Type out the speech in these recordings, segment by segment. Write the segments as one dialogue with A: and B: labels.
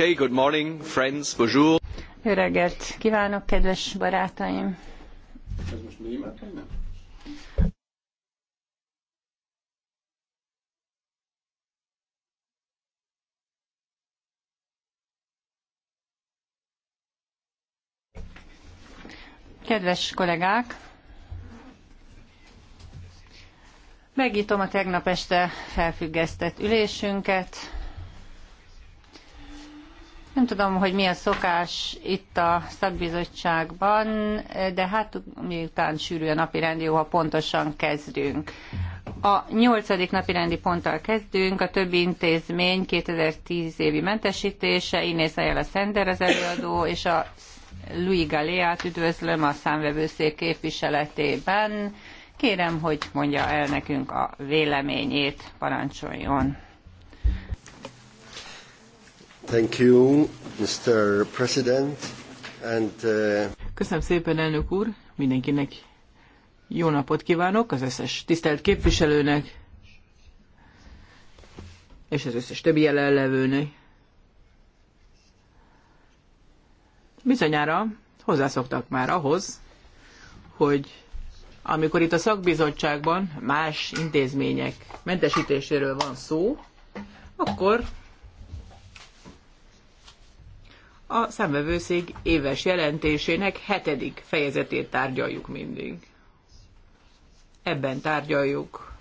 A: Okay, good morning, friends, bonjour.
B: kívánok, kedves barátaim!
C: Ez most német, nem?
B: Kedves kollégák! Megnyitom a tegnap este felfüggesztett ülésünket. Nem tudom, hogy mi a szokás itt a szakbizottságban, de hát miután sűrű a napi rend, jó, ha pontosan kezdünk. A nyolcadik napi rendi ponttal kezdünk, a többi intézmény 2010 évi mentesítése, Inés Ayala Szender az előadó, és a Louis Galeát üdvözlöm a számvevőszék képviseletében. Kérem, hogy mondja el nekünk a véleményét, parancsoljon.
C: Thank you, Mr. President. And, uh...
A: Köszönöm szépen, elnök úr. Mindenkinek jó napot kívánok, az összes tisztelt képviselőnek, és az összes többi jelenlevőnek. Bizonyára hozzászoktak már ahhoz, hogy amikor itt a szakbizottságban más intézmények mentesítéséről van szó, akkor a szemvevőszék éves jelentésének hetedik fejezetét tárgyaljuk mindig. Ebben tárgyaljuk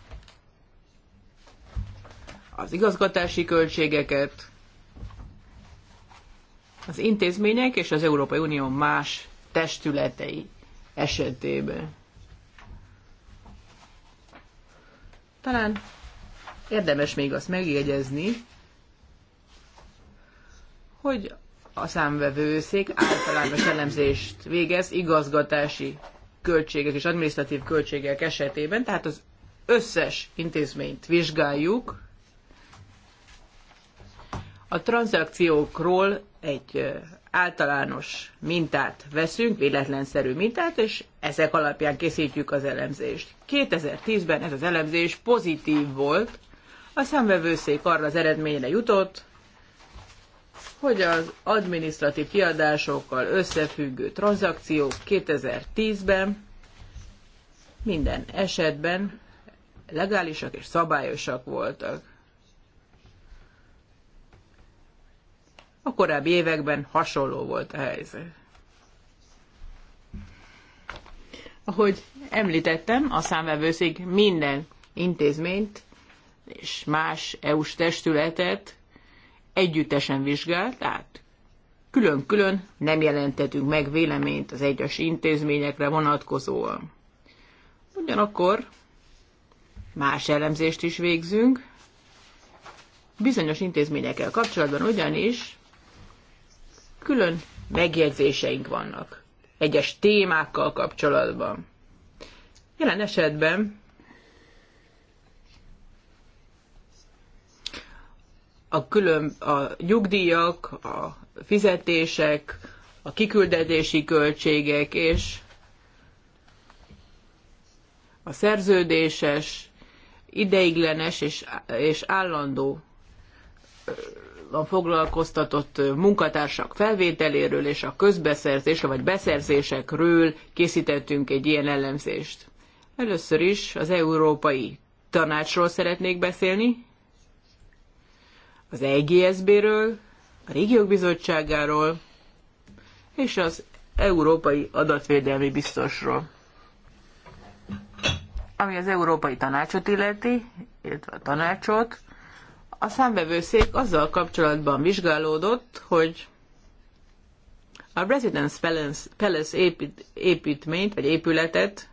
A: az igazgatási költségeket, az intézmények és az Európai Unió más testületei esetében. Talán érdemes még azt megjegyezni, hogy a számvevőszék általános elemzést végez igazgatási költségek és adminisztratív költségek esetében, tehát az összes intézményt vizsgáljuk. A tranzakciókról egy általános mintát veszünk, véletlenszerű mintát, és ezek alapján készítjük az elemzést. 2010-ben ez az elemzés pozitív volt, a számvevőszék arra az eredményre jutott, hogy az adminisztratív kiadásokkal összefüggő tranzakciók 2010-ben minden esetben legálisak és szabályosak voltak. A korábbi években hasonló volt a helyzet. Ahogy említettem, a számvevőszék minden intézményt és más EU-s testületet együttesen vizsgál, tehát külön-külön nem jelentetünk meg véleményt az egyes intézményekre vonatkozóan. Ugyanakkor más elemzést is végzünk, bizonyos intézményekkel kapcsolatban ugyanis külön megjegyzéseink vannak egyes témákkal kapcsolatban. Jelen esetben a, külön, a nyugdíjak, a fizetések, a kiküldetési költségek és a szerződéses, ideiglenes és, és állandó a foglalkoztatott munkatársak felvételéről és a közbeszerzésről vagy beszerzésekről készítettünk egy ilyen elemzést. Először is az Európai Tanácsról szeretnék beszélni, az EGSB-ről, a Régiók Bizottságáról és az Európai Adatvédelmi Biztosról. Ami az Európai Tanácsot illeti, illetve a tanácsot, a számbevőszék azzal kapcsolatban vizsgálódott, hogy a Residence Palace, épít, építményt, vagy épületet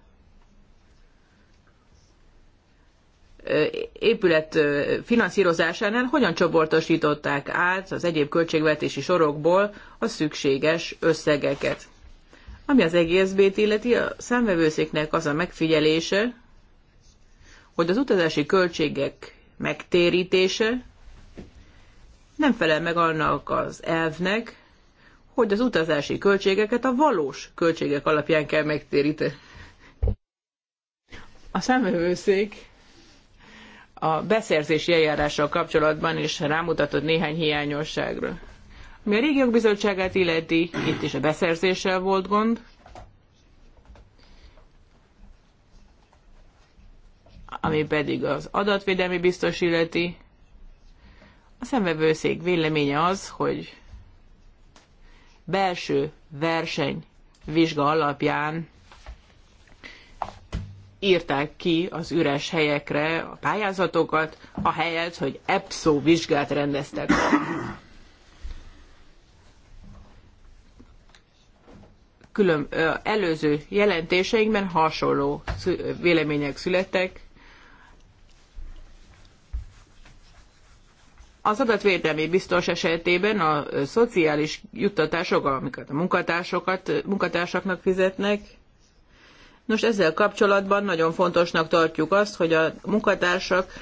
A: épület finanszírozásánál hogyan csoportosították át az egyéb költségvetési sorokból a szükséges összegeket. Ami az egészbét illeti, a számvevőszéknek az a megfigyelése, hogy az utazási költségek megtérítése nem felel meg annak az elvnek, hogy az utazási költségeket a valós költségek alapján kell megtéríteni. A számvevőszék a beszerzési eljárással kapcsolatban is rámutatott néhány hiányosságra. Ami a régiók bizottságát illeti, itt is a beszerzéssel volt gond. Ami pedig az adatvédelmi biztos illeti. A szemvevőszék véleménye az, hogy belső verseny vizsga alapján írták ki az üres helyekre a pályázatokat, a helyet, hogy EPSO vizsgát rendeztek. Külön, előző jelentéseinkben hasonló vélemények születtek. Az adatvédelmi biztos esetében a szociális juttatások, amiket a munkatársokat, munkatársaknak fizetnek, Nos, ezzel kapcsolatban nagyon fontosnak tartjuk azt, hogy a munkatársak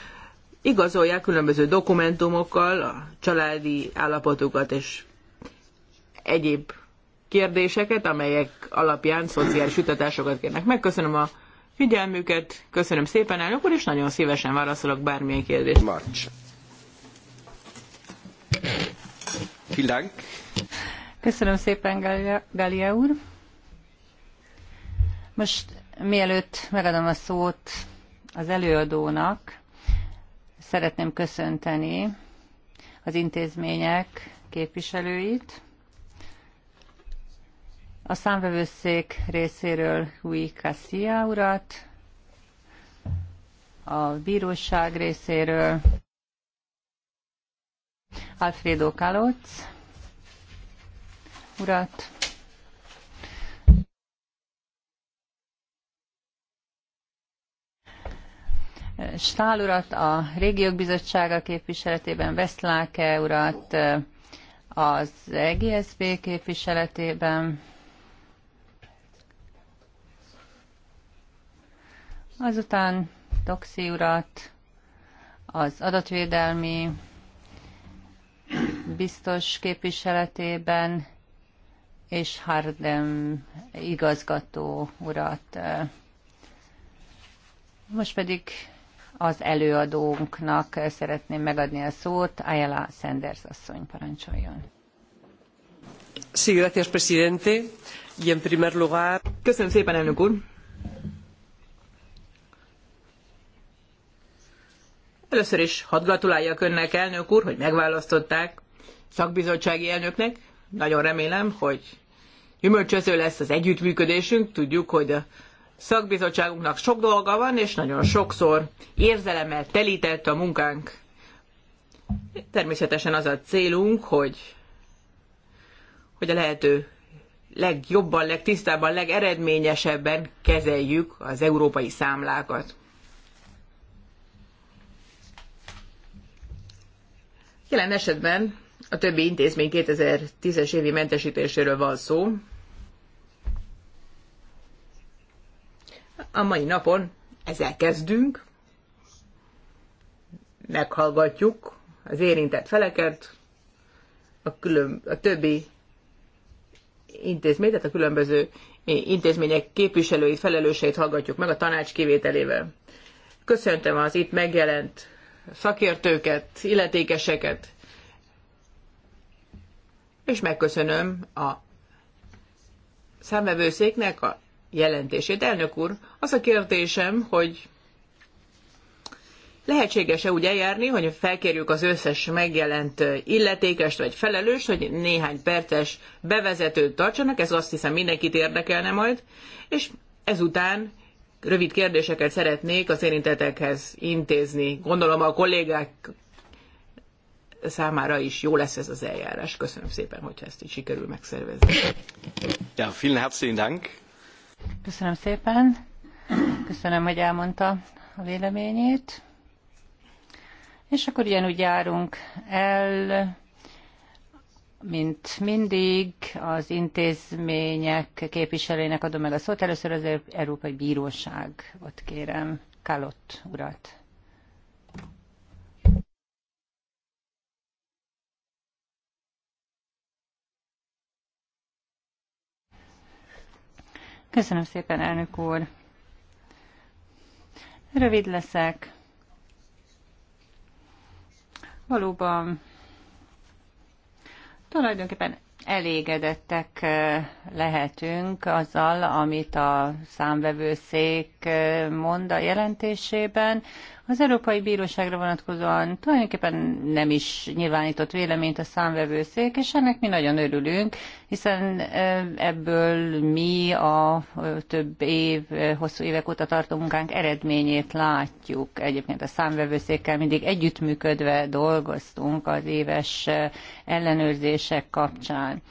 A: igazolják különböző dokumentumokkal a családi állapotukat és egyéb kérdéseket, amelyek alapján szociális utatásokat kérnek. Megköszönöm a figyelmüket, köszönöm szépen, elnök úr, és nagyon szívesen válaszolok bármilyen kérdést. March.
B: Köszönöm szépen, Galia, Galia úr. Most mielőtt megadom a szót az előadónak, szeretném köszönteni az intézmények képviselőit. A számvevőszék részéről Hui Kassia urat, a bíróság részéről Alfredo Kalocz urat, Stál urat, a Régiók Bizottsága képviseletében, Veszláke urat, az EGSB képviseletében, azután Doxi urat, az adatvédelmi biztos képviseletében, és Hardem igazgató urat. Most pedig az előadónknak szeretném megadni a szót. Ayala Sanders asszony parancsoljon.
A: Köszönöm szépen, elnök úr. Először is hadd gratuláljak önnek, elnök úr, hogy megválasztották szakbizottsági elnöknek. Nagyon remélem, hogy gyümölcsöző lesz az együttműködésünk. Tudjuk, hogy a szakbizottságunknak sok dolga van, és nagyon sokszor érzelemmel telített a munkánk. Természetesen az a célunk, hogy, hogy a lehető legjobban, legtisztábban, legeredményesebben kezeljük az európai számlákat. Jelen esetben a többi intézmény 2010-es évi mentesítéséről van szó, A mai napon ezzel kezdünk, meghallgatjuk az érintett feleket, a, külön, a többi intézmény, tehát a különböző intézmények képviselői felelőseit hallgatjuk meg a tanács kivételével. Köszöntöm az itt megjelent szakértőket, illetékeseket, és megköszönöm a szemvevőszéknek, a jelentését. Elnök úr, az a kérdésem, hogy lehetséges-e úgy eljárni, hogy felkérjük az összes megjelent illetékest vagy felelős, hogy néhány perces bevezetőt tartsanak, ez azt hiszem mindenkit érdekelne majd, és ezután rövid kérdéseket szeretnék az érintetekhez intézni. Gondolom a kollégák számára is
B: jó lesz ez az eljárás. Köszönöm szépen, hogyha ezt így sikerül megszervezni.
C: Ja, vielen herzlichen
A: Dank.
B: Köszönöm szépen. Köszönöm, hogy elmondta a véleményét. És akkor ugyanúgy járunk el, mint mindig, az intézmények képviselőinek adom meg a szót. Először az Európai Bíróságot kérem, Kalott urat. Köszönöm szépen, elnök úr. Rövid leszek. Valóban tulajdonképpen elégedettek eh, lehetünk azzal, amit a számvevőszék eh, mond a jelentésében. Az Európai Bíróságra vonatkozóan tulajdonképpen nem is nyilvánított véleményt a számvevőszék, és ennek mi nagyon örülünk, hiszen ebből mi a több év, hosszú évek óta tartó munkánk eredményét látjuk. Egyébként a számvevőszékkel mindig együttműködve dolgoztunk az éves ellenőrzések kapcsán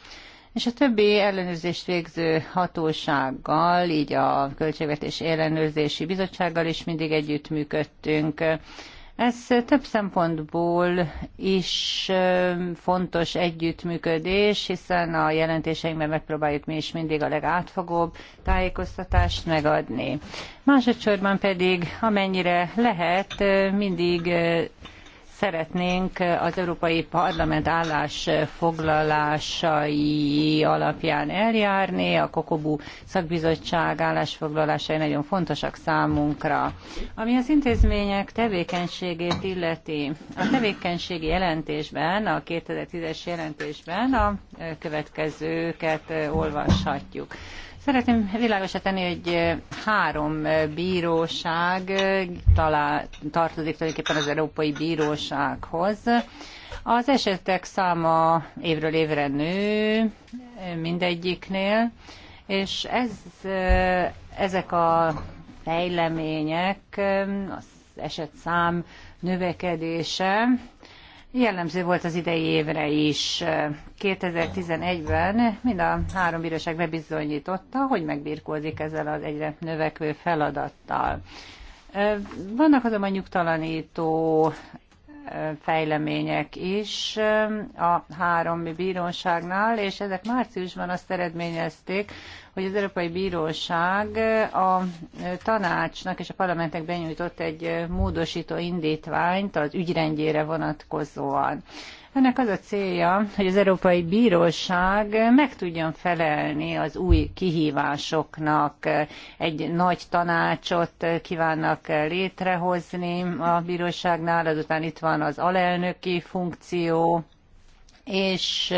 B: és a többi ellenőrzést végző hatósággal, így a költségvetés Ellenőrzési Bizottsággal is mindig együttműködtünk. Ez több szempontból is fontos együttműködés, hiszen a jelentéseinkben megpróbáljuk mi is mindig a legátfogóbb tájékoztatást megadni. Másodszorban pedig, amennyire lehet, mindig szeretnénk az Európai Parlament állásfoglalásai alapján eljárni. A Kokobu szakbizottság állásfoglalásai nagyon fontosak számunkra. Ami az intézmények tevékenységét illeti, a tevékenységi jelentésben, a 2010-es jelentésben a következőket olvashatjuk. Szeretném világosra tenni, hogy három bíróság talál, tartozik tulajdonképpen az Európai Bírósághoz. Az esetek száma évről évre nő mindegyiknél, és ez, ezek a fejlemények, az esetszám növekedése jellemző volt az idei évre is. 2011-ben mind a három bíróság bebizonyította, hogy megbírkózik ezzel az egyre növekvő feladattal. Vannak azonban nyugtalanító fejlemények is a három bíróságnál, és ezek márciusban azt eredményezték, hogy az Európai Bíróság a tanácsnak és a parlamentnek benyújtott egy módosító indítványt az ügyrendjére vonatkozóan. Ennek az a célja, hogy az Európai Bíróság meg tudjon felelni az új kihívásoknak. Egy nagy tanácsot kívánnak létrehozni a bíróságnál, azután itt van az alelnöki funkció, és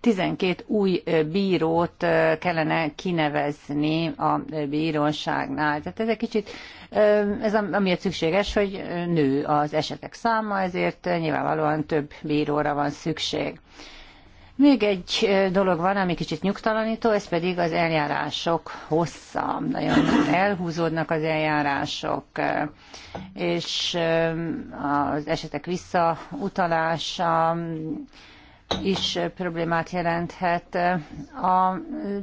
B: 12 új bírót kellene kinevezni a bíróságnál. Tehát ez egy kicsit ez amiért szükséges, hogy nő az esetek száma, ezért nyilvánvalóan több bíróra van szükség. Még egy dolog van, ami kicsit nyugtalanító, ez pedig az eljárások hossza. Nagyon elhúzódnak az eljárások, és az esetek visszautalása is problémát jelenthet. A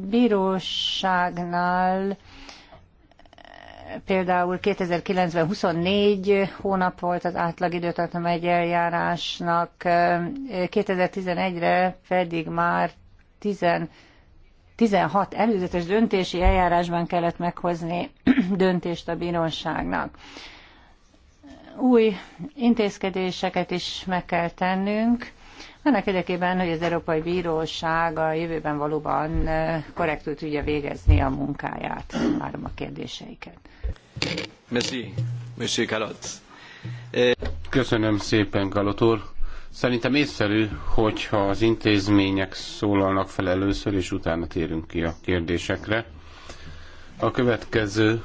B: bíróságnál Például 2009-ben 24 hónap volt az átlag időtartam egy eljárásnak, 2011-re pedig már 10 16 előzetes döntési eljárásban kellett meghozni döntést a bíróságnak. Új intézkedéseket is meg kell tennünk, annak érdekében, hogy az Európai Bíróság a jövőben valóban eh, korrektül tudja végezni a munkáját. Várom a kérdéseiket.
C: Merci, Monsieur Kalot. Eh, Köszönöm szépen, Kalot úr. Szerintem észszerű, hogyha az intézmények szólalnak fel először, és utána térünk ki a kérdésekre. A következő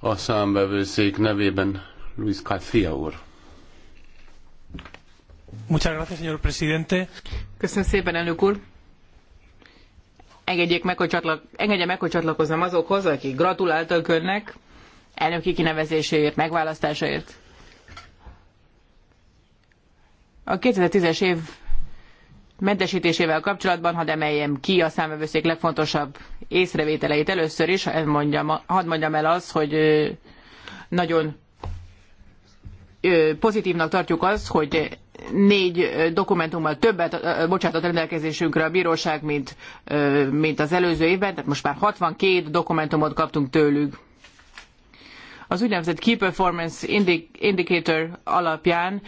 C: a számbevőszék nevében Luis Calfia úr. Muchas gracias, señor presidente.
A: Köszönöm szépen, elnök úr. Engedjék meg, hogy csatlak... Engedje meg, hogy csatlakozzam azokhoz, akik gratuláltak önnek elnöki kinevezéséért, megválasztásáért. A 2010-es év mentesítésével kapcsolatban hadd emeljem ki a számvevőszék legfontosabb észrevételeit először is, mondjam, hadd mondjam el az, hogy nagyon pozitívnak tartjuk azt, hogy négy dokumentummal többet bocsátott rendelkezésünkre a bíróság, mint, mint az előző évben, tehát most már 62 dokumentumot kaptunk tőlük. Az úgynevezett Key Performance Indicator alapján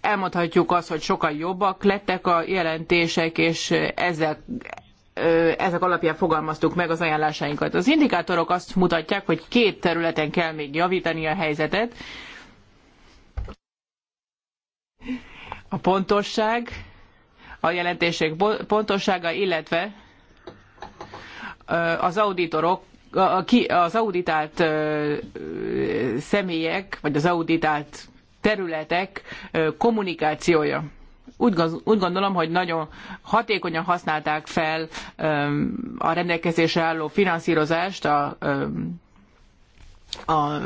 A: elmondhatjuk azt, hogy sokkal jobbak lettek a jelentések, és ezek ezek alapján fogalmaztuk meg az ajánlásainkat. Az indikátorok azt mutatják, hogy két területen kell még javítani a helyzetet a pontosság, a jelentések pontossága, illetve az auditorok, az auditált személyek, vagy az auditált területek kommunikációja. Úgy gondolom, hogy nagyon hatékonyan használták fel a rendelkezésre álló finanszírozást a, a, a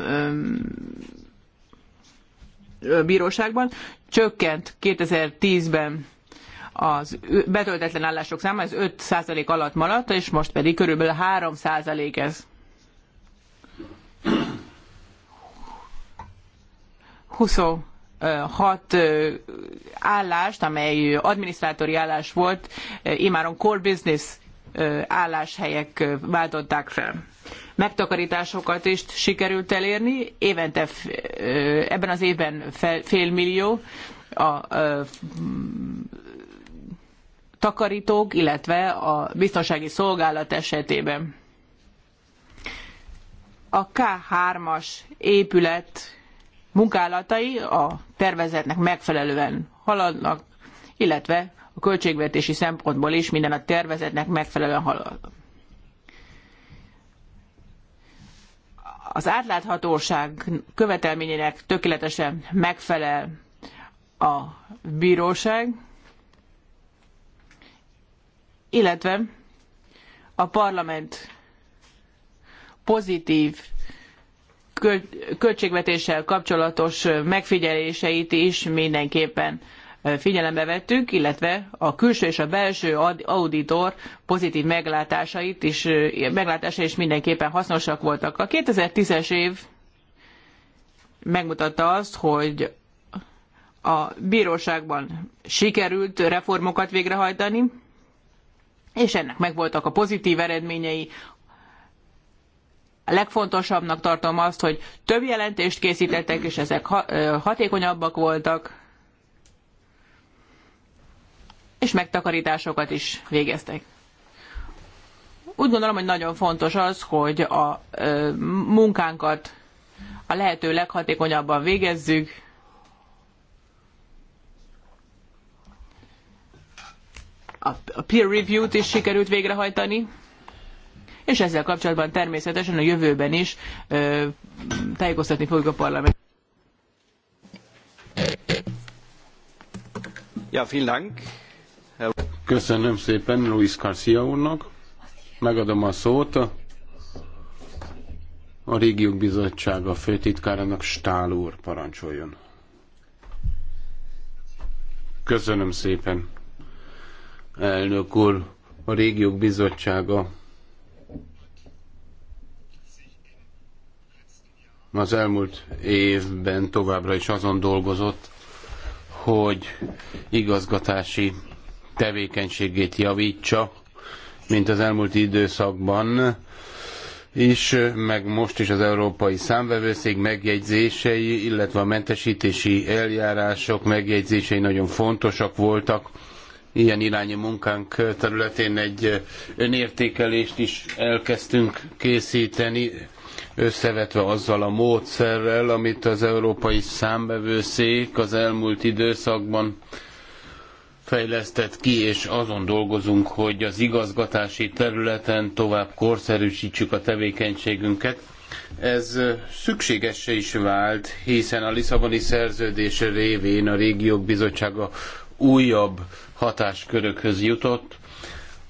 A: bíróságban, csökkent 2010-ben az betöltetlen állások száma, ez 5% alatt maradt, és most pedig körülbelül 3% ez. 26 állást, amely adminisztrátori állás volt, imáron core business álláshelyek váltották fel. Megtakarításokat is sikerült elérni, évente ebben az évben félmillió a takarítók, illetve a biztonsági szolgálat esetében. A K3-as épület munkálatai a tervezetnek megfelelően haladnak, illetve a költségvetési szempontból is minden a tervezetnek megfelelően halad. Az átláthatóság követelményének tökéletesen megfelel a bíróság, illetve a parlament pozitív költségvetéssel kapcsolatos megfigyeléseit is mindenképpen figyelembe vettük, illetve a külső és a belső auditor pozitív meglátásait is, meglátása is mindenképpen hasznosak voltak. A 2010-es év megmutatta azt, hogy a bíróságban sikerült reformokat végrehajtani, és ennek megvoltak a pozitív eredményei. A legfontosabbnak tartom azt, hogy több jelentést készítettek, és ezek hatékonyabbak voltak és megtakarításokat is végeztek. Úgy gondolom, hogy nagyon fontos az, hogy a munkánkat a lehető leghatékonyabban végezzük, a peer review-t is sikerült végrehajtani, és ezzel kapcsolatban természetesen a jövőben is ö, tájékoztatni fogjuk a parlament.
C: Ja, vielen Dank. Köszönöm szépen Luis Garcia úrnak. Megadom a szót a Régiók Bizottsága főtitkárának Stál úr parancsoljon. Köszönöm szépen, elnök úr. A Régiók Bizottsága az elmúlt évben továbbra is azon dolgozott, hogy igazgatási tevékenységét javítsa, mint az elmúlt időszakban is, meg most is az Európai Számvevőszék megjegyzései, illetve a mentesítési eljárások megjegyzései nagyon fontosak voltak. Ilyen irányú munkánk területén egy önértékelést is elkezdtünk készíteni, összevetve azzal a módszerrel, amit az Európai Számbevőszék az elmúlt időszakban fejlesztett ki, és azon dolgozunk, hogy az igazgatási területen tovább korszerűsítsük a tevékenységünket. Ez szükségesse is vált, hiszen a Lisszaboni szerződés révén a régiók bizottsága újabb hatáskörökhöz jutott,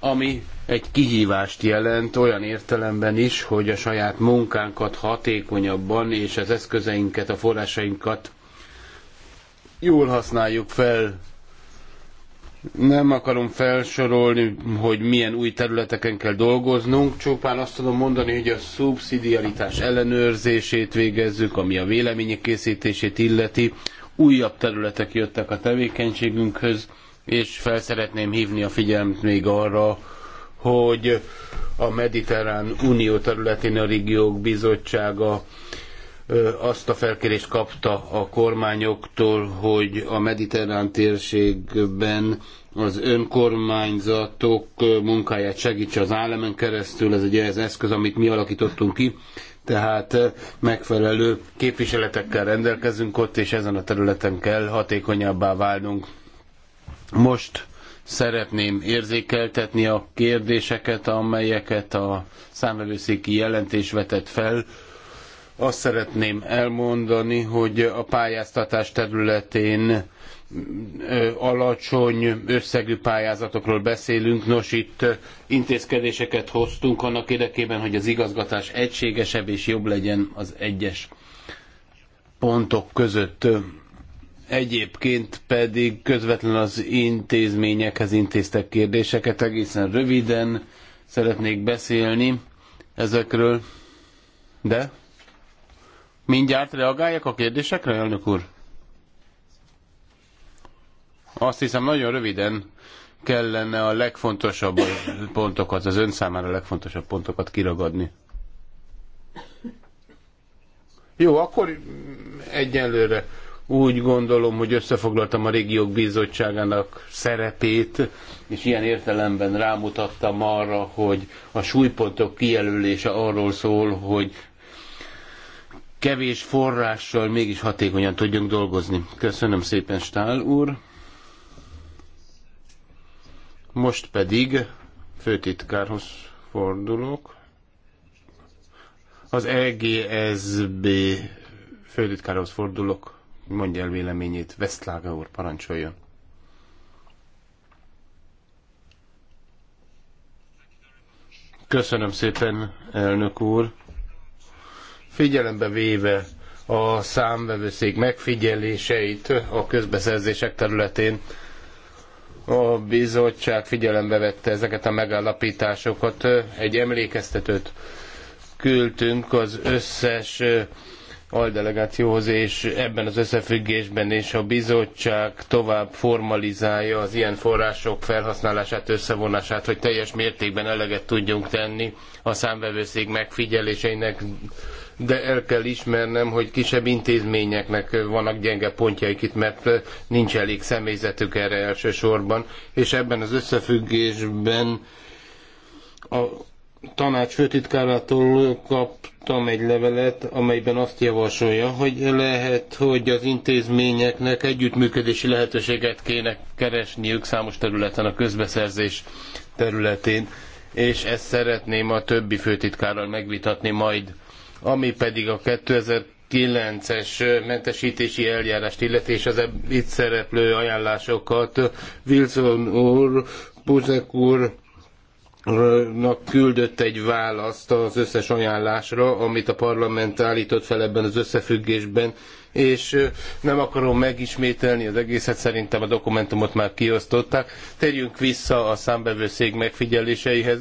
C: ami egy kihívást jelent olyan értelemben is, hogy a saját munkánkat hatékonyabban és az eszközeinket, a forrásainkat jól használjuk fel nem akarom felsorolni, hogy milyen új területeken kell dolgoznunk, csupán azt tudom mondani, hogy a szubszidiaritás ellenőrzését végezzük, ami a vélemények készítését illeti. Újabb területek jöttek a tevékenységünkhöz, és fel szeretném hívni a figyelmet még arra, hogy a Mediterrán Unió területén a régiók bizottsága azt a felkérést kapta a kormányoktól, hogy a mediterrán térségben az önkormányzatok munkáját segítse az államen keresztül, ez egy ez eszköz, amit mi alakítottunk ki, tehát megfelelő képviseletekkel rendelkezünk ott, és ezen a területen kell hatékonyabbá válnunk. Most szeretném érzékeltetni a kérdéseket, amelyeket a számvevőszéki jelentés vetett fel, azt szeretném elmondani, hogy a pályáztatás területén alacsony összegű pályázatokról beszélünk. Nos, itt intézkedéseket hoztunk annak érdekében, hogy az igazgatás egységesebb és jobb legyen az egyes pontok között. Egyébként pedig közvetlenül az intézményekhez intéztek kérdéseket. Egészen röviden szeretnék beszélni ezekről. De? Mindjárt reagáljak a kérdésekre, elnök úr? Azt hiszem, nagyon röviden kellene a legfontosabb pontokat, az ön számára a legfontosabb pontokat kiragadni. Jó, akkor egyelőre úgy gondolom, hogy összefoglaltam a régiók bizottságának szerepét, és ilyen értelemben rámutattam arra, hogy a súlypontok kijelölése arról szól, hogy kevés forrással mégis hatékonyan tudjunk dolgozni. Köszönöm szépen, Stál úr. Most pedig főtitkárhoz fordulok. Az EGSB főtitkárhoz fordulok. Mondja el véleményét. Vesztlága úr, parancsoljon. Köszönöm szépen, elnök úr figyelembe véve a számvevőszék megfigyeléseit a közbeszerzések területén. A bizottság figyelembe vette ezeket a megállapításokat, egy emlékeztetőt küldtünk az összes aldelegációhoz, és ebben az összefüggésben és a bizottság tovább formalizálja az ilyen források felhasználását, összevonását, hogy teljes mértékben eleget tudjunk tenni a számvevőszék megfigyeléseinek de el kell ismernem, hogy kisebb intézményeknek vannak gyenge pontjaik itt, mert nincs elég személyzetük erre elsősorban, és ebben az összefüggésben a tanács főtitkárától kaptam egy levelet, amelyben azt javasolja, hogy lehet, hogy az intézményeknek együttműködési lehetőséget kéne keresniük számos területen a közbeszerzés területén, és ezt szeretném a többi főtitkárral megvitatni majd ami pedig a 2009-es mentesítési eljárást illeti, és az itt szereplő ajánlásokat Wilson úr, Buzek úr, küldött egy választ az összes ajánlásra, amit a parlament állított fel ebben az összefüggésben, és nem akarom megismételni az egészet, szerintem a dokumentumot már kiosztották. Térjünk vissza a számbevőszék megfigyeléseihez.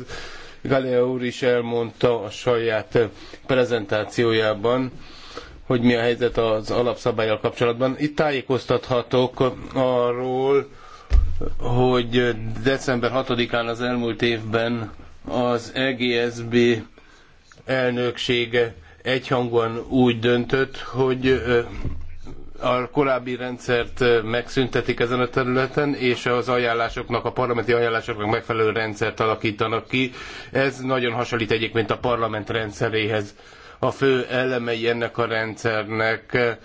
C: Galea úr is elmondta a saját prezentációjában, hogy mi a helyzet az alapszabályal kapcsolatban. Itt tájékoztathatok arról, hogy december 6-án az elmúlt évben az EGSB elnöksége egyhangúan úgy döntött, hogy a korábbi rendszert megszüntetik ezen a területen, és az ajánlásoknak, a parlamenti ajánlásoknak megfelelő rendszert alakítanak ki. Ez nagyon hasonlít egyébként a parlament rendszeréhez. A fő elemei ennek a rendszernek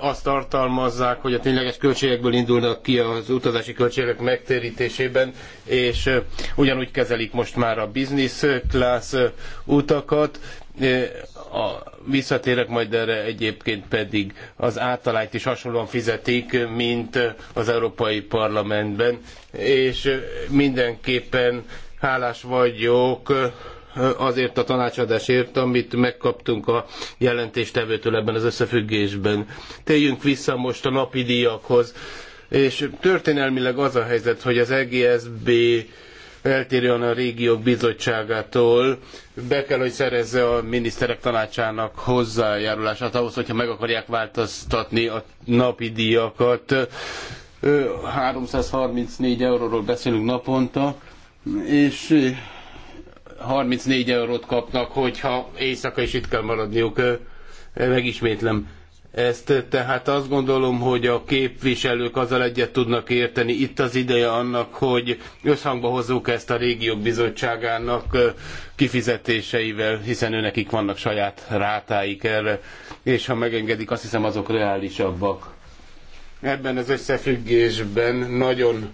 C: azt tartalmazzák, hogy a tényleges költségekből indulnak ki az utazási költségek megtérítésében, és ugyanúgy kezelik most már a business class utakat, a, visszatérek majd erre egyébként pedig az általányt is hasonlóan fizetik, mint az Európai Parlamentben, és mindenképpen hálás vagyok azért a tanácsadásért, amit megkaptunk a jelentéstevőtől ebben az összefüggésben. Téljünk vissza most a napi díjakhoz, és történelmileg az a helyzet, hogy az EGSB eltérően a régiók bizottságától be kell, hogy szerezze a miniszterek tanácsának hozzájárulását ahhoz, hogyha meg akarják változtatni a napi díjakat. 334 euróról beszélünk naponta, és 34 eurót kapnak, hogyha éjszaka is itt kell maradniuk. Megismétlem ezt, tehát azt gondolom, hogy a képviselők azzal egyet tudnak érteni. Itt az ideje annak, hogy összhangba hozzuk ezt a régiók bizottságának kifizetéseivel, hiszen őnekik vannak saját rátáik erre, és ha megengedik, azt hiszem azok reálisabbak. Ebben az összefüggésben nagyon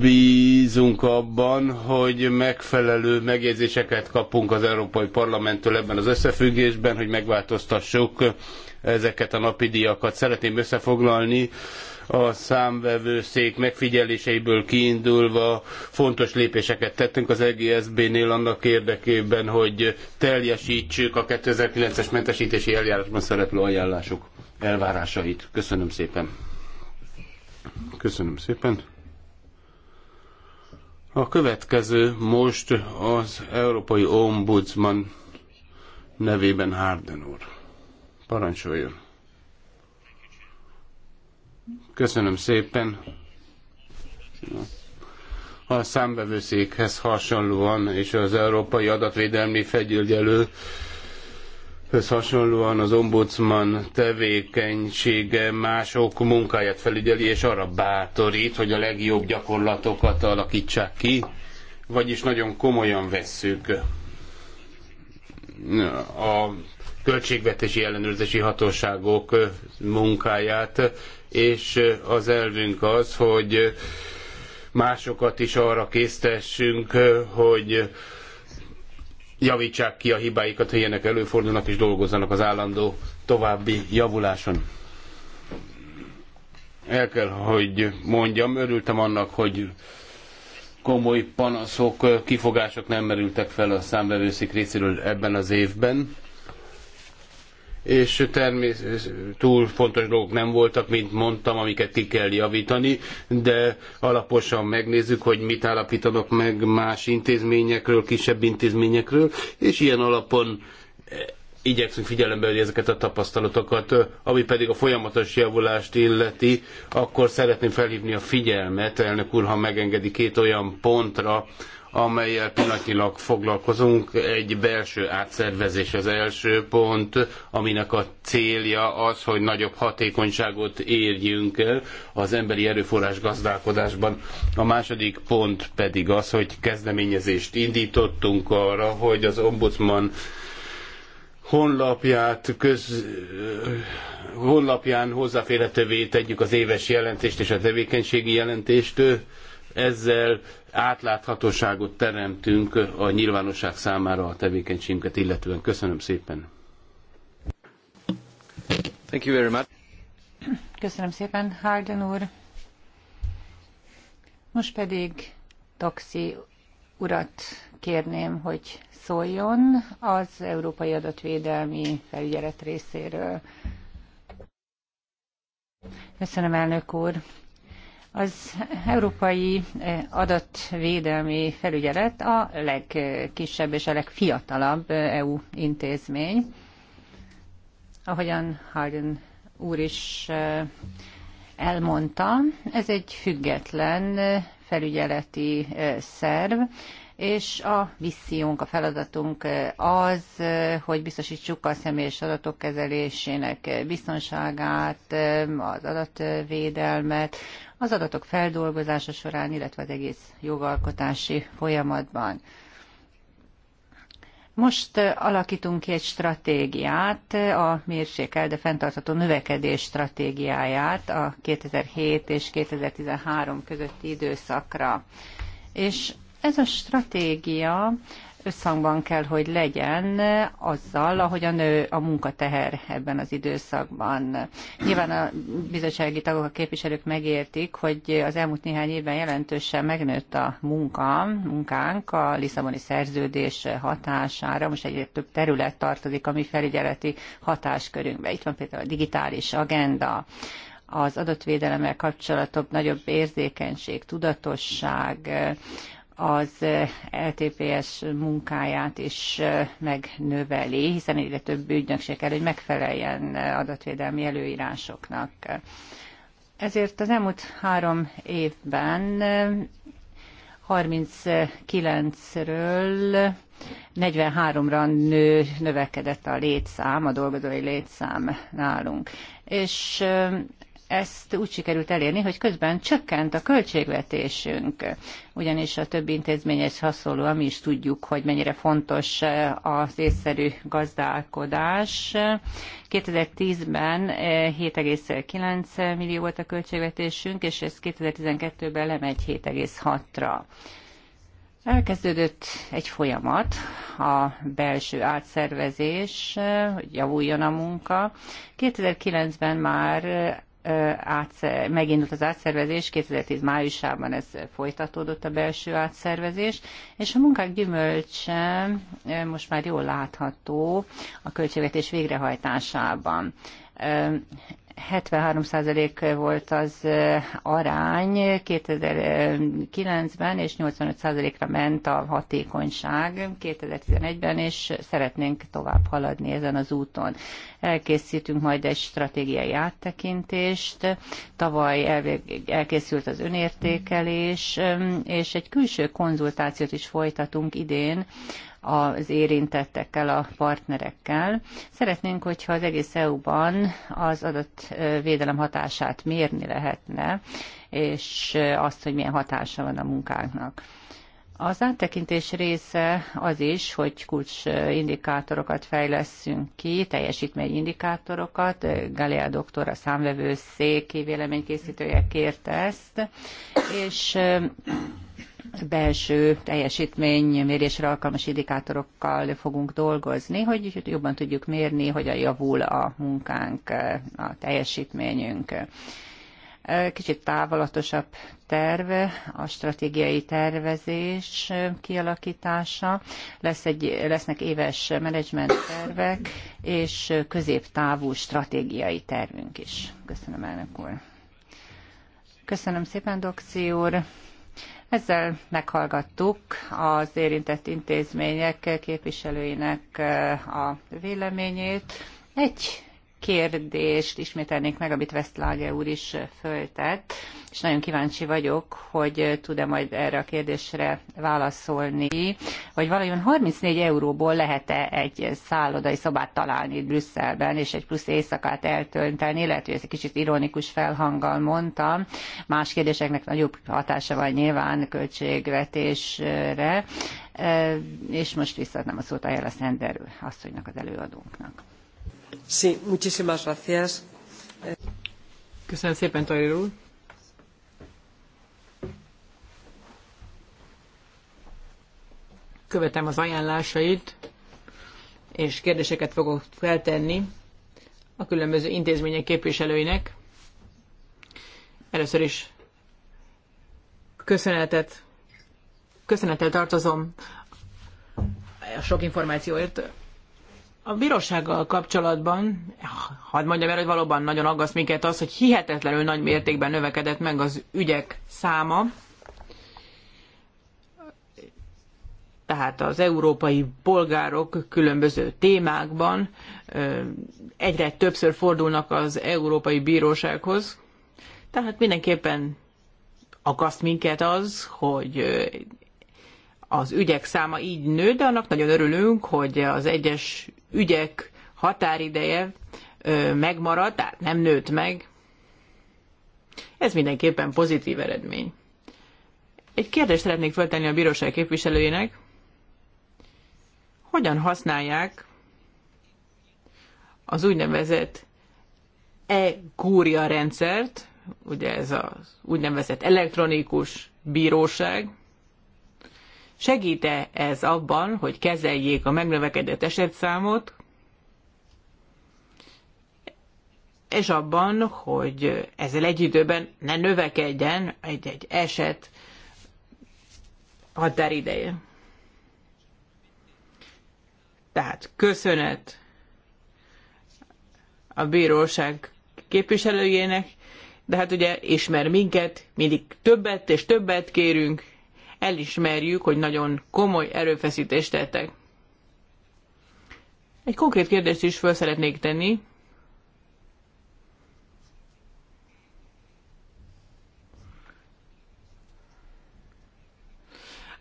C: Bízunk abban, hogy megfelelő megjegyzéseket kapunk az Európai Parlamenttől ebben az összefüggésben, hogy megváltoztassuk ezeket a napidiakat. Szeretném összefoglalni a számvevőszék megfigyeléseiből kiindulva fontos lépéseket tettünk az EGSB-nél annak érdekében, hogy teljesítsük a 2009-es mentesítési eljárásban szereplő ajánlások elvárásait. Köszönöm szépen. Köszönöm szépen. A következő most az Európai Ombudsman nevében Harden úr. Parancsoljon. Köszönöm szépen. A számbevőszékhez hasonlóan és az Európai Adatvédelmi Fegyelgyelő Höz hasonlóan az ombudsman tevékenysége mások munkáját felügyeli, és arra bátorít, hogy a legjobb gyakorlatokat alakítsák ki, vagyis nagyon komolyan vesszük a költségvetési ellenőrzési hatóságok munkáját, és az elvünk az, hogy másokat is arra késztessünk, hogy javítsák ki a hibáikat, hogy ilyenek előfordulnak és dolgozzanak az állandó további javuláson. El kell, hogy mondjam, örültem annak, hogy komoly panaszok, kifogások nem merültek fel a számvevőszék részéről ebben az évben és természetesen túl fontos dolgok nem voltak, mint mondtam, amiket ki kell javítani, de alaposan megnézzük, hogy mit állapítanak meg más intézményekről, kisebb intézményekről, és ilyen alapon eh, igyekszünk figyelembe venni ezeket a tapasztalatokat, ami pedig a folyamatos javulást illeti, akkor szeretném felhívni a figyelmet, elnök úr, ha megengedi két olyan pontra, amelyel pillanatnyilag foglalkozunk. Egy belső átszervezés az első pont, aminek a célja az, hogy nagyobb hatékonyságot érjünk el az emberi erőforrás gazdálkodásban. A második pont pedig az, hogy kezdeményezést indítottunk arra, hogy az ombudsman honlapját köz, honlapján hozzáférhetővé tegyük az éves jelentést és a tevékenységi jelentést. Ezzel átláthatóságot teremtünk a nyilvánosság számára a tevékenységünket illetően. Köszönöm szépen! Thank you very much.
B: Köszönöm szépen, Harden úr. Most pedig Taxi urat kérném, hogy szóljon az Európai Adatvédelmi Felügyelet részéről. Köszönöm, elnök úr. Az Európai eh, Adatvédelmi Felügyelet a legkisebb és a legfiatalabb eh, EU intézmény. Ahogyan Harden úr is eh, elmondta, ez egy független felügyeleti szerv, és a missziónk, a feladatunk az, hogy biztosítsuk a személyes adatok kezelésének biztonságát, az adatvédelmet, az adatok feldolgozása során, illetve az egész jogalkotási folyamatban. Most alakítunk ki egy stratégiát, a mérsékel, de fenntartható növekedés stratégiáját a 2007 és 2013 közötti időszakra. És ez a stratégia összhangban kell, hogy legyen azzal, a nő a munkateher ebben az időszakban. Nyilván a bizottsági tagok, a képviselők megértik, hogy az elmúlt néhány évben jelentősen megnőtt a munka, munkánk a Lisszaboni szerződés hatására. Most egyre több terület tartozik a mi felügyeleti hatáskörünkbe. Itt van például a digitális agenda, az adatvédelemmel kapcsolatok nagyobb érzékenység, tudatosság, az eh, LTPS munkáját is eh, megnöveli, hiszen egyre több ügynökség kell, hogy megfeleljen eh, adatvédelmi előírásoknak. Ezért az elmúlt három évben 39-ről 43-ra nő, növekedett a létszám, a dolgozói létszám nálunk. És ezt úgy sikerült elérni, hogy közben csökkent a költségvetésünk, ugyanis a többi intézményes hasonló, mi is tudjuk, hogy mennyire fontos az észszerű gazdálkodás. 2010-ben 7,9 eh, millió volt a költségvetésünk, és ez 2012-ben lemegy 7,6-ra. Elkezdődött egy folyamat, a belső átszervezés, hogy javuljon a munka. 2009-ben már átszer, megindult az átszervezés, 2010 májusában ez folytatódott a belső átszervezés, és a munkák gyümölcse most már jól látható a költségvetés végrehajtásában. 73% volt az eh, arány 2009-ben, és 85%-ra ment a hatékonyság 2011-ben, és szeretnénk tovább haladni ezen az úton. Elkészítünk majd egy stratégiai áttekintést, tavaly elkészült az önértékelés, eh, és egy külső konzultációt is folytatunk idén, az érintettekkel, a partnerekkel. Szeretnénk, hogyha az egész EU-ban az adott védelem hatását mérni lehetne, és azt, hogy milyen hatása van a munkánknak. Az áttekintés része az is, hogy kulcs indikátorokat fejleszünk ki, teljesítményindikátorokat. Galea doktor, a számvevőszék véleménykészítője kérte ezt, és belső teljesítménymérésre alkalmas indikátorokkal fogunk dolgozni, hogy jobban tudjuk mérni, hogyan javul a munkánk, a teljesítményünk. Kicsit távolatosabb terv, a stratégiai tervezés kialakítása. Lesz egy, lesznek éves menedzsment tervek, és középtávú stratégiai tervünk is. Köszönöm, elnök úr. Köszönöm szépen, Dokci úr. Ezzel meghallgattuk az érintett intézmények képviselőinek eh, a véleményét. Egy kérdést ismételnék meg, amit Westlage úr is föltett, és nagyon kíváncsi vagyok, hogy tud-e majd erre a kérdésre válaszolni, hogy valójában 34 euróból lehet-e egy szállodai szobát találni itt Brüsszelben, és egy plusz éjszakát eltölteni, lehet, hogy ez egy kicsit ironikus felhanggal mondtam, más kérdéseknek nagyobb hatása van nyilván költségvetésre, és most visszaadnám a szót a Jela Szender asszonynak az előadónknak. Köszönöm szépen, Tajér úr.
A: Követem az ajánlásait, és kérdéseket fogok feltenni a különböző intézmények képviselőinek. Először is köszönetet, köszönettel tartozom a sok információért. A bírósággal kapcsolatban, hadd mondjam el, hogy valóban nagyon aggaszt minket az, hogy hihetetlenül nagy mértékben növekedett meg az ügyek száma. Tehát az európai polgárok különböző témákban egyre többször fordulnak az Európai Bírósághoz. Tehát mindenképpen akaszt minket az, hogy az ügyek száma így nő, de annak nagyon örülünk, hogy az egyes ügyek határideje megmaradt, tehát nem nőtt meg. Ez mindenképpen pozitív eredmény. Egy kérdést szeretnék föltenni a bíróság képviselőjének. Hogyan használják az úgynevezett e-kúria rendszert, ugye ez az úgynevezett elektronikus bíróság, -e ez abban, hogy kezeljék a megnövekedett esetszámot, és abban, hogy ezzel egy időben ne növekedjen egy-egy eset határideje. Tehát köszönet a bíróság képviselőjének, de hát ugye ismer minket, mindig többet és többet kérünk, elismerjük, hogy nagyon komoly erőfeszítést tettek. Egy konkrét kérdést is föl szeretnék tenni.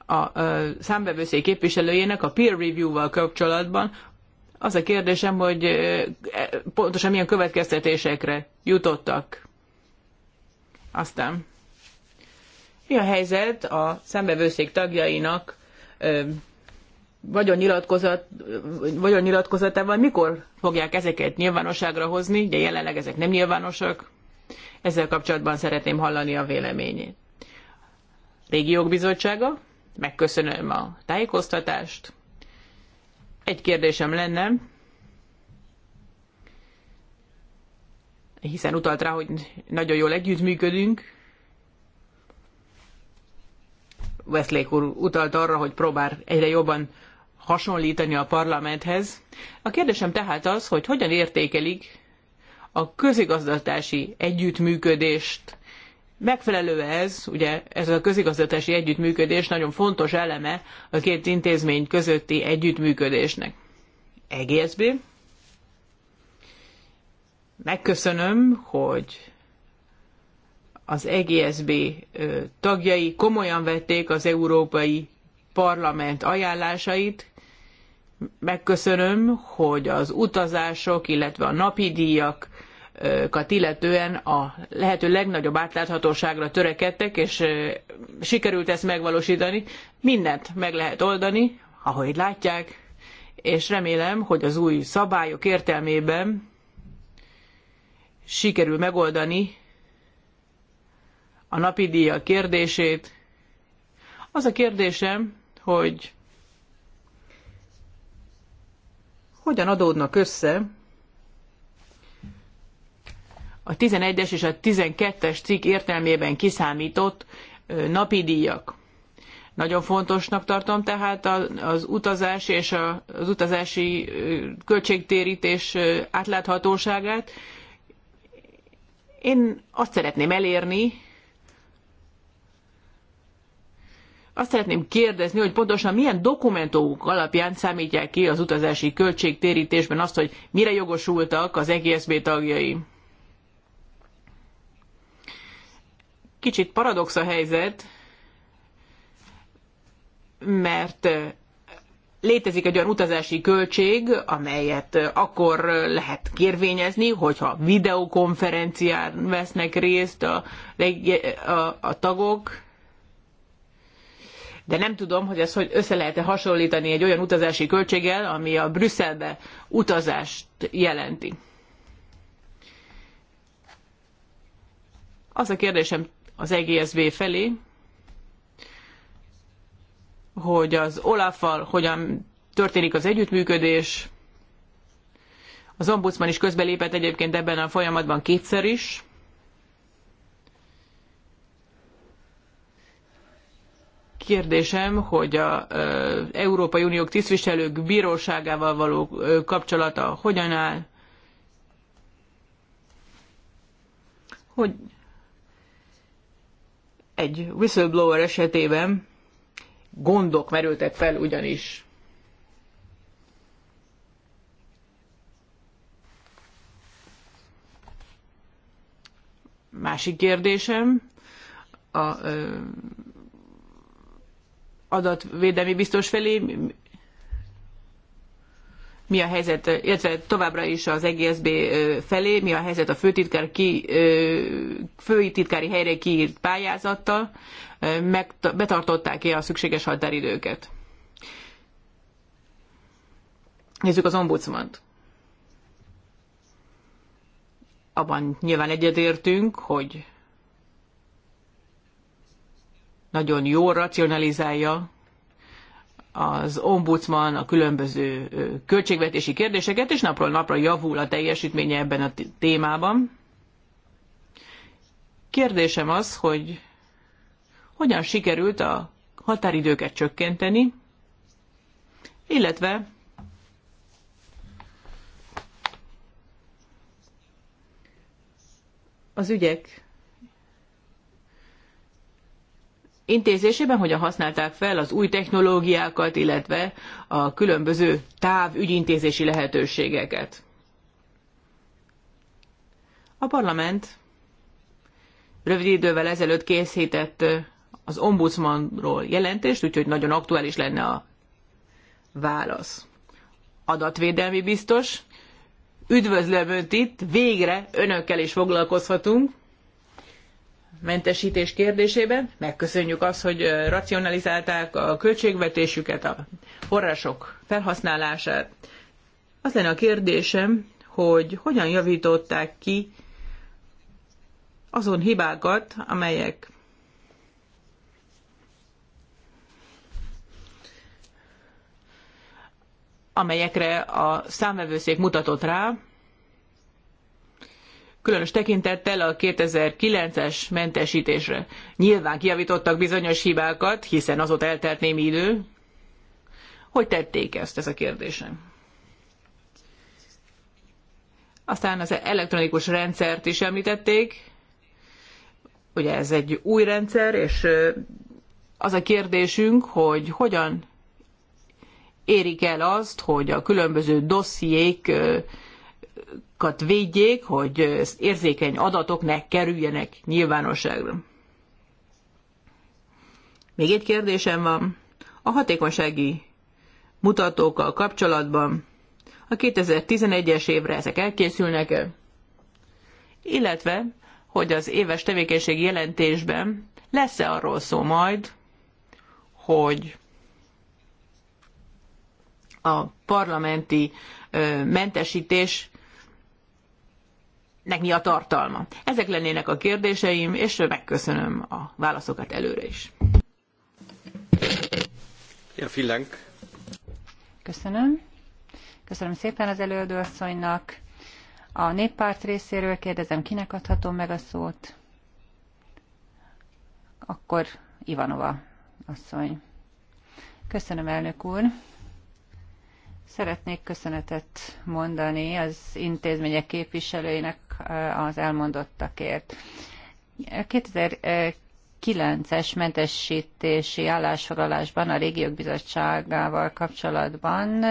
A: A ö, számbevőszék képviselőjének a peer review-val kapcsolatban az a kérdésem, hogy e, pontosan milyen következtetésekre jutottak. Aztán mi a helyzet a szembevőszék tagjainak vagyonnyilatkozat, vagyonnyilatkozatával, mikor fogják ezeket nyilvánosságra hozni, De jelenleg ezek nem nyilvánosak, ezzel kapcsolatban szeretném hallani a véleményét. Régiók Bizottsága, megköszönöm a tájékoztatást. Egy kérdésem lenne, hiszen utalt rá, hogy nagyon jól együttműködünk, Westlake úr utalt arra, hogy próbál egyre jobban hasonlítani a parlamenthez. A kérdésem tehát az, hogy hogyan értékelik a közigazgatási együttműködést. Megfelelő ez, ugye ez a közigazgatási együttműködés nagyon fontos eleme a két intézmény közötti együttműködésnek. Egészbé. Megköszönöm, hogy az EGSB tagjai komolyan vették az Európai Parlament ajánlásait. Megköszönöm, hogy az utazások, illetve a napi díjakat illetően a lehető legnagyobb átláthatóságra törekedtek, és sikerült ezt megvalósítani. Mindent meg lehet oldani, ahogy látják, és remélem, hogy az új szabályok értelmében sikerül megoldani a napi díja kérdését. Az a kérdésem, hogy hogyan adódnak össze a 11-es és a 12-es cikk értelmében kiszámított napi díjak. Nagyon fontosnak tartom tehát az utazás és az utazási költségtérítés átláthatóságát. Én azt szeretném elérni, Azt szeretném kérdezni, hogy pontosan milyen dokumentumok alapján számítják ki az utazási költségtérítésben azt, hogy mire jogosultak az EGSZB tagjai. Kicsit paradox a helyzet, mert létezik egy olyan utazási költség, amelyet akkor lehet kérvényezni, hogyha videokonferencián vesznek részt a, a, a tagok, de nem tudom, hogy ezt hogy össze lehet-e hasonlítani egy olyan utazási költséggel, ami a Brüsszelbe utazást jelenti. Az a kérdésem az EGSB felé, hogy az Olaf-fal hogyan történik az együttműködés. Az ombudsman is közbelépett egyébként ebben a folyamatban kétszer is. kérdésem, hogy az Európai Unió tisztviselők bíróságával való kapcsolata hogyan áll? Hogy egy whistleblower esetében gondok merültek fel ugyanis. Másik kérdésem, a adatvédelmi biztos felé, mi a helyzet, illetve továbbra is az EGSB felé, mi a helyzet a főtitkár ki, főtitkári helyre kiírt pályázattal, meg, betartották-e a szükséges határidőket. Nézzük az ombudsmant. Abban nyilván egyetértünk, hogy nagyon jól racionalizálja az ombudsman a különböző költségvetési kérdéseket, és napról napra javul a teljesítménye ebben a témában. Kérdésem az, hogy hogyan sikerült a határidőket csökkenteni, illetve az ügyek intézésében hogyan használták fel az új technológiákat, illetve a különböző távügyintézési lehetőségeket. A parlament rövid idővel ezelőtt készített az ombudsmanról jelentést, úgyhogy nagyon aktuális lenne a válasz. Adatvédelmi biztos. Üdvözlöm Önt itt, végre Önökkel is foglalkozhatunk mentesítés kérdésében. Megköszönjük azt, hogy racionalizálták a költségvetésüket, a források felhasználását. Az lenne a kérdésem, hogy hogyan javították ki azon hibákat, amelyek amelyekre a számvevőszék mutatott rá, különös tekintettel a 2009-es mentesítésre. Nyilván kiavítottak bizonyos hibákat, hiszen azóta eltelt némi idő. Hogy tették ezt, ez a kérdésem? Aztán az elektronikus rendszert is említették. Ugye ez egy új rendszer, és az a kérdésünk, hogy hogyan érik el azt, hogy a különböző dossziék adatokat védjék, hogy érzékeny adatok ne kerüljenek nyilvánosságra. Még egy kérdésem van. A hatékonysági mutatókkal kapcsolatban a 2011-es évre ezek elkészülnek-e? Illetve, hogy az éves tevékenységi jelentésben lesz-e arról szó majd, hogy a parlamenti mentesítés ennek mi a tartalma. Ezek lennének a kérdéseim, és megköszönöm a válaszokat előre
B: is. Ja, Köszönöm. Köszönöm szépen az előadó asszonynak. A néppárt részéről kérdezem, kinek adhatom meg a szót? Akkor Ivanova asszony. Köszönöm, elnök úr. Szeretnék köszönetet mondani az intézmények képviselőinek eh, az elmondottakért. 2000 9-es mentesítési állásfoglalásban a régiók bizottságával kapcsolatban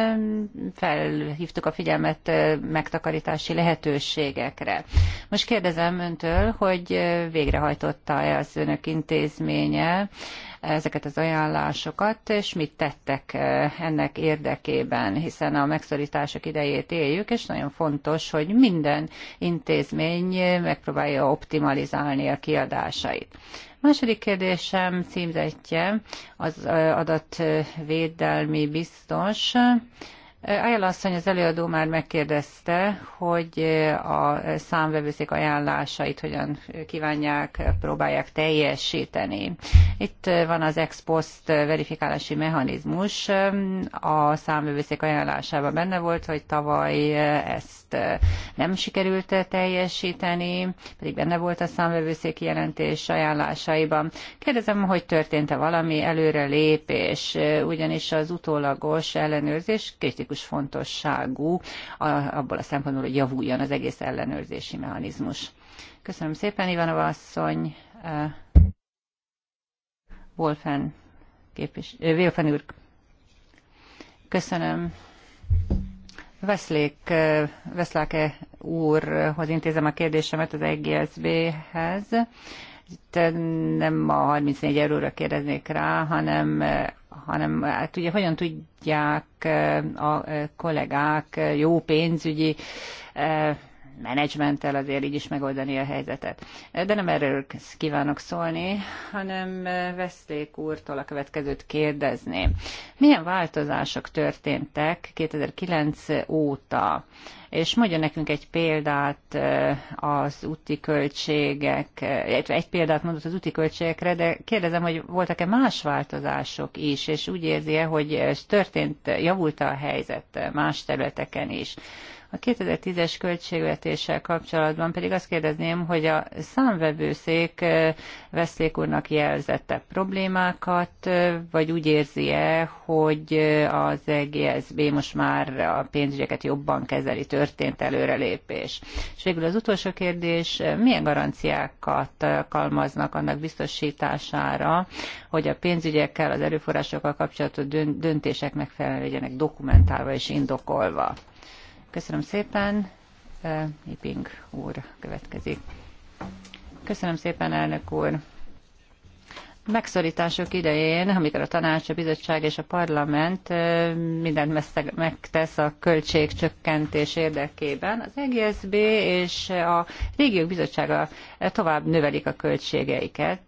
B: felhívtuk a figyelmet megtakarítási lehetőségekre. Most kérdezem öntől, hogy végrehajtotta-e az önök intézménye ezeket az ajánlásokat, és mit tettek ennek érdekében, hiszen a megszorítások idejét éljük, és nagyon fontos, hogy minden intézmény megpróbálja optimalizálni a kiadásait. Második kérdésem címzetje az adatvédelmi biztos. Ajala asszony az előadó már megkérdezte, hogy a számvevőszék ajánlásait hogyan kívánják, próbálják teljesíteni. Itt van az ex post verifikálási mechanizmus. A számvevőszék ajánlásában benne volt, hogy tavaly ezt nem sikerült teljesíteni, pedig benne volt a számvevőszéki jelentés ajánlásaiban. Kérdezem, hogy történt-e valami előrelépés, ugyanis az utólagos ellenőrzés kicsit kritikus fontosságú abból a szempontból, hogy javuljon az egész ellenőrzési mechanizmus. Köszönöm szépen, Ivanova asszony. Wolfen képvis, Wolfen úr. Köszönöm. Veszlék, Veszláke úrhoz intézem a kérdésemet az EGSB-hez. Itt nem a 34 euróra kérdeznék rá, hanem hanem hát ugye hogyan tudják eh, a eh, kollégák eh, jó pénzügyi menedzsmenttel azért így is megoldani a helyzetet. De nem erről kívánok szólni, hanem eh, Veszlék úrtól a következőt kérdezni. Milyen változások történtek 2009 óta? És mondja nekünk egy példát eh, az úti költségek, eh, egy példát mondott az úti költségekre, de kérdezem, hogy voltak-e más változások is, és úgy érzi-e, hogy történt, javult a helyzet más területeken is. A 2010-es költségvetéssel kapcsolatban pedig azt kérdezném, hogy a számvevőszék Veszlék úrnak jelzette problémákat, vagy úgy érzi-e, hogy az EGSB most már a pénzügyeket jobban kezeli, történt előrelépés. És végül az utolsó kérdés, milyen garanciákat kalmaznak annak biztosítására, hogy a pénzügyekkel, az erőforrásokkal kapcsolatos döntések megfelelően legyenek dokumentálva és indokolva? Köszönöm szépen. Iping úr következik. Köszönöm szépen, elnök úr megszorítások idején, amikor a tanács, a bizottság és a parlament mindent megtesz a költségcsökkentés érdekében, az EGSB és a régiók bizottsága tovább növelik a költségeiket.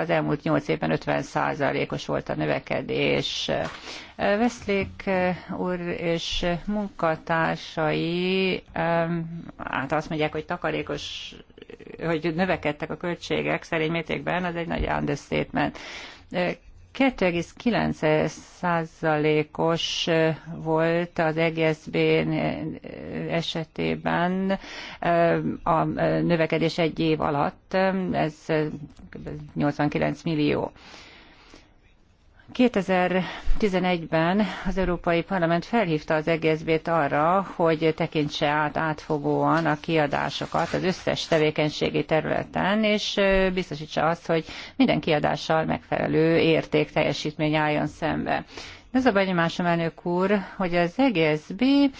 B: Az elmúlt nyolc évben 50 százalékos volt a növekedés. Veszlék úr és munkatársai által azt mondják, hogy takarékos hogy növekedtek a költségek szerény mértékben, az egy nagy understatement. 2,9 százalékos volt az EGSB esetében eh, a eh, növekedés egy év alatt, ez 89 eh, millió. 2011-ben az Európai Parlament felhívta az EGSZB-t arra, hogy tekintse át átfogóan a kiadásokat az összes tevékenységi területen, és biztosítsa azt, hogy minden kiadással megfelelő érték teljesítmény álljon szembe. Ez a benyomásom, elnök úr, hogy az EGSB eh,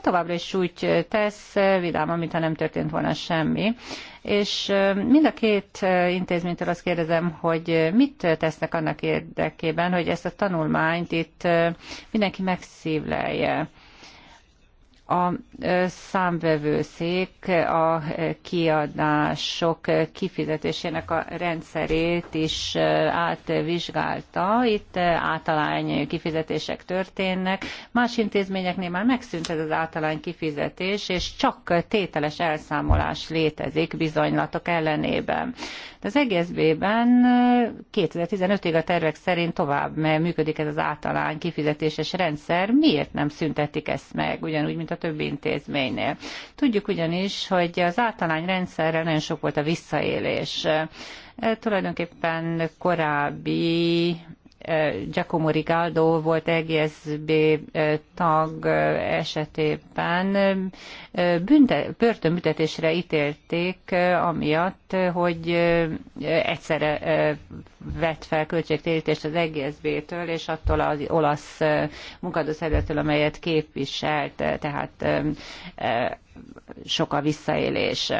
B: továbbra is úgy tesz, eh, vidám, mintha nem történt volna semmi. És eh, mind a két intézménytől azt kérdezem, hogy mit tesznek annak érdekében, hogy ezt a tanulmányt itt mindenki megszívlelje a számvevőszék a kiadások kifizetésének a rendszerét is átvizsgálta. Itt általány kifizetések történnek. Más intézményeknél már megszűnt ez az általány kifizetés, és csak tételes elszámolás létezik bizonylatok ellenében. De az egészben 2015-ig a tervek szerint tovább működik ez az általány kifizetéses rendszer. Miért nem szüntetik ezt meg, ugyanúgy, mint a többi intézménynél. Tudjuk ugyanis, hogy az általány rendszerre nagyon sok volt a visszaélés. Tulajdonképpen korábbi Giacomo Rigaldo volt EGSB tag esetében bünte, börtönbüntetésre ítélték, amiatt, hogy egyszerre vett fel költségtérítést az EGSB-től, és attól az olasz munkadószervezettől, amelyet képviselt, tehát sok a visszaélés.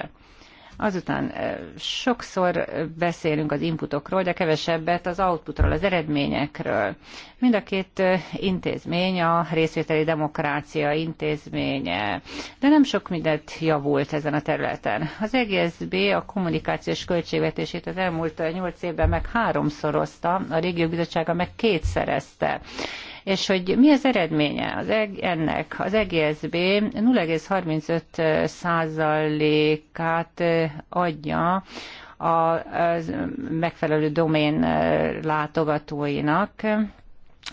B: Azután sokszor beszélünk az inputokról, de kevesebbet az outputról, az eredményekről. Mind a két intézmény a részvételi demokrácia intézménye, de nem sok mindent javult ezen a területen. Az EGSB a kommunikációs költségvetését az elmúlt nyolc évben meg háromszorozta, a régiók bizottsága meg kétszerezte és hogy mi az eredménye az eg- ennek? Az e EGSB 0,35 százalékát adja a megfelelő domén látogatóinak,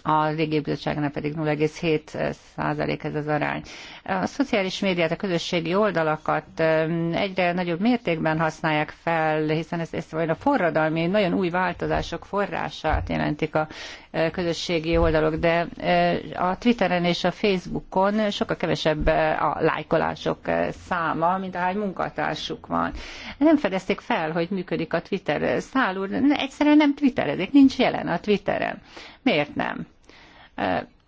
B: a régibizottságnak pedig 0,7 százalék ez az arány. A szociális médiát, a közösségi oldalakat um, egyre nagyobb mértékben használják fel, hiszen ez, ez olyan a forradalmi, nagyon új változások forrását jelentik a eh, közösségi oldalok, de eh, a Twitteren és a Facebookon sokkal kevesebb eh, a lájkolások száma, mint ahány munkatársuk van. Nem fedezték fel, hogy működik a Twitter. szálló, egyszerűen nem twitterezik, nincs jelen a Twitteren. Miért nem?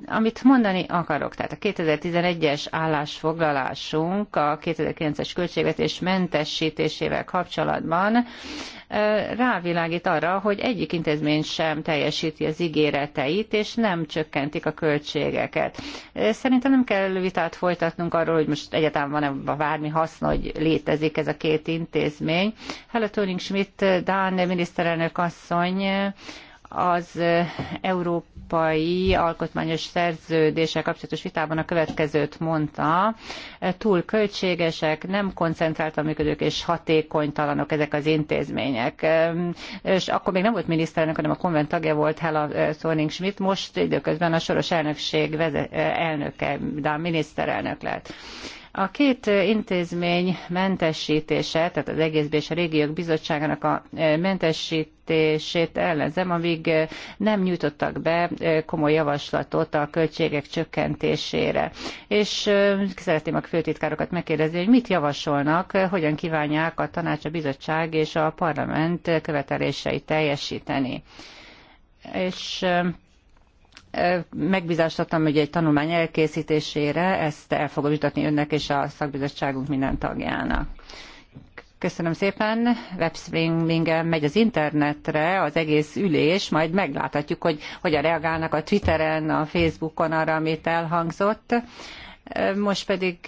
B: amit mondani akarok, tehát a 2011-es állásfoglalásunk a 2009-es költségvetés mentesítésével kapcsolatban rávilágít arra, hogy egyik intézmény sem teljesíti az ígéreteit, és nem csökkentik a költségeket. Szerintem nem kell vitát folytatnunk arról, hogy most egyáltalán van-e bármi haszna, hogy létezik ez a két intézmény. Hello, Turing Schmidt, Dán miniszterelnök asszony, az eh, európai alkotmányos szerződéssel kapcsolatos vitában a következőt mondta, eh, túl költségesek, nem koncentráltan működők és hatékonytalanok ezek az intézmények. Eh, és akkor még nem volt miniszterelnök, hanem a konvent tagja volt Hella Thorning Schmidt, most időközben a soros elnökség elnöke, de a miniszterelnök lett. A két intézmény mentesítése, tehát az egészben és a régiók bizottságának a e, mentesítését ellenzem, amíg e, nem nyújtottak be e, komoly javaslatot a költségek csökkentésére. És szeretném a főtitkárokat megkérdezni, hogy mit javasolnak, hogyan kívánják a tanács, a bizottság és a parlament követeléseit teljesíteni. És megbízást adtam, hogy egy tanulmány elkészítésére ezt el fogom jutatni önnek és a szakbizottságunk minden tagjának. Köszönöm szépen. Webswingingen megy az internetre az egész ülés, majd megláthatjuk, hogy hogyan reagálnak a Twitteren, a Facebookon arra, amit elhangzott. Most pedig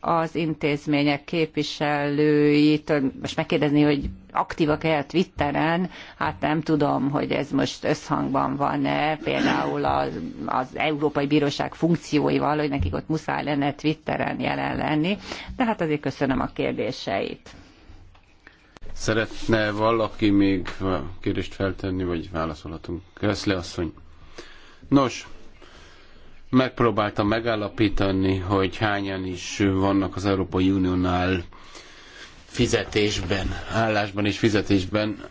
B: az intézmények képviselői, most megkérdezni, hogy aktívak-e a Twitteren, hát nem tudom, hogy ez most összhangban van-e, például az, az Európai Bíróság funkcióival, hogy nekik ott muszáj lenne Twitteren jelen lenni, de hát azért köszönöm a kérdéseit.
C: Szeretne valaki még kérdést feltenni, vagy válaszolhatunk? Kreszle asszony. Nos, megpróbáltam megállapítani, hogy hányan is vannak az Európai Uniónál fizetésben, állásban és fizetésben,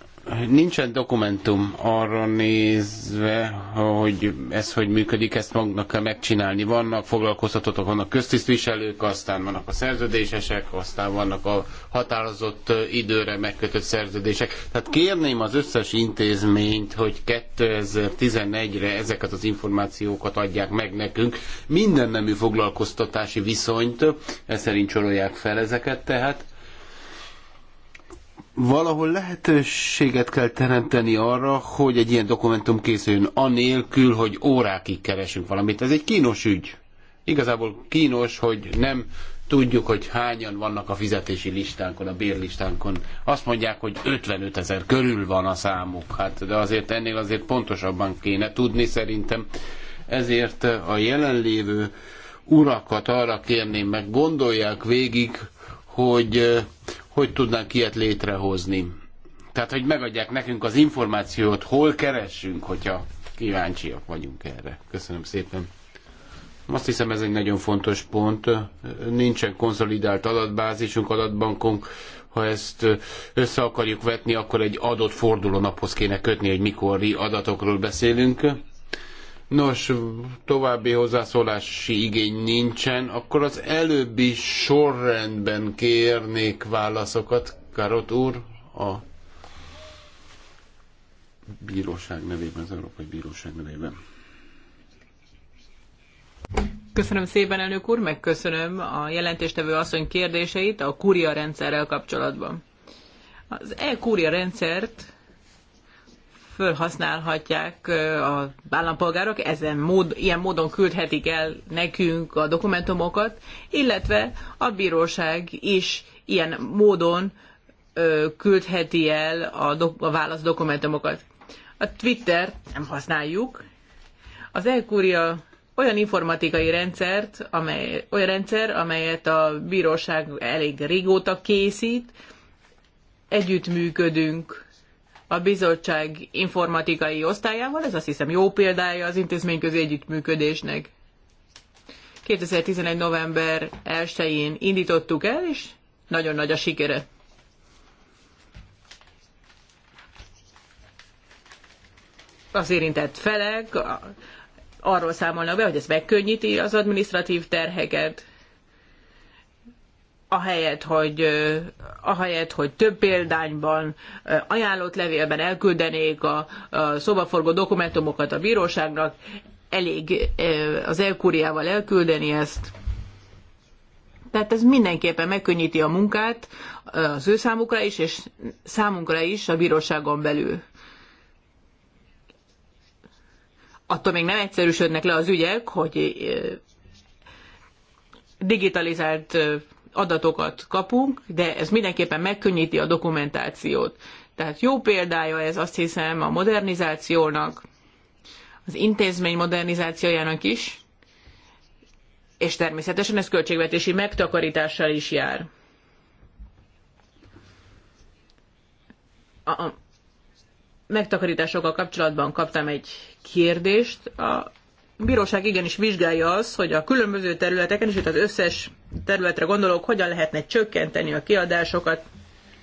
C: nincsen dokumentum arra nézve, hogy ez hogy működik, ezt maguknak kell megcsinálni. Vannak foglalkoztatottak, vannak köztisztviselők, aztán vannak a szerződésesek, aztán vannak a határozott időre megkötött szerződések. Tehát kérném az összes intézményt, hogy 2011-re ezeket az információkat adják meg nekünk. Minden nemű foglalkoztatási viszonyt, ez szerint sorolják fel ezeket tehát valahol lehetőséget kell teremteni arra, hogy egy ilyen dokumentum készüljön, anélkül, hogy órákig keresünk valamit. Ez egy kínos ügy. Igazából kínos, hogy nem tudjuk, hogy hányan vannak a fizetési listánkon, a bérlistánkon. Azt mondják, hogy 55 ezer körül van a számuk. Hát, de azért ennél azért pontosabban kéne tudni szerintem. Ezért a jelenlévő urakat arra kérném meg, gondolják végig, hogy hogy tudnánk ilyet létrehozni. Tehát, hogy megadják nekünk az információt, hol keressünk, hogyha kíváncsiak vagyunk erre. Köszönöm szépen. Azt hiszem ez egy nagyon fontos pont. Nincsen konszolidált adatbázisunk, adatbankunk. Ha ezt össze akarjuk vetni, akkor egy adott fordulónaphoz kéne kötni, hogy mikor adatokról beszélünk. Nos, további hozzászólási igény nincsen, akkor az előbbi sorrendben kérnék válaszokat. Karot úr, a bíróság nevében, az Európai Bíróság nevében.
A: Köszönöm szépen, elnök úr, megköszönöm a jelentéstevő asszony kérdéseit a kúria rendszerrel kapcsolatban. Az e-kúria rendszert fölhasználhatják a állampolgárok, ezen mód, ilyen módon küldhetik el nekünk a dokumentumokat, illetve a bíróság is ilyen módon küldheti el a, do, a válasz dokumentumokat. A Twitter nem használjuk. Az Elkúria olyan informatikai rendszert, amely, olyan rendszer, amelyet a bíróság elég régóta készít, együttműködünk a bizottság informatikai osztályával, ez azt hiszem jó példája az intézményközi együttműködésnek. 2011. november 1-én indítottuk el, és nagyon nagy a sikere. Az érintett felek arról számolnak be, hogy ez megkönnyíti az administratív terheket, ahelyett, hogy, ahelyett, hogy több példányban, ajánlott levélben elküldenék a, a szobaforgó dokumentumokat a bíróságnak, elég az elkúriával elküldeni ezt. Tehát ez mindenképpen megkönnyíti a munkát az ő számukra is, és számunkra is a bíróságon belül. Attól még nem egyszerűsödnek le az ügyek, hogy digitalizált adatokat kapunk, de ez mindenképpen megkönnyíti a dokumentációt. Tehát jó példája ez azt hiszem a modernizációnak, az intézmény modernizációjának is, és természetesen ez költségvetési megtakarítással is jár. A megtakarításokkal kapcsolatban kaptam egy kérdést a bíróság igenis vizsgálja az, hogy a különböző területeken, és itt az összes területre gondolok, hogyan lehetne csökkenteni a kiadásokat,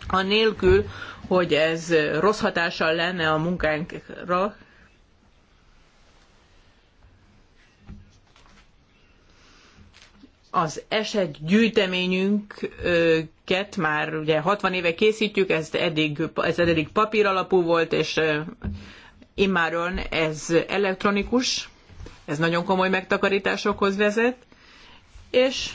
A: anélkül, hogy ez rossz hatással lenne a munkánkra. Az eset gyűjteményünket már ugye 60 éve készítjük, ez eddig, ez eddig papír alapú volt, és eh, immáron ez elektronikus ez nagyon komoly megtakarításokhoz vezet, és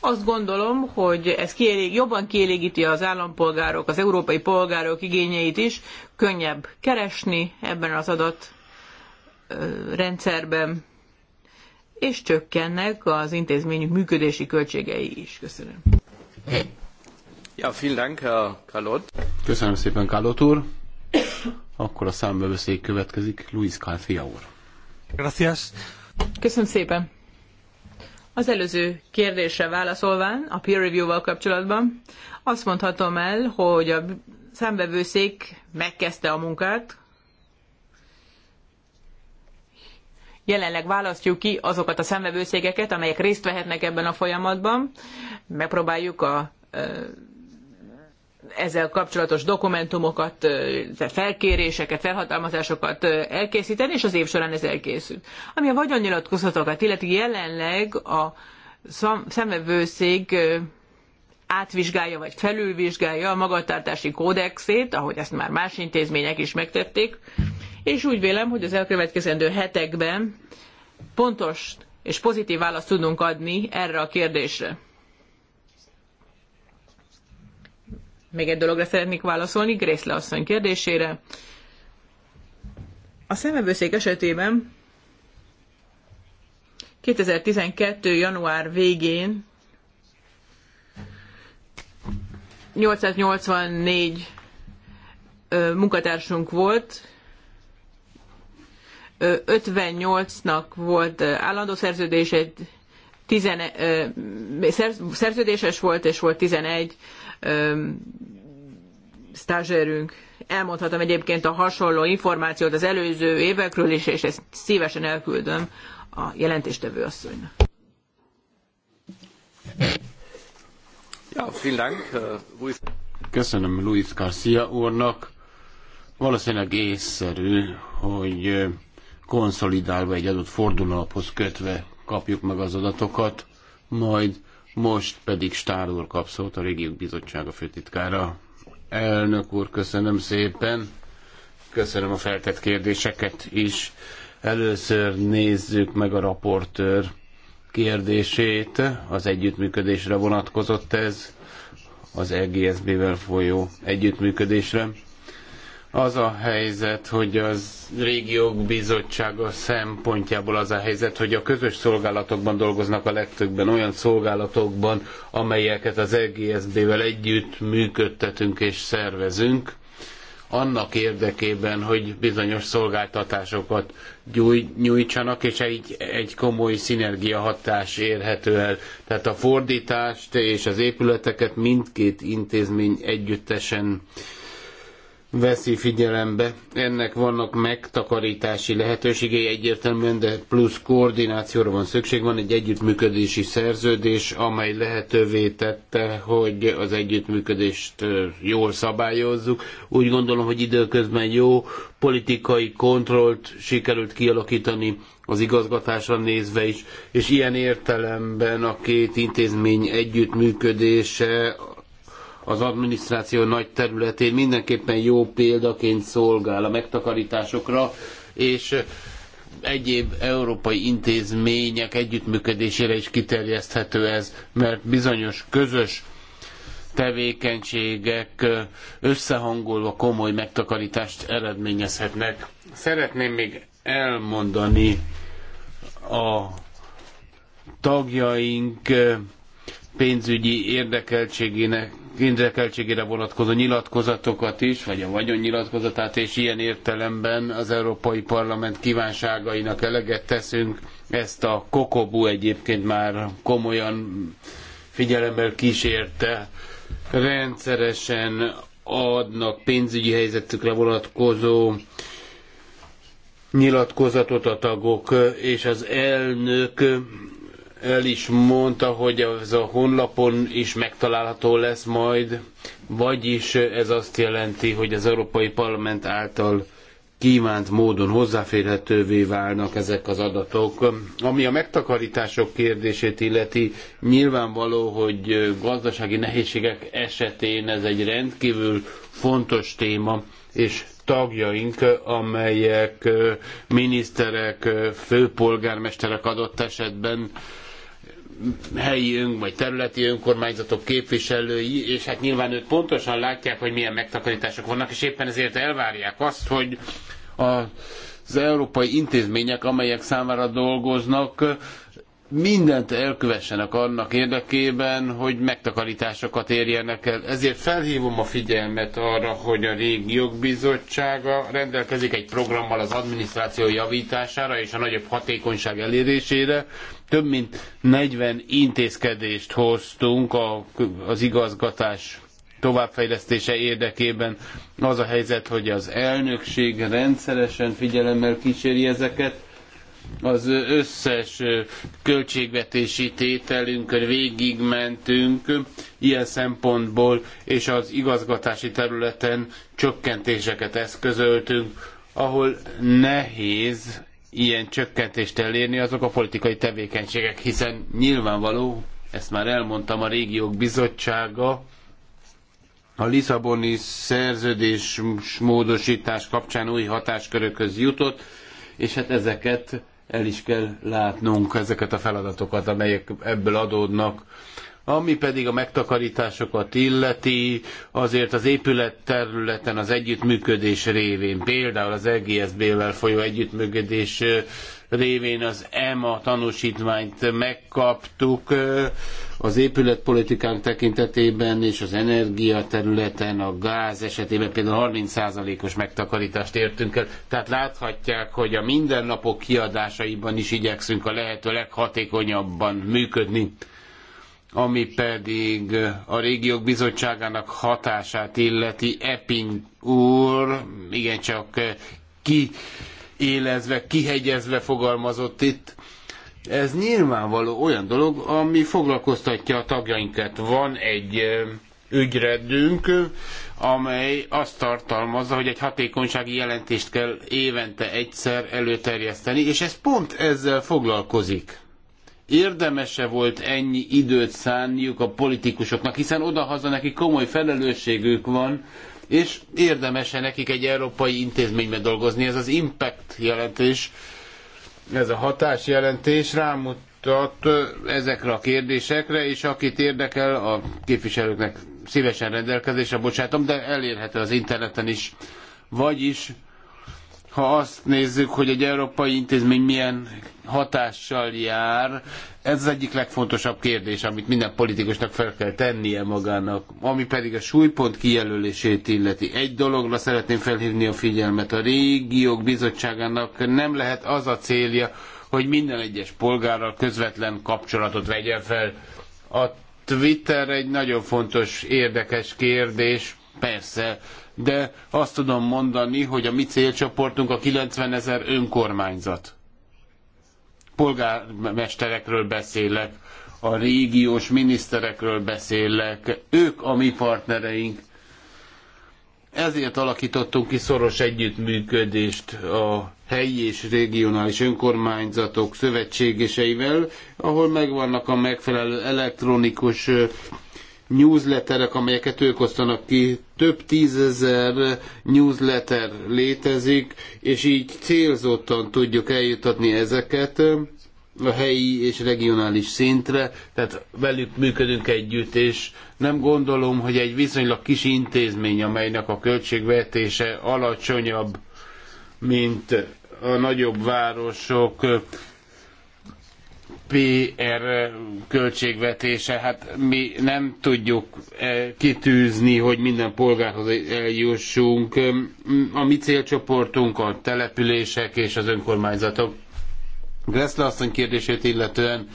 A: azt gondolom, hogy ez kielég, jobban kielégíti az állampolgárok, az európai polgárok igényeit is, könnyebb keresni ebben az adat rendszerben, és csökkennek az intézményük működési költségei is. Köszönöm.
C: Ja, vielen Dank, Herr Kalott. Köszönöm szépen, Kalott úr. Akkor a számbevőszék következik, Luis Calfia úr. Gracias.
A: Köszönöm szépen. Az előző kérdésre válaszolván, a peer review-val kapcsolatban, azt mondhatom el, hogy a számbevőszék megkezdte a munkát, jelenleg választjuk ki azokat a szemvevőszégeket, amelyek részt vehetnek ebben a folyamatban. Megpróbáljuk a ezzel kapcsolatos dokumentumokat, felkéréseket, felhatalmazásokat elkészíteni, és az év során ez elkészült. Ami a vagyonnyilatkozatokat illeti, jelenleg a szemvevőszék átvizsgálja vagy felülvizsgálja a magatartási kódexét, ahogy ezt már más intézmények is megtették, és úgy vélem, hogy az elkövetkezendő hetekben pontos és pozitív választ tudunk adni erre a kérdésre. Még egy dologra szeretnék válaszolni, Grészle asszony kérdésére. A szemevőszék esetében 2012. január végén 884 munkatársunk volt, 58-nak volt állandó szerződése, 10, szerződéses volt, és volt 11 stázserünk elmondhatom egyébként a hasonló információt az előző évekről is, és ezt szívesen elküldöm a jelentéstevő asszonynak.
C: Köszönöm Luis Garcia úrnak. Valószínűleg észszerű, hogy konszolidálva egy adott fordulóhoz kötve kapjuk meg az adatokat, majd most pedig Stár úr kap szót, a Régiók Bizottsága főtitkára. Elnök úr, köszönöm szépen. Köszönöm a feltett kérdéseket is. Először nézzük meg a raportőr kérdését. Az együttműködésre vonatkozott ez, az EGSB-vel folyó együttműködésre az a helyzet, hogy az régiók bizottsága szempontjából az a helyzet, hogy a közös szolgálatokban dolgoznak a legtöbben, olyan szolgálatokban, amelyeket az EGSB-vel együtt működtetünk és szervezünk, annak érdekében, hogy bizonyos szolgáltatásokat nyújtsanak, és egy, egy komoly szinergia hatás érhető el. Tehát a fordítást és az épületeket mindkét intézmény együttesen veszi figyelembe. Ennek vannak megtakarítási lehetőségei egyértelműen, de plusz koordinációra van szükség. Van egy együttműködési szerződés, amely lehetővé tette, hogy az együttműködést jól szabályozzuk. Úgy gondolom, hogy időközben jó politikai kontrollt sikerült kialakítani az igazgatásra nézve is, és ilyen értelemben a két intézmény együttműködése az adminisztráció nagy területén mindenképpen jó példaként szolgál a megtakarításokra, és egyéb európai intézmények együttműködésére is kiterjeszthető ez, mert bizonyos közös tevékenységek összehangolva komoly megtakarítást eredményezhetnek. Szeretném még elmondani a tagjaink pénzügyi érdekeltségének érdekeltségére vonatkozó nyilatkozatokat is, vagy a vagyonnyilatkozatát, és ilyen értelemben az Európai Parlament kívánságainak eleget teszünk. Ezt a Kokobu egyébként már komolyan figyelemmel kísérte. Rendszeresen adnak pénzügyi helyzetükre vonatkozó nyilatkozatot a tagok, és az elnök el is mondta, hogy ez a honlapon is megtalálható lesz majd, vagyis ez azt jelenti, hogy az Európai Parlament által kívánt módon hozzáférhetővé válnak ezek az adatok. Ami a megtakarítások kérdését illeti, nyilvánvaló, hogy gazdasági nehézségek esetén ez egy rendkívül fontos téma, és tagjaink, amelyek miniszterek, főpolgármesterek adott esetben helyi ön, vagy területi önkormányzatok képviselői, és hát nyilván ők pontosan látják, hogy milyen megtakarítások vannak, és éppen ezért elvárják azt, hogy a, az európai intézmények, amelyek számára dolgoznak, mindent elkövessenek annak érdekében, hogy megtakarításokat érjenek el. Ezért felhívom a figyelmet arra, hogy a régiók bizottsága rendelkezik egy programmal az adminisztráció javítására és a nagyobb hatékonyság elérésére, több mint 40 intézkedést hoztunk a, az igazgatás továbbfejlesztése érdekében. Az a helyzet, hogy az elnökség rendszeresen figyelemmel kíséri ezeket, az összes költségvetési tételünkön végigmentünk ilyen szempontból, és az igazgatási területen csökkentéseket eszközöltünk, ahol nehéz ilyen csökkentést elérni, azok a politikai tevékenységek, hiszen nyilvánvaló, ezt már elmondtam, a régiók bizottsága a Lisszaboni szerződés módosítás kapcsán új hatáskörökhöz jutott, és hát ezeket el is kell látnunk, ezeket a feladatokat, amelyek ebből adódnak. Ami pedig a megtakarításokat illeti, azért az épület területen az együttműködés révén, például az EGSB-vel folyó együttműködés révén az EMA tanúsítványt megkaptuk az épületpolitikánk tekintetében és az energia területen, a gáz esetében például 30%-os megtakarítást értünk el. Tehát láthatják, hogy a mindennapok kiadásaiban is igyekszünk a lehető leghatékonyabban működni ami pedig a régiók bizottságának hatását illeti Epping úr, igencsak kiélezve, kihegyezve fogalmazott itt. Ez nyilvánvaló olyan dolog, ami foglalkoztatja a tagjainkat. Van egy ügyredünk, amely azt tartalmazza, hogy egy hatékonysági jelentést kell évente egyszer előterjeszteni, és ez pont ezzel foglalkozik érdemese volt ennyi időt szánniuk a politikusoknak, hiszen odahaza neki komoly felelősségük van, és érdemese nekik egy európai intézményben dolgozni. Ez az impact jelentés, ez a hatás jelentés rámutat ezekre a kérdésekre, és akit érdekel, a képviselőknek szívesen rendelkezésre bocsátom, de elérhető az interneten is. Vagyis ha azt nézzük, hogy egy európai intézmény milyen hatással jár, ez az egyik legfontosabb kérdés, amit minden politikusnak fel kell tennie magának. Ami pedig a súlypont kijelölését illeti. Egy dologra szeretném felhívni a figyelmet. A régiók bizottságának nem lehet az a célja, hogy minden egyes polgárral közvetlen kapcsolatot vegyen fel. A Twitter egy nagyon fontos, érdekes kérdés persze, de azt tudom mondani, hogy a mi célcsoportunk a 90 ezer önkormányzat. Polgármesterekről beszélek, a régiós miniszterekről beszélek, ők a mi partnereink. Ezért alakítottunk ki szoros együttműködést a helyi és regionális önkormányzatok szövetségeseivel, ahol megvannak a megfelelő elektronikus newsletterek, amelyeket ők osztanak ki. Több tízezer newsletter létezik, és így célzottan tudjuk eljutatni ezeket a helyi és regionális szintre, tehát velük működünk együtt, és nem gondolom, hogy egy viszonylag kis intézmény, amelynek a költségvetése alacsonyabb, mint a nagyobb városok PR költségvetése, hát mi nem tudjuk eh, kitűzni, hogy minden polgárhoz eljussunk. A mi célcsoportunk a települések és az önkormányzatok. Gressle asszony kérdését illetően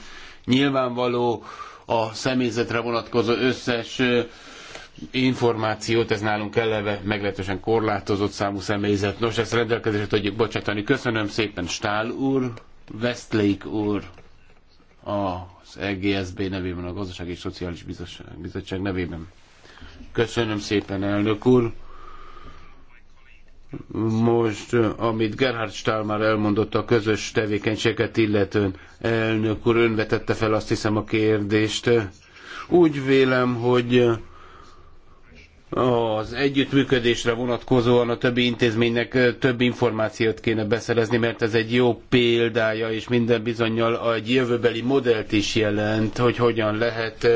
C: nyilvánvaló a személyzetre vonatkozó összes eh, információt, ez nálunk eleve meglehetősen korlátozott számú személyzet. Nos, ezt rendelkezésre tudjuk bocsátani. Köszönöm szépen, Stál úr, Westlake úr az EGSB nevében, a Gazdasági és Szociális Bizottság, Bizottság nevében. Köszönöm szépen, elnök úr! Most, amit Gerhard Stahl már elmondott a közös tevékenységet illetően, elnök úr, ön vetette fel azt hiszem a kérdést. Úgy vélem, hogy az együttműködésre vonatkozóan a többi intézménynek több információt kéne beszerezni, mert ez egy jó példája, és minden bizonyal egy jövőbeli modellt is jelent, hogy hogyan lehet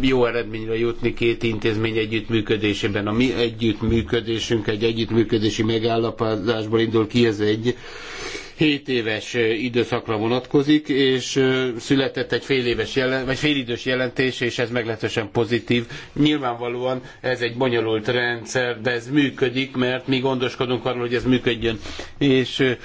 C: jó eredményre jutni két intézmény együttműködésében. A mi együttműködésünk egy együttműködési megállapodásból indul ki, ez egy 7 éves időszakra vonatkozik, és született egy fél éves jelen, vagy félidős jelentés, és ez meglehetősen pozitív. Nyilvánvalóan ez egy bonyolult rendszer, de ez működik, mert mi gondoskodunk arról, hogy ez működjön. És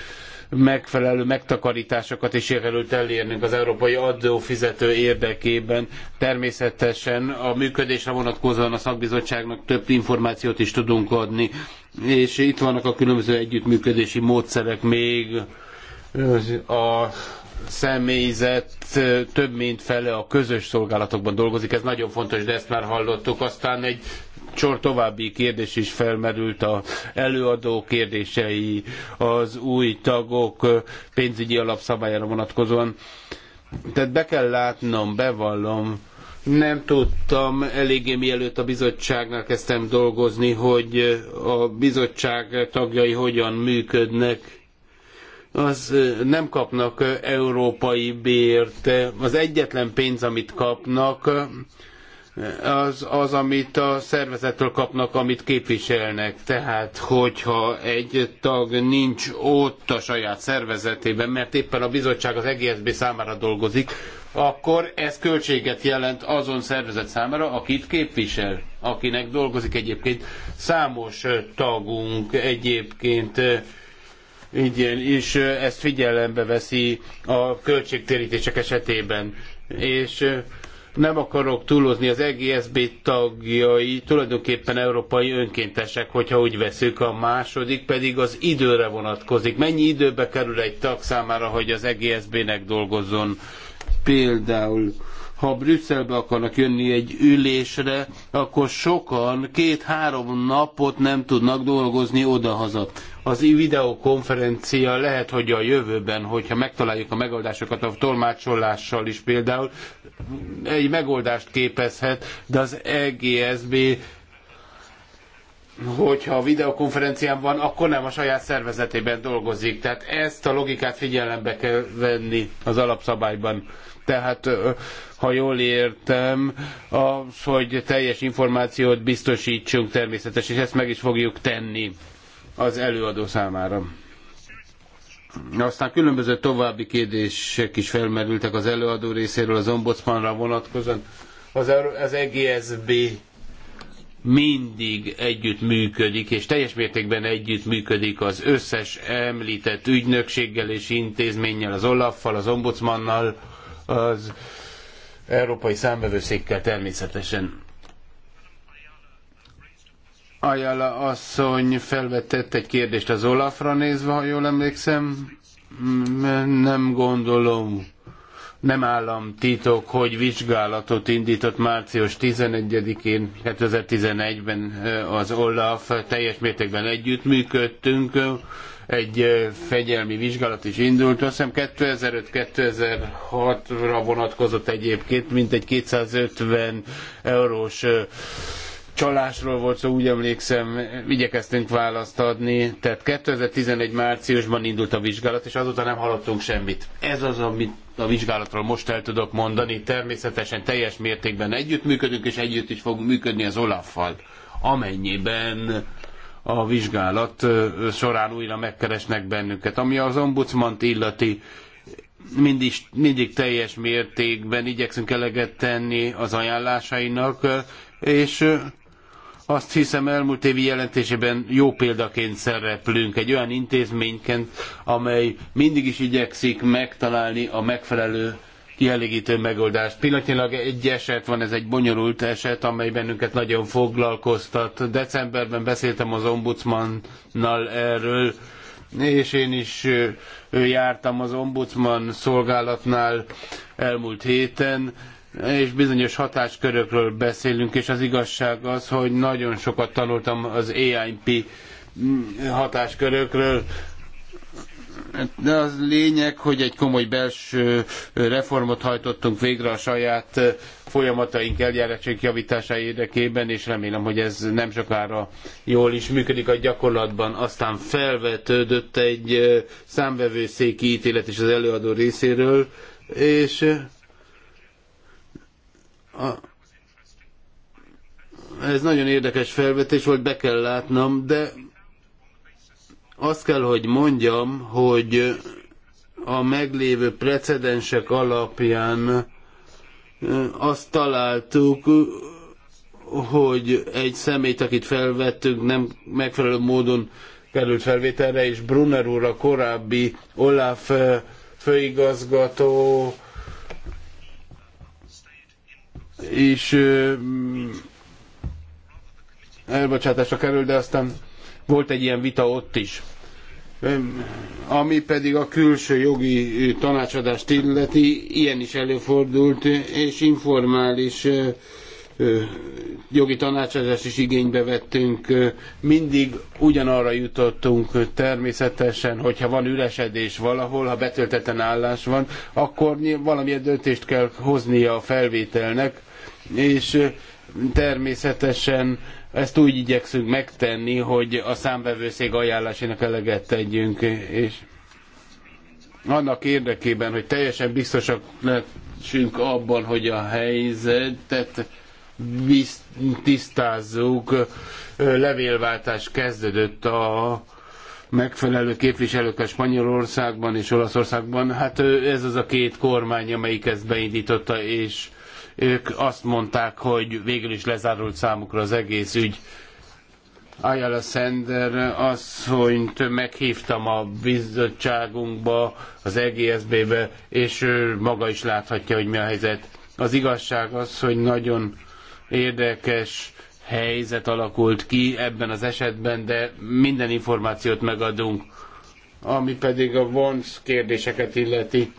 C: megfelelő megtakarításokat is sikerült elérnünk az európai adófizető érdekében. Természetesen a működésre vonatkozóan a szakbizottságnak több információt is tudunk adni, és itt vannak a különböző együttműködési módszerek még a személyzet több mint fele a közös szolgálatokban dolgozik, ez nagyon fontos, de ezt már hallottuk. Aztán egy sor további kérdés is felmerült a előadó kérdései az új tagok pénzügyi alapszabályára vonatkozóan. Tehát be kell látnom, bevallom, nem tudtam eléggé mielőtt a bizottságnál kezdtem dolgozni, hogy a bizottság tagjai hogyan működnek, az nem kapnak európai bért. Az egyetlen pénz, amit kapnak, az, az, amit a szervezettől kapnak, amit képviselnek. Tehát, hogyha egy tag nincs ott a saját szervezetében, mert éppen a bizottság az EGSB számára dolgozik, akkor ez költséget jelent azon szervezet számára, akit képvisel, akinek dolgozik egyébként. Számos tagunk egyébként eh, igen, és eh, ezt figyelembe veszi a költségtérítések esetében. És eh, nem akarok túlozni, az EGSB tagjai tulajdonképpen európai önkéntesek, hogyha úgy veszük, a második pedig az időre vonatkozik. Mennyi időbe kerül egy tag számára, hogy az EGSB-nek dolgozzon? Például ha Brüsszelbe akarnak jönni egy ülésre, akkor sokan két-három napot nem tudnak dolgozni odahaza. Az videokonferencia lehet, hogy a jövőben, hogyha megtaláljuk a megoldásokat a tolmácsolással is például, egy megoldást képezhet, de az EGSB hogyha a videokonferencián van, akkor nem a saját szervezetében dolgozik. Tehát ezt a logikát figyelembe kell venni az alapszabályban. Tehát, ha jól értem, az, hogy teljes információt biztosítsunk természetes, és ezt meg is fogjuk tenni az előadó számára. Aztán különböző további kérdések is felmerültek az előadó részéről az ombudsmanra vonatkozóan. Az, az EGSB mindig működik és teljes mértékben együtt működik az összes említett ügynökséggel és intézménnyel, az Olaffal, az ombudsmannal, az Európai Számvevőszékkel természetesen. Ajala asszony felvetett egy kérdést az Olafra nézve, ha jól emlékszem. Nem gondolom, nem állam titok, hogy vizsgálatot indított március 11-én 2011-ben az Olaf. Teljes mértékben együttműködtünk egy fegyelmi vizsgálat is indult. Azt hiszem 2005-2006-ra vonatkozott egyébként, mint egy 250 eurós csalásról volt szó, úgy emlékszem, igyekeztünk választ adni. Tehát 2011 márciusban indult a vizsgálat, és azóta nem hallottunk semmit. Ez az, amit a vizsgálatról most el tudok mondani. Természetesen teljes mértékben együttműködünk, és együtt is fogunk működni az Olaffal. Amennyiben a vizsgálat során újra megkeresnek bennünket. Ami az ombudsmant illeti, mindig, mindig teljes mértékben igyekszünk eleget tenni az ajánlásainak, és azt hiszem elmúlt évi jelentésében jó példaként szereplünk, egy olyan intézményként, amely mindig is igyekszik megtalálni a megfelelő kielégítő megoldást. Pillanatnyilag egy eset van, ez egy bonyolult eset, amely bennünket nagyon foglalkoztat. Decemberben beszéltem az ombudsmannal erről, és én is jártam az ombudsman szolgálatnál elmúlt héten, és bizonyos hatáskörökről beszélünk, és az igazság az, hogy nagyon sokat tanultam az AIP mm, hatáskörökről, de az lényeg, hogy egy komoly belső reformot hajtottunk végre a saját folyamataink eljárásaink javítása érdekében, és remélem, hogy ez nem sokára jól is működik a gyakorlatban. Aztán felvetődött egy számvevőszéki ítélet is az előadó részéről, és a ez nagyon érdekes felvetés volt, be kell látnom, de azt kell, hogy mondjam, hogy a meglévő precedensek alapján azt találtuk, hogy egy szemét, akit felvettünk, nem megfelelő módon került felvételre, és Brunner úr a korábbi Olaf főigazgató és elbocsátásra került, de aztán volt egy ilyen vita ott is. Ami pedig a külső jogi tanácsadást illeti, ilyen is előfordult, és informális jogi tanácsadást is igénybe vettünk, mindig ugyanarra jutottunk természetesen, hogyha van üresedés valahol, ha betöltetlen állás van, akkor valamilyen döntést kell hoznia a felvételnek, és természetesen ezt úgy igyekszünk megtenni, hogy a számvevőszék ajánlásének eleget tegyünk, és annak érdekében, hogy teljesen biztosak lehessünk abban, hogy a helyzetet tisztázzuk. Levélváltás kezdődött a megfelelő képviselők a Spanyolországban és Olaszországban. Hát ez az a két kormány, amelyik ezt beindította, és ők azt mondták, hogy végül is lezárult számukra az egész ügy. Ayala Sender asszonyt meghívtam a bizottságunkba, az EGSB-be, és ő maga is láthatja, hogy mi a helyzet. Az igazság az, hogy nagyon érdekes helyzet alakult ki ebben az esetben, de minden információt megadunk. Ami pedig a vonz kérdéseket illeti,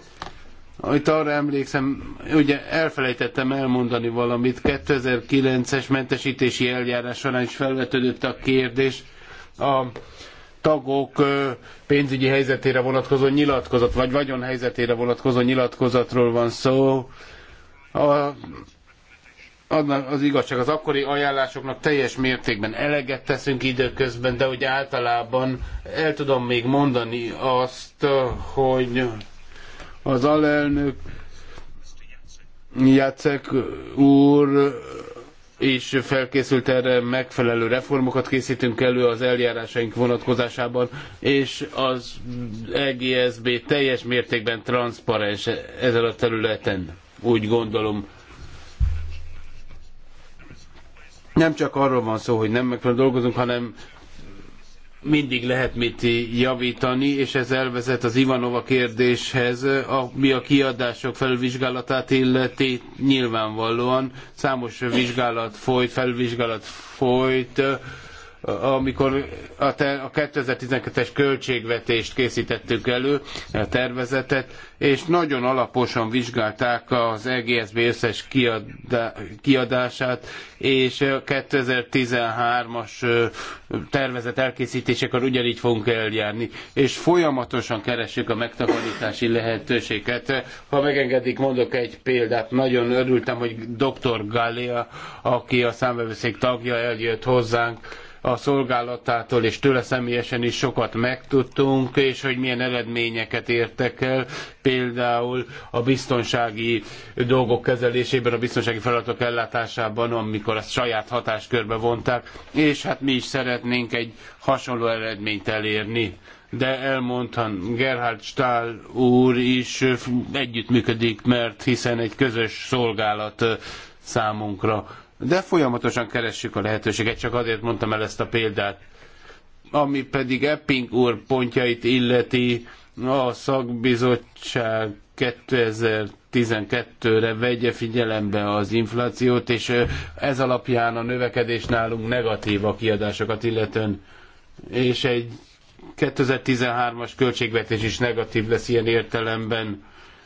C: itt arra emlékszem, ugye elfelejtettem elmondani valamit, 2009-es mentesítési eljárás során is felvetődött a kérdés a tagok pénzügyi helyzetére vonatkozó nyilatkozat, vagy vagyon helyzetére vonatkozó nyilatkozatról van szó. A, az igazság, az akkori ajánlásoknak teljes mértékben eleget teszünk időközben, de úgy általában el tudom még mondani azt, hogy az alelnök Jacek úr és felkészült erre, megfelelő reformokat készítünk elő az eljárásaink vonatkozásában, és az EGSB teljes mértékben transzparens ezen a területen, úgy gondolom. Nem csak arról van szó, hogy nem megfelelően dolgozunk, hanem mindig lehet mit javítani, és ez elvezet az Ivanova kérdéshez, ami a kiadások felvizsgálatát illeti nyilvánvalóan. Számos vizsgálat folyt, felvizsgálat folyt, amikor a, a 2012-es költségvetést készítettük elő, a tervezetet, és nagyon alaposan vizsgálták az EGSB összes kiadását, és a 2013-as tervezet elkészítésekor ugyanígy fogunk eljárni, és folyamatosan keressük a megtakarítási lehetőséget. Ha megengedik, mondok egy példát. Nagyon örültem, hogy dr. Gallia, aki a számvevőszék tagja, eljött hozzánk, a szolgálatától, és tőle személyesen is sokat megtudtunk, és hogy milyen eredményeket értek el, például a biztonsági dolgok kezelésében, a biztonsági feladatok ellátásában, amikor ezt saját hatáskörbe vonták, és hát mi is szeretnénk egy hasonló eredményt elérni de elmondtam, Gerhard Stahl úr is együttműködik, mert hiszen egy közös szolgálat számunkra de folyamatosan keressük a lehetőséget, csak azért mondtam el ezt a példát. Ami pedig Epping úr pontjait illeti, a szakbizottság 2012-re vegye figyelembe az inflációt, és ez alapján a növekedés nálunk negatív a kiadásokat illetően, és egy 2013-as költségvetés is negatív lesz ilyen értelemben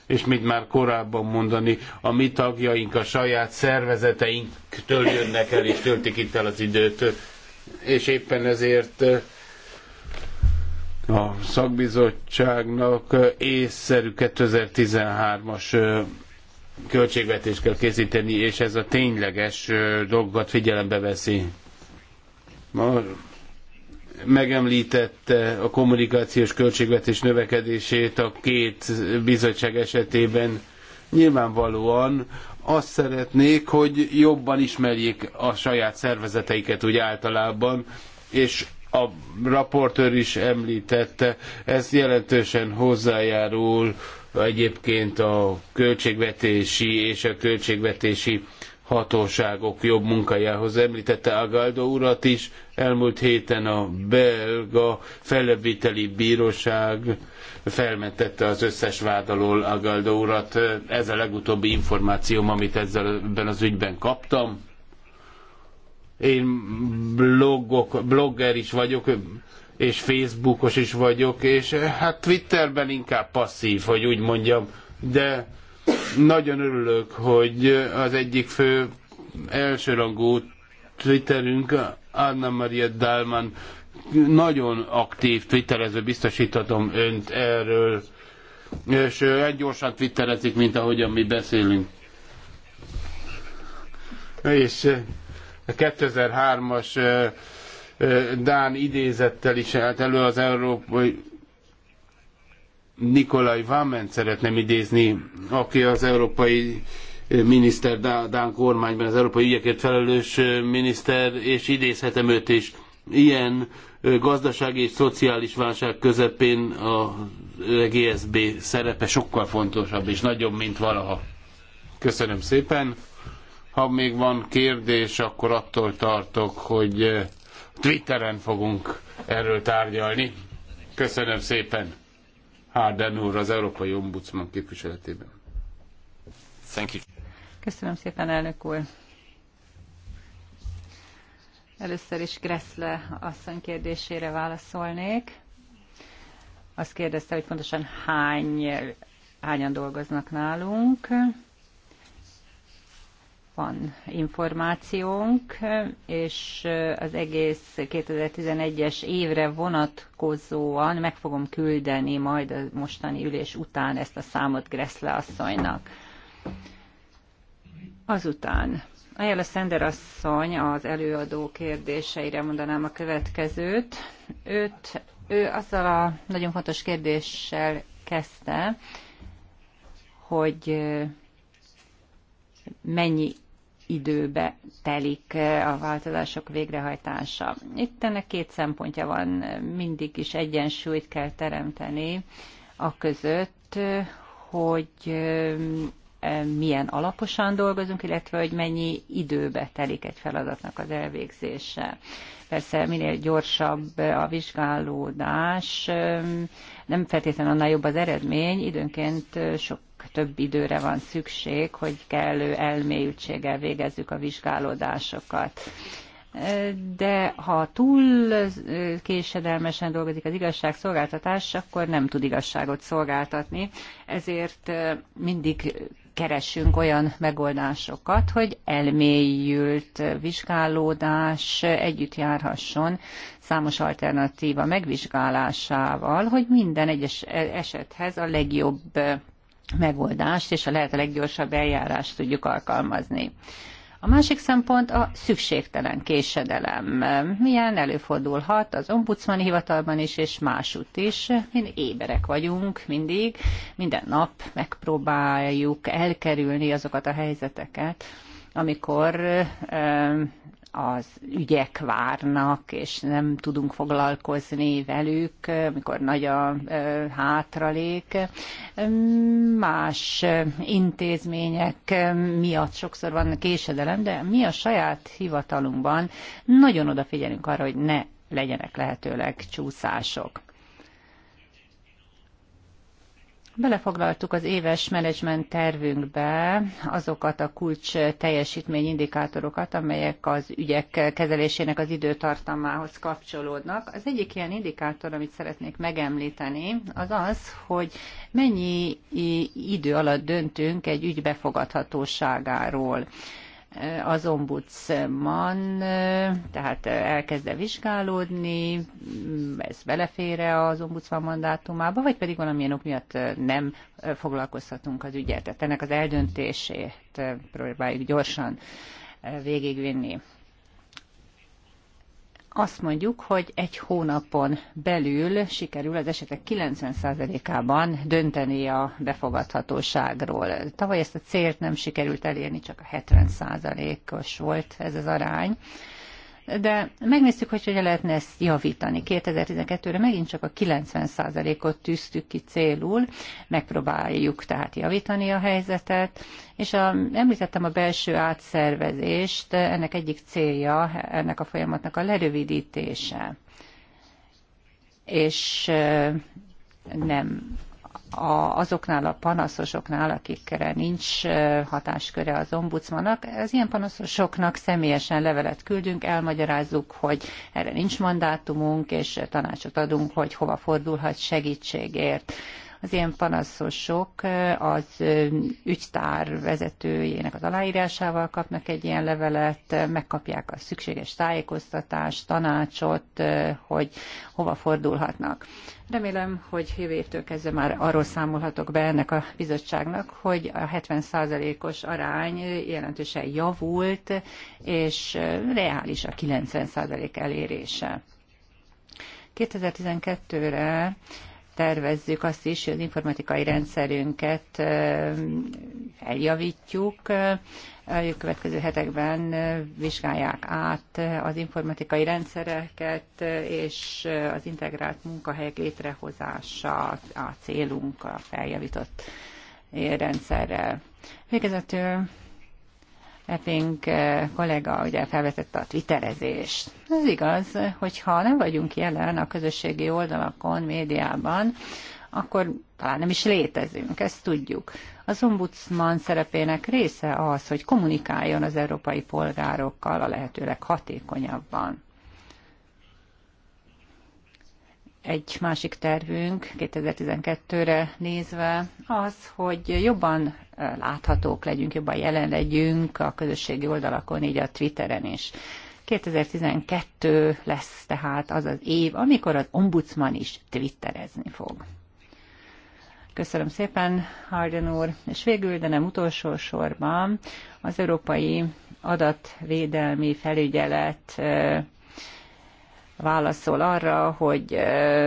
C: és mint már korábban mondani, a mi tagjaink a saját szervezeteinktől jönnek el, és töltik itt el az időt. És éppen ezért eh, a szakbizottságnak eh, észszerű 2013-as eh, költségvetést kell készíteni, és ez a tényleges dolgokat figyelembe veszi megemlítette a kommunikációs költségvetés növekedését a két bizottság esetében. Nyilvánvalóan azt szeretnék, hogy jobban ismerjék a saját szervezeteiket úgy általában, és a raportőr is említette, ez jelentősen hozzájárul egyébként a költségvetési és a költségvetési hatóságok jobb munkájához. Említette Agaldó urat is, Elmúlt héten a belga fellebbviteli bíróság felmentette az összes vád alól Agaldo urat. Ez a legutóbbi információm, amit ezzel, ebben az ügyben kaptam. Én blogok, blogger is vagyok, és Facebookos is vagyok, és hát Twitterben inkább passzív, hogy úgy mondjam, de nagyon örülök, hogy az egyik fő elsőrangú Twitterünk Anna Maria Dalman nagyon aktív twitterező, biztosítatom önt erről, és egy gyorsan twitterezik, mint ahogyan mi beszélünk. És a 2003-as Dán idézettel is állt elő az európai Nikolaj Váment szeretném idézni, aki az európai miniszter, Dán kormányban az európai ügyekért felelős miniszter, és idézhetem őt is. Ilyen gazdasági és szociális válság közepén a GSB szerepe sokkal fontosabb és nagyobb, mint valaha. Köszönöm szépen. Ha még van kérdés, akkor attól tartok, hogy Twitteren fogunk erről tárgyalni. Köszönöm szépen. Harden úr az Európai Ombudsman képviseletében. Thank you.
B: Köszönöm szépen, elnök úr. Először is Gressle asszony kérdésére válaszolnék. Azt kérdezte, hogy pontosan hány, hányan dolgoznak nálunk. Van információnk, és az egész 2011-es évre vonatkozóan meg fogom küldeni majd a mostani ülés után ezt a számot Gressle asszonynak. Azután Ajala Szender asszony az előadó kérdéseire mondanám a következőt. Őt, ő azzal a nagyon fontos kérdéssel kezdte, hogy eh, mennyi időbe telik eh, a változások végrehajtása. Itt ennek két szempontja van, mindig is egyensúlyt kell teremteni a között, eh, hogy milyen alaposan dolgozunk, illetve hogy mennyi időbe telik egy feladatnak az elvégzése. Persze minél gyorsabb a vizsgálódás, nem feltétlenül annál jobb az eredmény, időnként sok több időre van szükség, hogy kellő elmélyültséggel végezzük a vizsgálódásokat de ha túl késedelmesen dolgozik az igazságszolgáltatás, akkor nem tud igazságot szolgáltatni, ezért mindig keressünk olyan megoldásokat, hogy elmélyült vizsgálódás együtt járhasson számos alternatíva megvizsgálásával, hogy minden egyes esethez a legjobb megoldást és a lehető leggyorsabb eljárást tudjuk alkalmazni. A másik szempont a szükségtelen késedelem. Milyen előfordulhat az ombudsman hivatalban is, és másút is. Mi éberek vagyunk mindig, minden nap megpróbáljuk elkerülni azokat a helyzeteket, amikor az ügyek várnak, és nem tudunk foglalkozni velük, mikor nagy a hátralék. Más intézmények miatt sokszor van késedelem, de mi a saját hivatalunkban nagyon odafigyelünk arra, hogy ne legyenek lehetőleg csúszások. Belefoglaltuk az éves menedzsment tervünkbe azokat a kulcs teljesítményindikátorokat, amelyek az ügyek kezelésének az időtartamához kapcsolódnak. Az egyik ilyen indikátor, amit szeretnék megemlíteni, az az, hogy mennyi idő alatt döntünk egy ügy befogadhatóságáról az ombudsman, tehát elkezde vizsgálódni, ez belefére az ombudsman mandátumába, vagy pedig valamilyen ok miatt nem foglalkozhatunk az ügyet. Tehát ennek az eldöntését próbáljuk gyorsan végigvinni azt mondjuk, hogy egy hónapon belül sikerül az esetek 90%-ában dönteni a befogadhatóságról. Tavaly ezt a célt nem sikerült elérni, csak a 70%-os volt ez az arány de megnéztük, hogy hogyan lehetne ezt javítani. 2012-re megint csak a 90%-ot tűztük ki célul, megpróbáljuk tehát javítani a helyzetet, és a, említettem a belső átszervezést, ennek egyik célja, ennek a folyamatnak a lerövidítése. És nem a, azoknál a panaszosoknál, akikre nincs hatásköre az ombudsmanak. az ilyen panaszosoknak személyesen levelet küldünk, elmagyarázzuk, hogy erre nincs mandátumunk, és tanácsot adunk, hogy hova fordulhat segítségért. Az ilyen panaszosok az ügytár vezetőjének az aláírásával kapnak egy ilyen levelet, megkapják a szükséges tájékoztatást, tanácsot, hogy hova fordulhatnak. Remélem, hogy jövő évtől kezdve már arról számolhatok be ennek a bizottságnak, hogy a 70%-os arány jelentősen javult, és reális a 90% elérése. 2012-re tervezzük azt is, hogy az informatikai rendszerünket eh, eljavítjuk, a következő hetekben vizsgálják át az informatikai rendszereket, és az integrált munkahelyek létrehozása a célunk a feljavított rendszerrel. Végezetül Epping kollega ugye felvetette a twitterezést. Ez igaz, hogyha nem vagyunk jelen a közösségi oldalakon, médiában, akkor talán nem is létezünk, ezt tudjuk. Az ombudsman szerepének része az, hogy kommunikáljon az európai polgárokkal a lehetőleg hatékonyabban. egy másik tervünk 2012-re nézve az, hogy jobban láthatók legyünk, jobban jelen legyünk a közösségi oldalakon, így a Twitteren is. 2012 lesz tehát az az év, amikor az ombudsman is twitterezni fog. Köszönöm szépen, Harden úr. És végül, de nem utolsó sorban, az Európai Adatvédelmi Felügyelet válaszol arra, hogy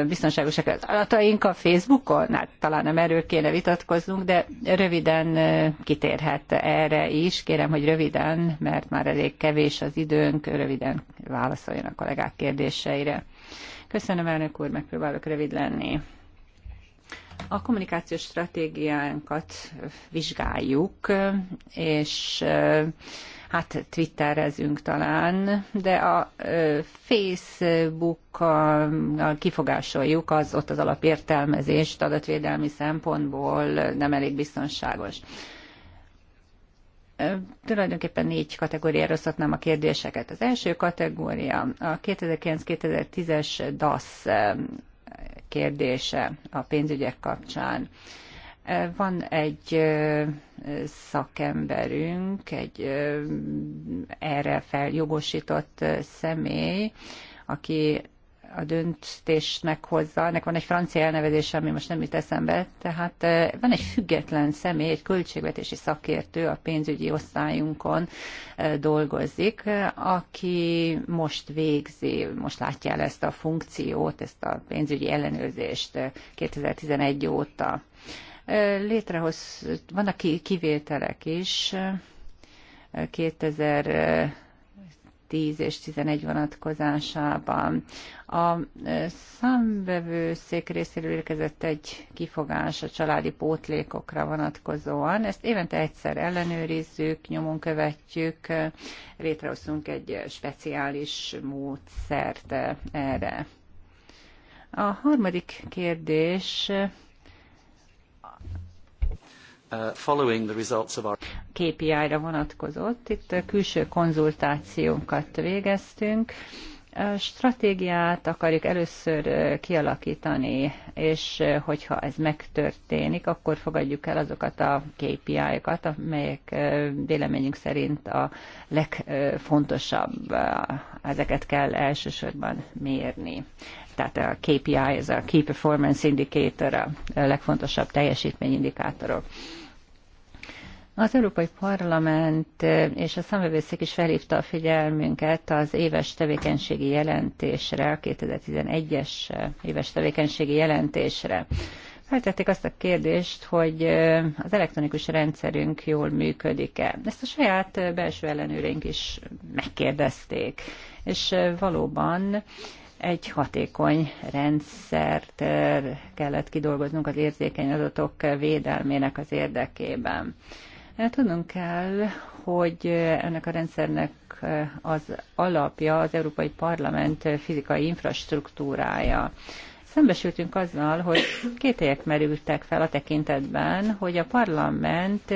B: biztonságosak az adataink a Facebookon? Hát talán nem erről kéne vitatkoznunk, de röviden kitérhet erre is. Kérem, hogy röviden, mert már elég kevés az időnk, röviden válaszoljon a kollégák kérdéseire. Köszönöm, elnök úr, megpróbálok rövid lenni. A kommunikációs stratégiánkat vizsgáljuk, és hát twitterezünk talán, de a a kifogásoljuk az ott az alapértelmezést adatvédelmi szempontból nem elég biztonságos. Tulajdonképpen négy kategóriára szoknám a kérdéseket. Az első kategória a 2009-2010-es DASZ kérdése a pénzügyek kapcsán. Van egy szakemberünk, egy erre feljogosított személy, aki a döntést meghozza, ennek van egy francia elnevezése, ami most nem jut eszembe, tehát van egy független személy, egy költségvetési szakértő a pénzügyi osztályunkon dolgozik, aki most végzi, most látja el ezt a funkciót, ezt a pénzügyi ellenőrzést 2011 óta. Létrehoz, vannak kivételek is, 2010 és 11 vonatkozásában. A e, számbevőszék részéről érkezett egy kifogás a családi pótlékokra vonatkozóan. Ezt évente egyszer ellenőrizzük, nyomon követjük, létrehozunk egy speciális módszert erre. A harmadik kérdés uh, following the results of our KPI-ra vonatkozott. Itt külső konzultációkat végeztünk, stratégiát akarjuk először kialakítani, és hogyha ez megtörténik, akkor fogadjuk el azokat a KPI-okat, amelyek véleményünk szerint a legfontosabb, ezeket kell elsősorban mérni. Tehát a KPI, ez a Key Performance Indicator, a legfontosabb teljesítményindikátorok. Az Európai Parlament eh, és a számvevőszék is felhívta a figyelmünket az éves tevékenységi jelentésre, a 2011-es eh, éves tevékenységi jelentésre. Feltették azt a kérdést, hogy eh, az elektronikus rendszerünk jól működik-e. Ezt a saját belső ellenőrénk is megkérdezték. És valóban egy hatékony rendszert kellett kidolgoznunk az érzékeny adatok védelmének az érdekében. Tudnunk kell, hogy ennek a rendszernek az alapja az Európai Parlament fizikai infrastruktúrája. Szembesültünk azzal, hogy kételyek merültek fel a tekintetben, hogy a parlament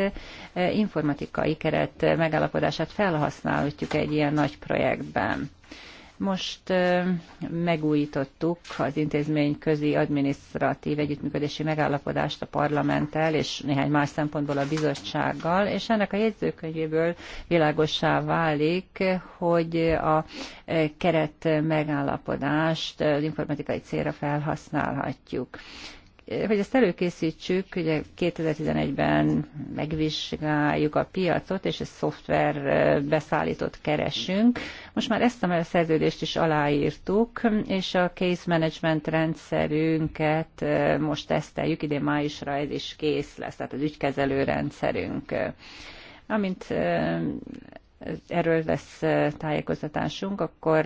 B: informatikai keret megállapodását felhasználhatjuk egy ilyen nagy projektben. Most megújítottuk az intézmény közi adminisztratív együttműködési megállapodást a parlamenttel és néhány más szempontból a bizottsággal, és ennek a jegyzőkönyvéből világossá válik, hogy a keret megállapodást az informatikai célra felhasználhatjuk hogy ezt előkészítsük, ugye 2011-ben megvizsgáljuk a piacot, és egy szoftver beszállított keresünk. Most már ezt a szerződést is aláírtuk, és a case management rendszerünket most teszteljük, idén májusra ez is kész lesz, tehát az ügykezelő rendszerünk. Amint erről lesz tájékoztatásunk, akkor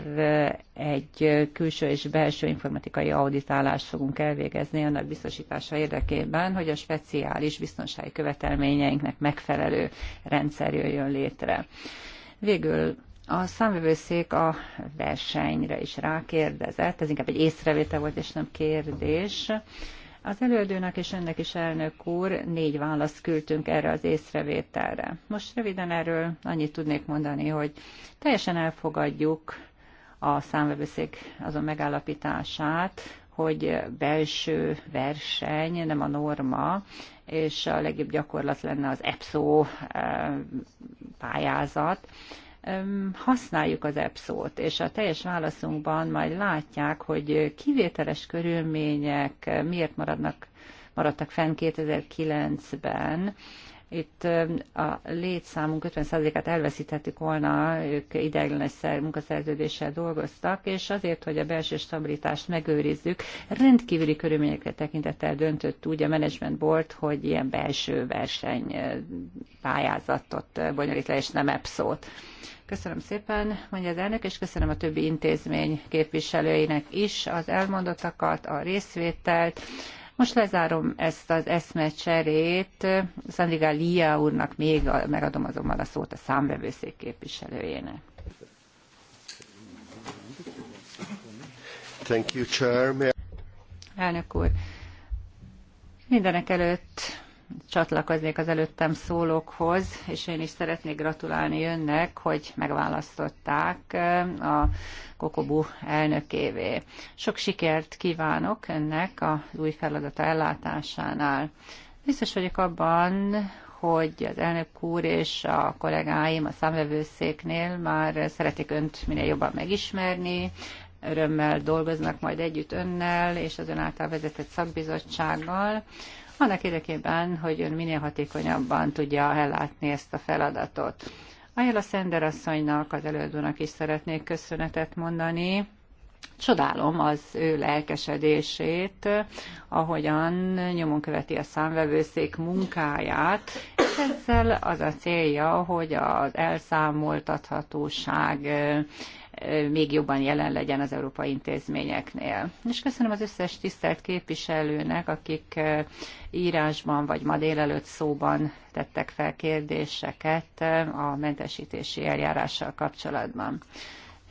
B: egy külső és belső informatikai auditálást fogunk elvégezni annak biztosítása érdekében, hogy a speciális biztonsági követelményeinknek megfelelő rendszer jöjjön létre. Végül a számvevőszék a versenyre is rákérdezett, ez inkább egy észrevétel volt, és nem kérdés. Az előadónak és önnek is, elnök úr, négy választ küldtünk erre az észrevételre. Most röviden erről annyit tudnék mondani, hogy teljesen elfogadjuk a számvevőszék azon megállapítását, hogy belső verseny nem a norma, és a legjobb gyakorlat lenne az EPSO eh, pályázat, használjuk az epsz ot és a teljes válaszunkban majd látják, hogy kivételes körülmények miért maradnak, maradtak fenn 2009-ben, itt a létszámunk 50%-át elveszíthetik, volna, ők ideiglenes munkaszerződéssel dolgoztak, és azért, hogy a belső stabilitást megőrizzük, rendkívüli körülményekre tekintettel döntött úgy a Management Board, hogy ilyen belső verseny pályázatot bonyolít le, és nem epszót. Köszönöm szépen, mondja az elnök, és köszönöm a többi intézmény képviselőinek is az elmondottakat, a részvételt. Most lezárom ezt az eszmecserét. Szandigá Lia úrnak még megadom azonban a szót a számvevőszék képviselőjének. Thank you, Chair. Elnök úr, mindenek előtt csatlakoznék az előttem szólókhoz, és én is szeretnék gratulálni önnek, hogy megválasztották a Kokobu elnökévé. Sok sikert kívánok önnek az új feladata ellátásánál. Biztos vagyok abban, hogy az elnök úr és a kollégáim a számvevőszéknél már szeretik önt minél jobban megismerni, örömmel dolgoznak majd együtt önnel és az ön által vezetett szakbizottsággal annak érdekében, hogy ön minél hatékonyabban tudja ellátni ezt a feladatot. Ajala Szender asszonynak, az előadónak is szeretnék köszönetet mondani. Csodálom az ő lelkesedését, ahogyan nyomon követi a számvevőszék munkáját, és ezzel az a célja, hogy az elszámoltathatóság még jobban jelen legyen az európai intézményeknél. És köszönöm az összes tisztelt képviselőnek, akik írásban vagy ma délelőtt szóban tettek fel kérdéseket a mentesítési eljárással kapcsolatban.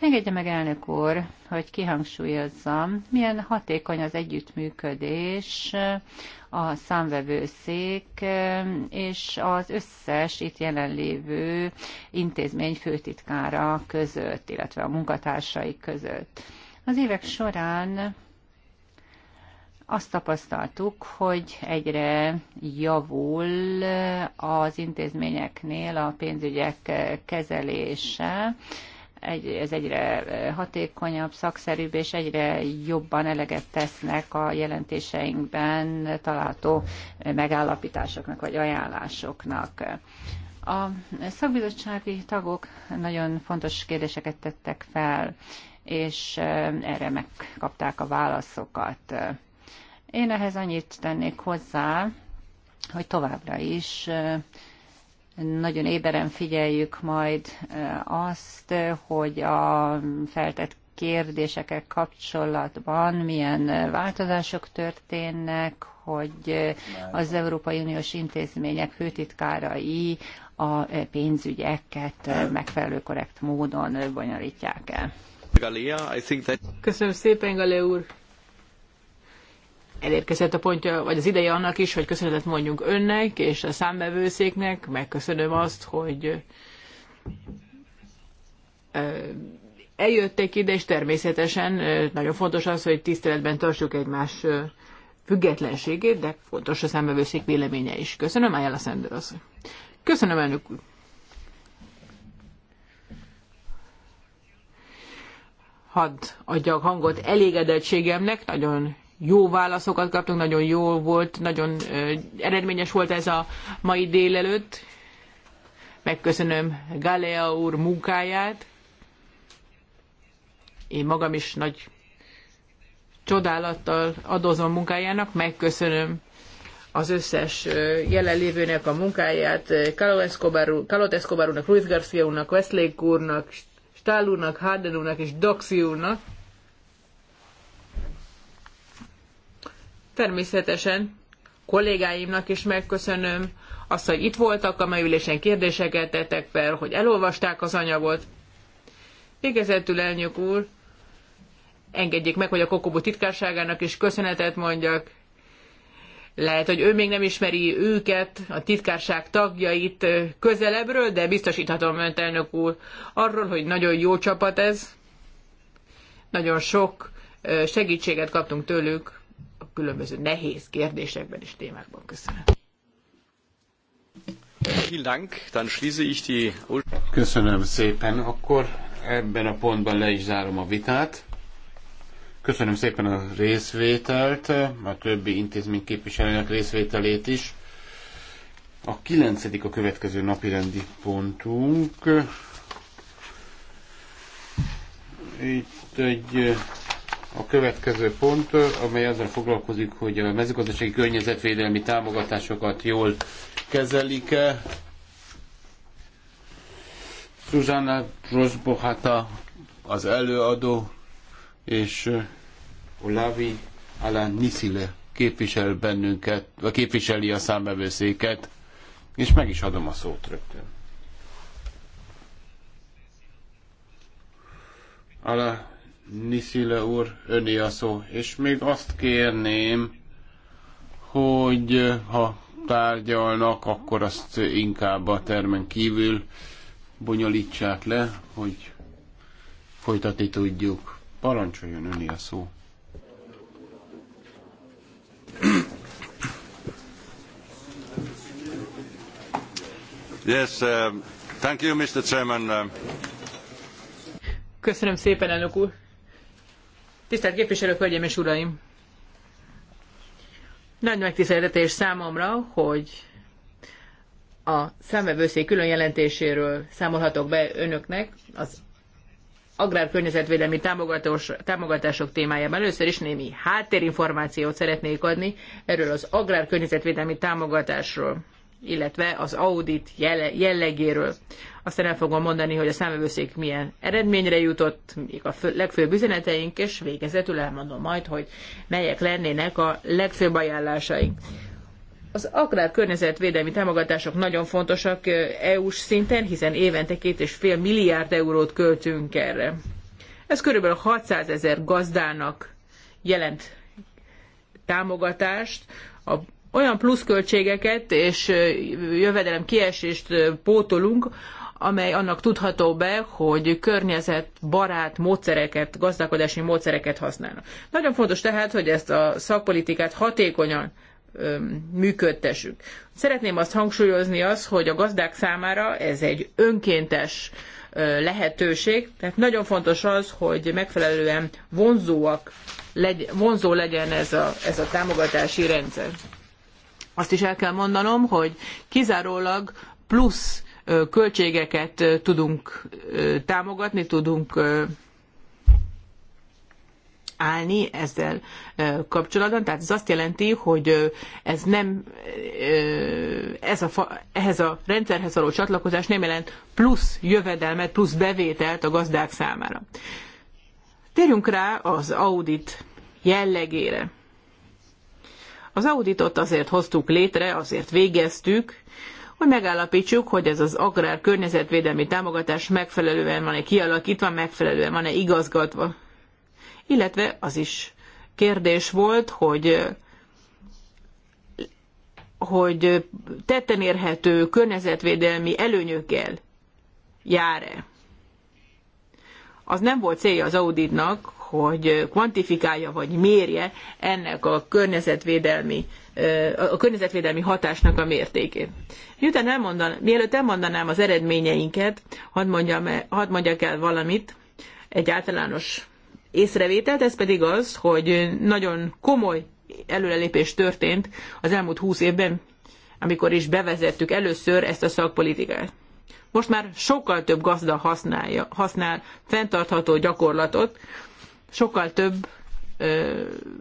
B: Engedje meg, elnök úr, hogy kihangsúlyozzam, milyen hatékony az együttműködés a számvevőszék és az összes itt jelenlévő intézmény főtitkára között, illetve a munkatársai között. Az évek során azt tapasztaltuk, hogy egyre javul az intézményeknél a pénzügyek kezelése, egy, ez egyre hatékonyabb, szakszerűbb, és egyre jobban eleget tesznek a jelentéseinkben található megállapításoknak vagy ajánlásoknak. A szakbizottsági tagok nagyon fontos kérdéseket tettek fel, és erre megkapták a válaszokat. Én ehhez annyit tennék hozzá, hogy továbbra is nagyon éberen figyeljük majd azt, hogy a feltett kérdésekkel kapcsolatban milyen változások történnek, hogy az Európai Uniós intézmények főtitkárai a pénzügyeket megfelelő korrekt módon bonyolítják el.
A: Köszönöm szépen, Galea úr! elérkezett a pontja, vagy az ideje annak is, hogy köszönetet mondjunk önnek és a számbevőszéknek, megköszönöm azt, hogy eljöttek ide, és természetesen nagyon fontos az, hogy tiszteletben tartsuk egymás függetlenségét, de fontos a számbevőszék véleménye is. Köszönöm, a Szender az. Köszönöm, elnök úr. Hadd adjak hangot elégedettségemnek, nagyon jó válaszokat kaptunk, nagyon jó volt, nagyon eredményes volt ez a mai délelőtt. Megköszönöm Galea úr munkáját. Én magam is nagy csodálattal adózom munkájának, megköszönöm az összes jelenlévőnek a munkáját, Kalot Escobar úrnak, Ruiz Garcia úrnak, Westlake úrnak, Stál úrnak, Harden úrnak és Doxi úrnak. Természetesen kollégáimnak is megköszönöm azt, hogy itt voltak, amely ülésen kérdéseket tettek fel, hogy elolvasták az anyagot. Végezetül elnök úr, engedjék meg, hogy a Kokobu titkárságának is köszönetet mondjak. Lehet, hogy ő még nem ismeri őket, a titkárság tagjait közelebbről, de biztosíthatom önt, elnök úr, arról, hogy nagyon jó csapat ez. Nagyon sok segítséget kaptunk tőlük különböző nehéz kérdésekben és témákban. Köszönöm.
C: Köszönöm szépen. Akkor ebben a pontban le is zárom a vitát. Köszönöm szépen a részvételt, a többi intézmény képviselőnek részvételét is. A kilencedik a következő napi rendi pontunk. Itt egy a következő pont, amely azzal foglalkozik, hogy a mezőgazdasági környezetvédelmi támogatásokat jól kezelik-e. Zsuzsana Rosbohata az előadó, és Olavi Alan Nisile képvisel bennünket, vagy képviseli a számbevőszéket, és meg is adom a szót rögtön. Ala Niszile úr, öné a szó. És még azt kérném, hogy ha tárgyalnak, akkor azt inkább a termen kívül bonyolítsák le, hogy folytatni tudjuk. Parancsoljon öné a szó. Yes, uh, thank
B: you, Mr. Chairman. Uh,
A: Köszönöm szépen, elnök úr. Tisztelt képviselők, hölgyeim és uraim! Nagy megtiszteltetés számomra, hogy a számvevőszék külön jelentéséről számolhatok be önöknek az agrárkörnyezetvédelmi támogatások témájában. Először is némi háttérinformációt szeretnék adni erről az agrárkörnyezetvédelmi támogatásról, illetve az audit jellegéről aztán el fogom mondani, hogy a számövőszék milyen eredményre jutott, mik a fő, legfőbb üzeneteink, és végezetül elmondom majd, hogy melyek lennének a legfőbb ajánlásaink. Az agrár környezetvédelmi támogatások nagyon fontosak EU-s szinten, hiszen évente két és fél milliárd eurót költünk erre. Ez körülbelül 600 ezer gazdának jelent támogatást, a olyan pluszköltségeket és jövedelem kiesést pótolunk, amely annak tudható be, hogy környezetbarát módszereket, gazdálkodási módszereket használnak. Nagyon fontos tehát, hogy ezt a szakpolitikát hatékonyan működtessük. Szeretném azt hangsúlyozni az, hogy a gazdák számára ez egy önkéntes lehetőség, tehát nagyon fontos az, hogy megfelelően vonzóak, legy, vonzó legyen ez a, ez a támogatási rendszer. Azt is el kell mondanom, hogy kizárólag plusz költségeket tudunk támogatni, tudunk állni ezzel kapcsolatban. Tehát ez azt jelenti, hogy ez nem, ez a, ehhez a rendszerhez való csatlakozás nem jelent plusz jövedelmet, plusz bevételt a gazdák számára. Térjünk rá az audit jellegére. Az auditot azért hoztuk létre, azért végeztük, hogy megállapítsuk, hogy ez az agrár környezetvédelmi támogatás megfelelően van-e kialakítva, megfelelően van-e igazgatva. Illetve az is kérdés volt, hogy hogy tetten érhető környezetvédelmi előnyökkel jár-e. Az nem volt célja az auditnak, hogy kvantifikálja vagy mérje ennek a környezetvédelmi a környezetvédelmi hatásnak a mértékét. Miután elmondan, mielőtt elmondanám az eredményeinket, hadd, mondjam, e- hadd mondjak el valamit, egy általános észrevételt, ez pedig az, hogy nagyon komoly előrelépés történt az elmúlt húsz évben, amikor is bevezettük először ezt a szakpolitikát. Most már sokkal több gazda használja, használ fenntartható gyakorlatot, sokkal több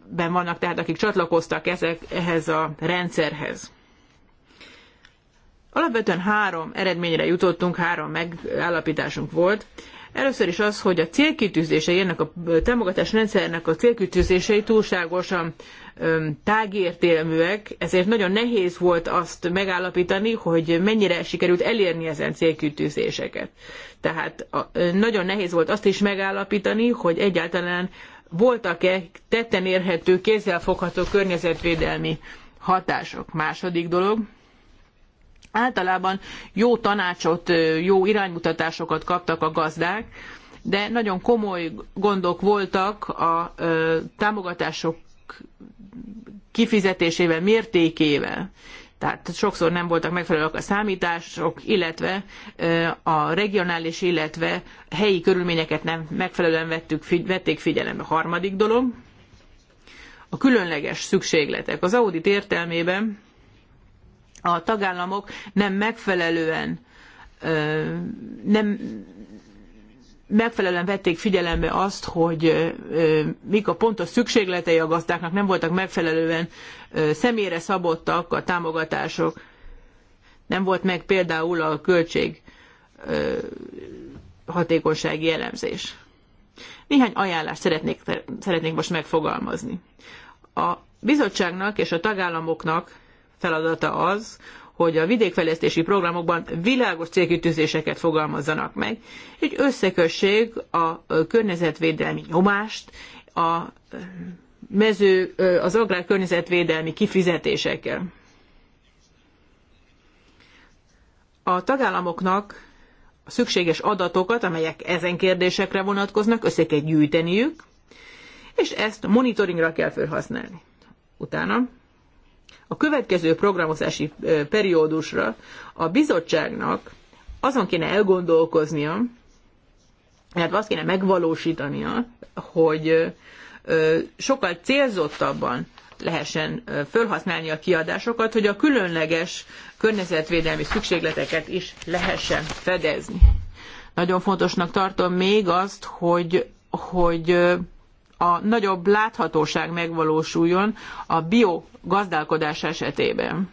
A: ben vannak, tehát akik csatlakoztak ezek, ehhez a rendszerhez. Alapvetően három eredményre jutottunk, három megállapításunk volt. Először is az, hogy a célkitűzései, ennek a támogatás rendszernek a célkitűzései túlságosan tágértélműek, ezért nagyon nehéz volt azt megállapítani, hogy mennyire sikerült elérni ezen célkitűzéseket. Tehát a, nagyon nehéz volt azt is megállapítani, hogy egyáltalán voltak-e tetten érhető, kézzelfogható környezetvédelmi hatások. Második dolog, általában jó tanácsot, jó iránymutatásokat kaptak a gazdák, de nagyon komoly gondok voltak a támogatások kifizetésével, mértékével. Tehát sokszor nem voltak megfelelőek a számítások, illetve a regionális, illetve helyi körülményeket nem megfelelően vettük, vették figyelembe. Harmadik dolog, a különleges szükségletek. Az audit értelmében a tagállamok nem megfelelően nem megfelelően vették figyelembe azt, hogy mik a pontos szükségletei a gazdáknak, nem voltak megfelelően személyre szabottak a támogatások. Nem volt meg például a költség hatékonysági elemzés. Néhány ajánlást szeretnék, szeretnék most megfogalmazni. A bizottságnak és a tagállamoknak feladata az, hogy a vidékfejlesztési programokban világos célkitűzéseket fogalmazzanak meg, hogy összekössék a környezetvédelmi nyomást a mező, az agrárkörnyezetvédelmi kifizetésekkel. A tagállamoknak a szükséges adatokat, amelyek ezen kérdésekre vonatkoznak, össze kell gyűjteniük, és ezt monitoringra kell felhasználni. Utána a következő programozási periódusra a bizottságnak azon kéne elgondolkoznia, illetve azt kéne megvalósítania, hogy sokkal célzottabban lehessen felhasználni a kiadásokat, hogy a különleges környezetvédelmi szükségleteket is lehessen fedezni. Nagyon fontosnak tartom még azt, hogy, hogy a nagyobb láthatóság megvalósuljon a biogazdálkodás esetében.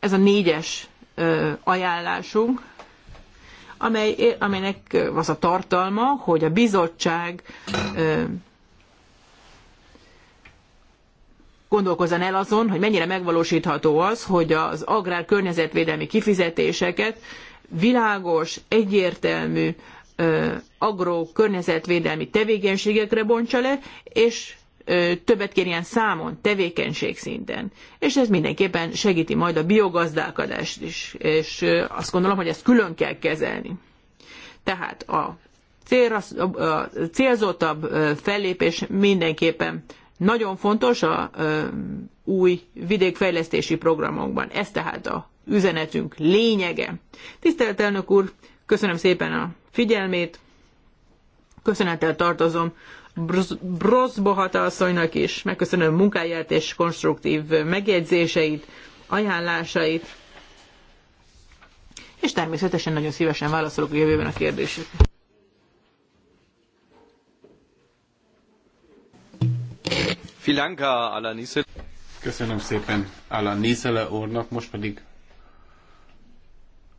A: Ez a négyes ajánlásunk amely, amelynek az a tartalma, hogy a bizottság gondolkozzon el azon, hogy mennyire megvalósítható az, hogy az agrár környezetvédelmi kifizetéseket világos, egyértelmű agro környezetvédelmi tevékenységekre bontsa le, és többet kérjen számon, tevékenység szinten. És ez mindenképpen segíti majd a biogazdálkodást is, és azt gondolom, hogy ezt külön kell kezelni. Tehát a, célra, a célzottabb fellépés mindenképpen nagyon fontos a új vidékfejlesztési programokban. Ez tehát a üzenetünk lényege. Tisztelt elnök úr, köszönöm szépen a figyelmét, köszönettel tartozom Brosz Bohata asszonynak is. Megköszönöm munkáját és konstruktív megjegyzéseit, ajánlásait, és természetesen nagyon szívesen válaszolok a jövőben a kérdésükre.
C: Köszönöm szépen Alan Niszele úrnak, most pedig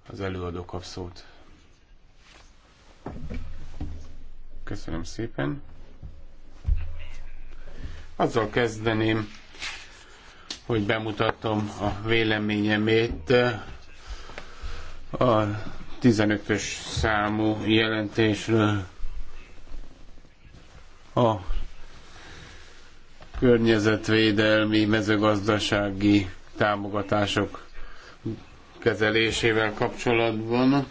C: az előadó kap szót. Köszönöm szépen. Azzal kezdeném, hogy bemutatom a véleményemét a 15-ös számú jelentésről a környezetvédelmi, mezőgazdasági támogatások kezelésével kapcsolatban.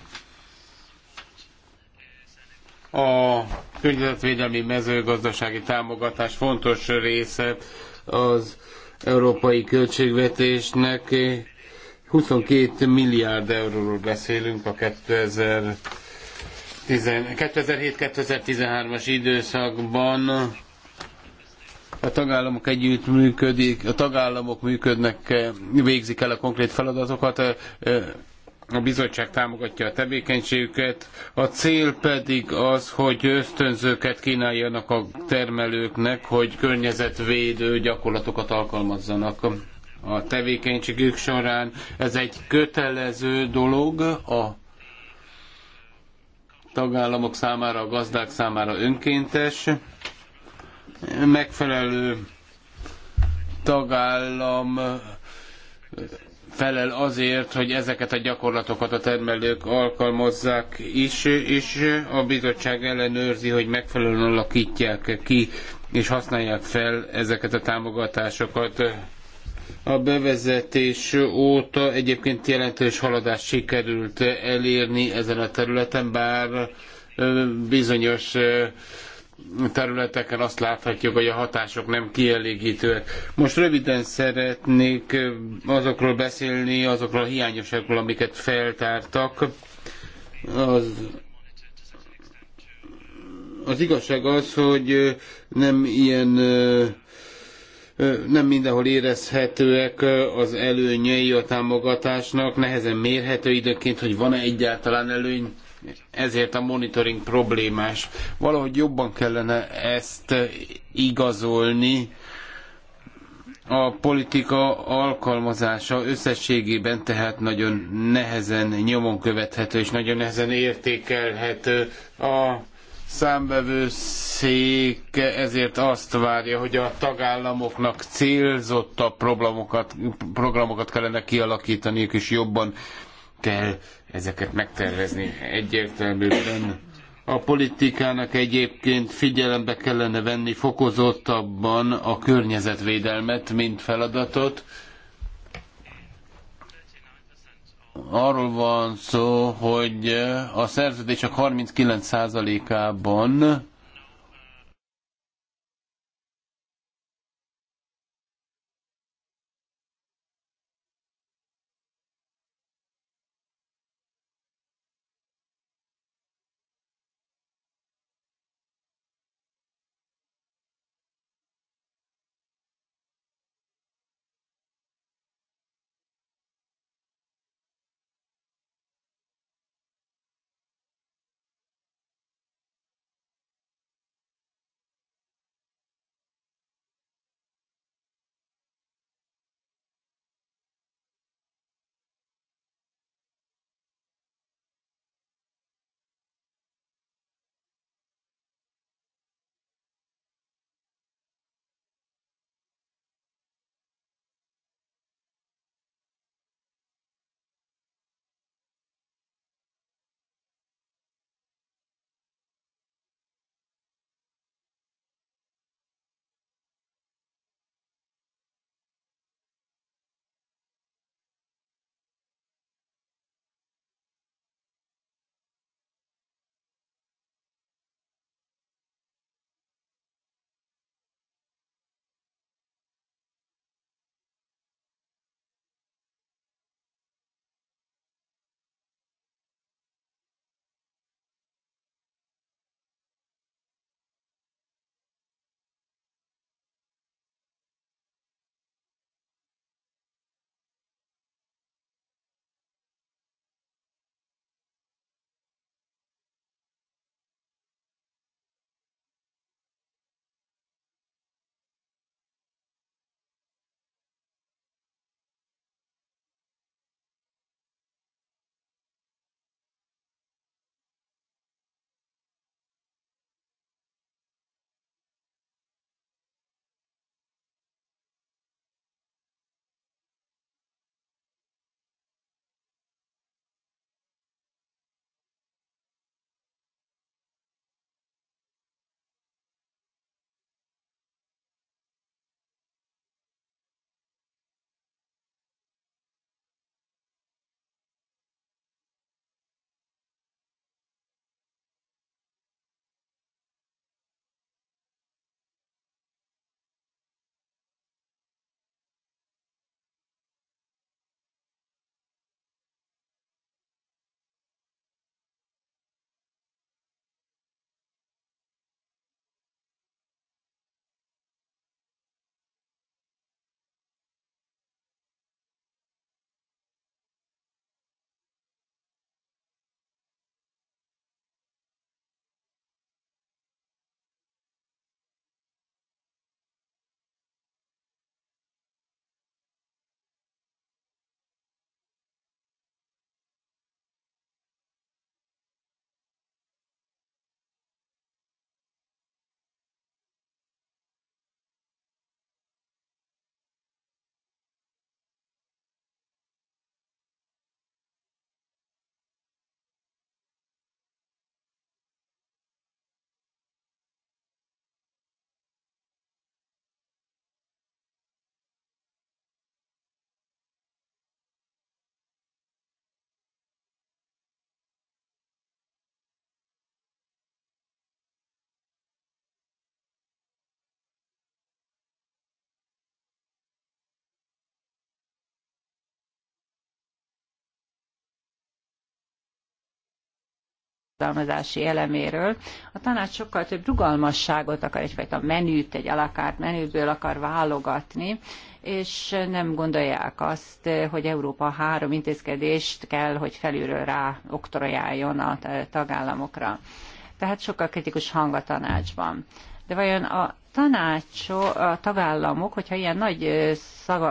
C: A környezetvédelmi mezőgazdasági támogatás fontos része az európai költségvetésnek. 22 milliárd euróról beszélünk a 2007-2013-as időszakban a tagállamok együtt működik, a tagállamok működnek, végzik el a konkrét feladatokat, a bizottság támogatja a tevékenységüket, a cél pedig az, hogy ösztönzőket kínáljanak a termelőknek, hogy környezetvédő gyakorlatokat alkalmazzanak a tevékenységük során. Ez egy kötelező dolog a tagállamok számára, a gazdák számára önkéntes, megfelelő tagállam felel azért, hogy ezeket a gyakorlatokat a termelők alkalmazzák is, és a bizottság ellenőrzi, hogy megfelelően alakítják ki és használják fel ezeket a támogatásokat. A bevezetés óta egyébként jelentős haladást sikerült elérni ezen a területen, bár bizonyos területeken azt láthatjuk, hogy a hatások nem kielégítőek. Most röviden szeretnék azokról beszélni, azokról a hiányosságokról, amiket feltártak. Az, az igazság az, hogy nem ilyen nem mindenhol érezhetőek az előnyei a támogatásnak, nehezen mérhető időként, hogy van-e egyáltalán előny ezért a monitoring problémás. Valahogy jobban kellene ezt igazolni, a politika alkalmazása összességében tehát nagyon nehezen nyomon követhető és nagyon nehezen értékelhető. A számbevőszék ezért azt várja, hogy a tagállamoknak célzottabb programokat, programokat kellene kialakítaniuk, és jobban kell ezeket megtervezni egyértelműen. A politikának egyébként figyelembe kellene venni fokozottabban a környezetvédelmet, mint feladatot. Arról van szó, hogy a szerződések 39%-ában
B: alkalmazási eleméről. A tanács sokkal több rugalmasságot akar, egyfajta menüt, egy alakárt menüből akar válogatni, és nem gondolják azt, hogy Európa három intézkedést kell, hogy felülről rá a tagállamokra. Tehát sokkal kritikus hang a tanácsban. De vajon a tanács, a tagállamok, hogyha ilyen nagy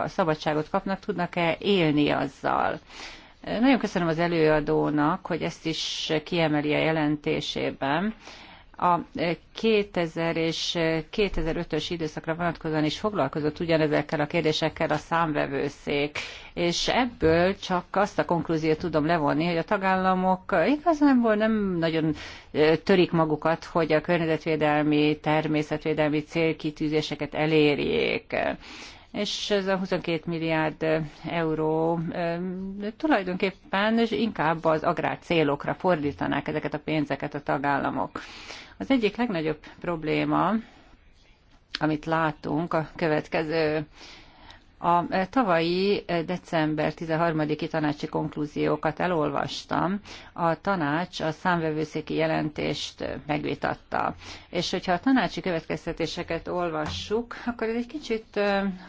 B: szabadságot kapnak, tudnak-e élni azzal? Nagyon köszönöm az előadónak, hogy ezt is kiemeli a jelentésében. A 2000 és 2005-ös időszakra vonatkozóan is foglalkozott ugyanezekkel a kérdésekkel a számvevőszék, és ebből csak azt a konklúziót tudom levonni, hogy a tagállamok igazából nem nagyon törik magukat, hogy a környezetvédelmi, természetvédelmi célkitűzéseket elérjék és ez a 22 milliárd euró tulajdonképpen és inkább az agrár célokra fordítanák ezeket a pénzeket a tagállamok. Az egyik legnagyobb probléma, amit látunk a következő a e, tavalyi e, december 13-i tanácsi konklúziókat elolvastam, a tanács a számvevőszéki jelentést e, megvitatta. És hogyha a tanácsi következtetéseket olvassuk, akkor ez egy kicsit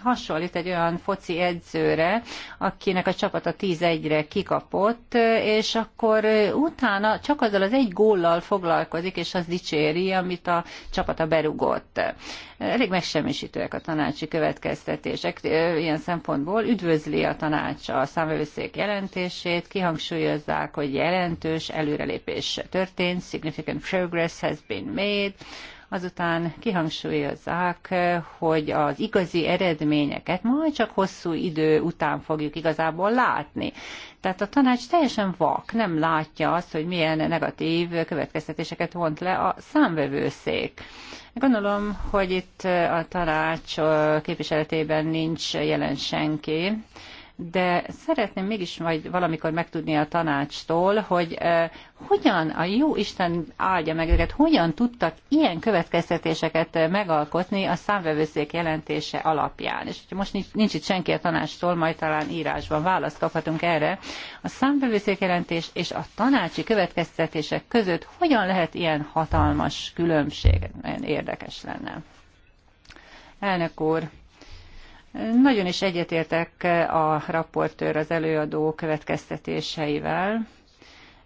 B: hasonlít egy olyan foci edzőre, akinek a csapata 10-1-re kikapott, és akkor utána csak azzal az egy góllal foglalkozik, és az dicséri, amit a csapata berugott. Elég megsemmisítőek a tanácsi következtetések. Ilyen szempontból üdvözli a tanács a számvevőszék jelentését, kihangsúlyozzák, hogy jelentős előrelépés történt, significant progress has been made, azután kihangsúlyozzák, hogy az igazi eredményeket majd csak hosszú idő után fogjuk igazából látni. Tehát a tanács teljesen vak, nem látja azt, hogy milyen negatív következtetéseket vont le a számvevőszék. Gondolom, hogy itt a tanács képviseletében nincs jelen senki, de szeretném mégis majd valamikor megtudni a tanácstól, hogy eh, hogyan a jó Isten áldja meg őket, hogyan tudtak ilyen következtetéseket eh, megalkotni a számvevőszék jelentése alapján. És hogyha most nincs, nincs itt senki a tanácstól, majd talán írásban választ kaphatunk erre. A számvevőszék jelentés és a tanácsi következtetések között hogyan lehet ilyen hatalmas különbség? Nagyon érdekes lenne. Elnök úr, nagyon is egyetértek a raportőr az előadó következtetéseivel,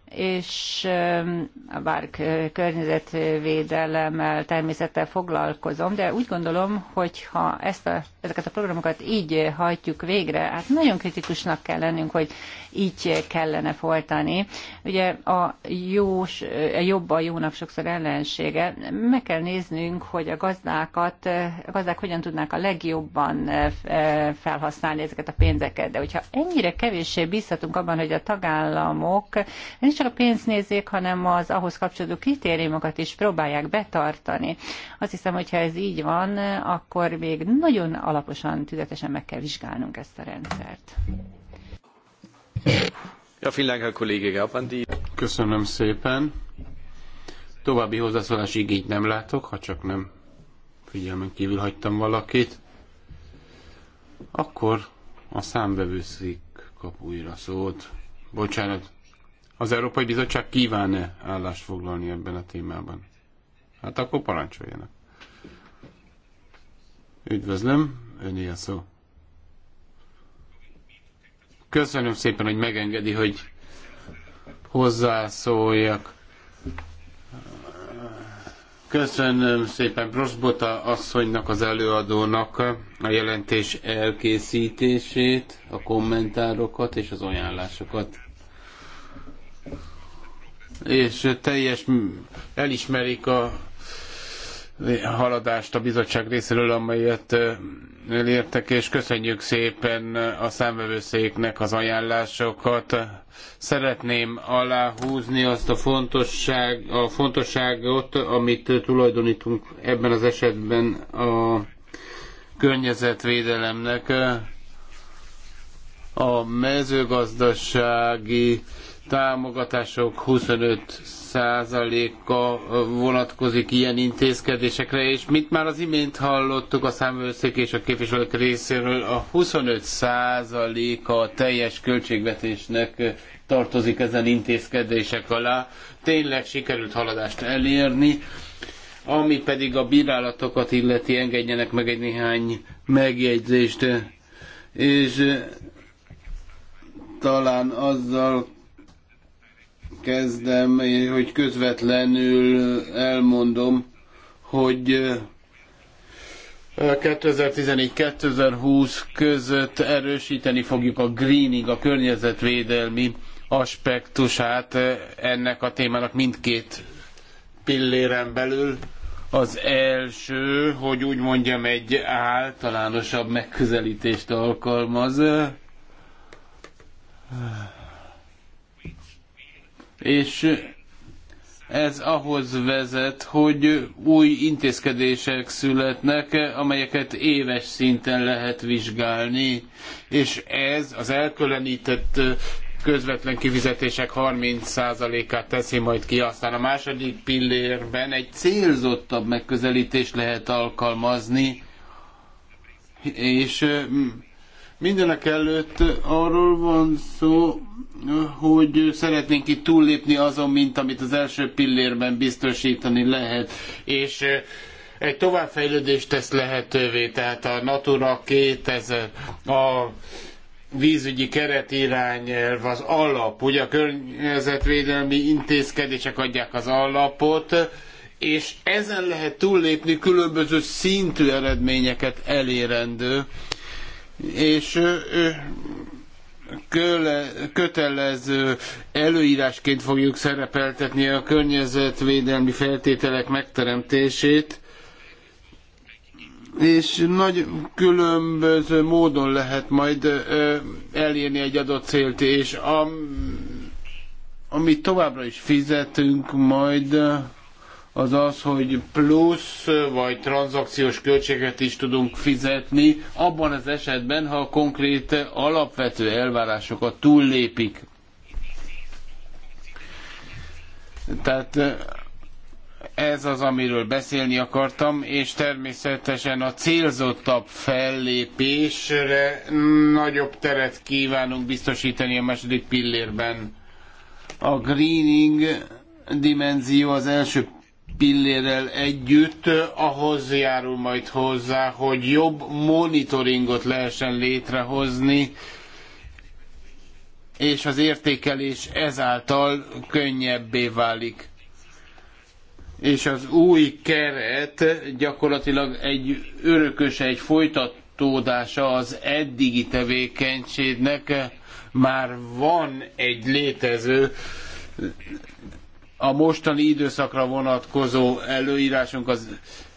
B: és bár környezetvédelemmel, természettel foglalkozom, de úgy gondolom, hogy ha ezt a, ezeket a programokat így hajtjuk végre, hát nagyon kritikusnak kell lennünk, hogy így kellene folytani. Ugye a, jó, a jobb a jónak sokszor ellensége. Meg kell néznünk, hogy a gazdákat, a gazdák hogyan tudnák a legjobban felhasználni ezeket a pénzeket. De hogyha ennyire kevéssé bízhatunk abban, hogy a tagállamok csak a pénzt nézzék, hanem az ahhoz kapcsolódó kritériumokat is próbálják betartani. Azt hiszem, hogyha ez így van, akkor még nagyon alaposan, tüzetesen meg kell vizsgálnunk ezt a rendszert.
C: Ja, vielen Dank, Herr Köszönöm szépen. További hozzászólás igényt nem látok, ha csak nem figyelmen kívül hagytam valakit. Akkor a számbevőszik kap újra szót. Bocsánat, az Európai Bizottság kíván-e állást foglalni ebben a témában? Hát akkor parancsoljanak. Üdvözlöm, öné a szó. Köszönöm szépen, hogy megengedi, hogy hozzászóljak. Köszönöm szépen Prosbota asszonynak, az előadónak a jelentés elkészítését, a kommentárokat és az ajánlásokat és teljes elismerik a haladást a bizottság részéről, amelyet elértek, és köszönjük szépen a számvevőszéknek az ajánlásokat. Szeretném aláhúzni azt a, fontosság, a fontosságot, amit tulajdonítunk ebben az esetben a környezetvédelemnek. A mezőgazdasági támogatások 25%-a vonatkozik ilyen intézkedésekre, és mit már az imént hallottuk a számvőszék és a képviselők részéről, a 25%-a a teljes költségvetésnek tartozik ezen intézkedések alá. Tényleg sikerült haladást elérni, ami pedig a bírálatokat illeti, engedjenek meg egy néhány megjegyzést, és talán azzal kezdem, hogy közvetlenül elmondom, hogy 2014-2020 eh, között erősíteni fogjuk a greening, a környezetvédelmi aspektusát eh, ennek a témának mindkét pilléren belül. Az első, hogy úgy mondjam, egy általánosabb megközelítést alkalmaz. Eh, és ez ahhoz vezet, hogy új intézkedések születnek, amelyeket éves szinten lehet vizsgálni, és ez az elkülönített közvetlen kifizetések 30%-át teszi majd ki, aztán a második pillérben egy célzottabb megközelítést lehet alkalmazni, és Mindenek előtt arról van szó, hogy szeretnénk itt túllépni azon, mint amit az első pillérben biztosítani lehet, és eh, egy továbbfejlődést tesz lehetővé, tehát a Natura 2000, a vízügyi keretirányelv az alap, ugye a környezetvédelmi intézkedések adják az alapot, és ezen lehet túllépni különböző szintű eredményeket elérendő és kötelező előírásként fogjuk szerepeltetni a környezetvédelmi feltételek megteremtését, és nagy különböző módon lehet majd elérni egy adott célt, és am amit továbbra is fizetünk, majd az az, hogy plusz vagy tranzakciós költséget is tudunk fizetni, abban az esetben, ha a konkrét alapvető elvárásokat túllépik. Tehát eh, ez az, amiről beszélni akartam, és természetesen a célzottabb fellépésre nagyobb teret kívánunk biztosítani a második pillérben. A greening dimenzió az első pillérrel együtt ahhoz járul majd hozzá, hogy jobb monitoringot lehessen létrehozni, és az értékelés ezáltal könnyebbé válik. És az új keret gyakorlatilag egy örököse, egy folytatódása az eddigi tevékenységnek. Már van egy létező a mostani időszakra vonatkozó előírásunk az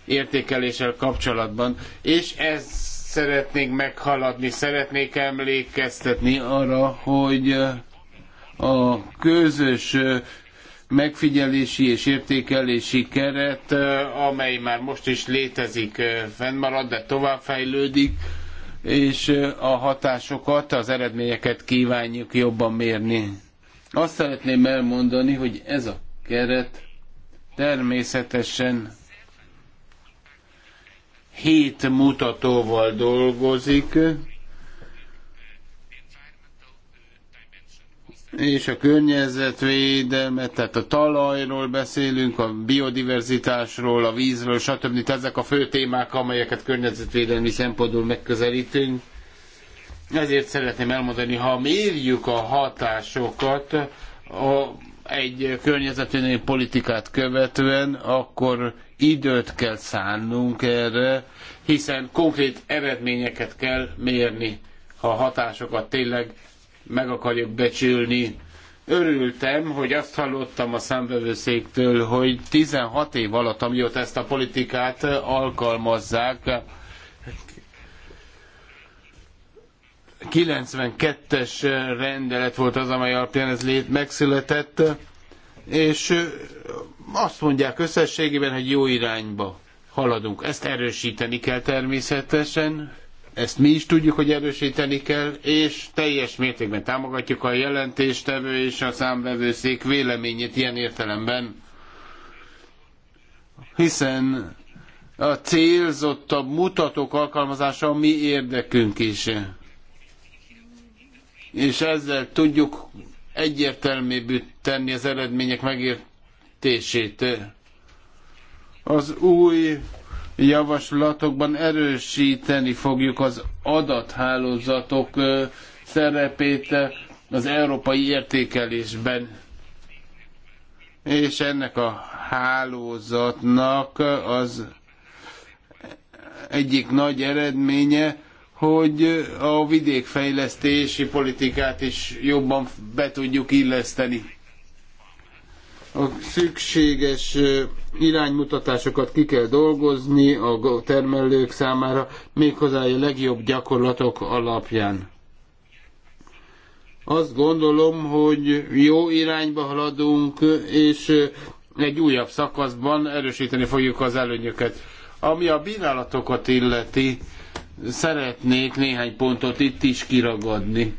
C: értékeléssel kapcsolatban, és ezt szeretnénk meghaladni, szeretnék emlékeztetni arra, hogy a közös megfigyelési és értékelési keret, amely már most is létezik, fennmarad, de továbbfejlődik, és a hatásokat, az eredményeket kívánjuk jobban mérni. Azt szeretném elmondani, hogy ez a keret természetesen hét mutatóval dolgozik, és a környezetvédelmet, tehát a talajról beszélünk, a biodiverzitásról, a vízről, stb. Tehát ezek a fő témák, amelyeket környezetvédelmi szempontból megközelítünk. Ezért szeretném elmondani, ha mérjük a hatásokat, a egy környezetvédelmi politikát követően, akkor időt kell szánnunk erre, hiszen konkrét eredményeket kell mérni, ha a hatásokat tényleg meg akarjuk becsülni. Örültem, hogy azt hallottam a számvevőszéktől, hogy 16 év alatt, amióta ezt a politikát alkalmazzák, 92-es rendelet volt az, amely alapján ez lét megszületett, és azt mondják összességében, hogy jó irányba haladunk. Ezt erősíteni kell természetesen, ezt mi is tudjuk, hogy erősíteni kell, és teljes mértékben támogatjuk a jelentéstevő és a számvevőszék véleményét ilyen értelemben, hiszen a célzottabb mutatók alkalmazása a mi érdekünk is és ezzel tudjuk egyértelműbbé tenni az eredmények megértését. Az új javaslatokban erősíteni fogjuk az adathálózatok szerepét az európai értékelésben. És ennek a hálózatnak az egyik nagy eredménye, hogy a vidékfejlesztési politikát is jobban be tudjuk illeszteni. A szükséges iránymutatásokat ki kell dolgozni a termelők számára, méghozzá a legjobb gyakorlatok alapján. Azt gondolom, hogy jó irányba haladunk, és egy újabb szakaszban erősíteni fogjuk az előnyöket. Ami a bírálatokat illeti, Szeretnék néhány pontot itt is kiragadni.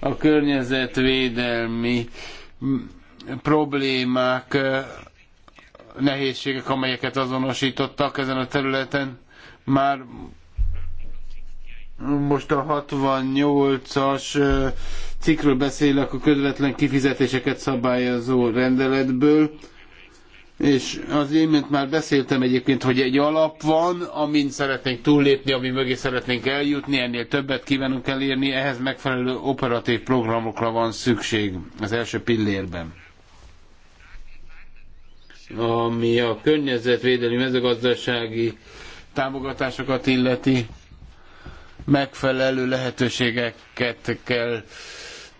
C: A környezetvédelmi problémák, nehézségek, amelyeket azonosítottak ezen a területen, már most a 68-as cikkről beszélek a közvetlen kifizetéseket szabályozó rendeletből. És az imént már beszéltem egyébként, hogy egy alap van, amin szeretnénk túllépni, ami mögé szeretnénk eljutni, ennél többet kívánunk elérni, ehhez megfelelő operatív programokra van szükség az első pillérben. Ami a környezetvédelmi mezőgazdasági támogatásokat illeti, megfelelő lehetőségeket kell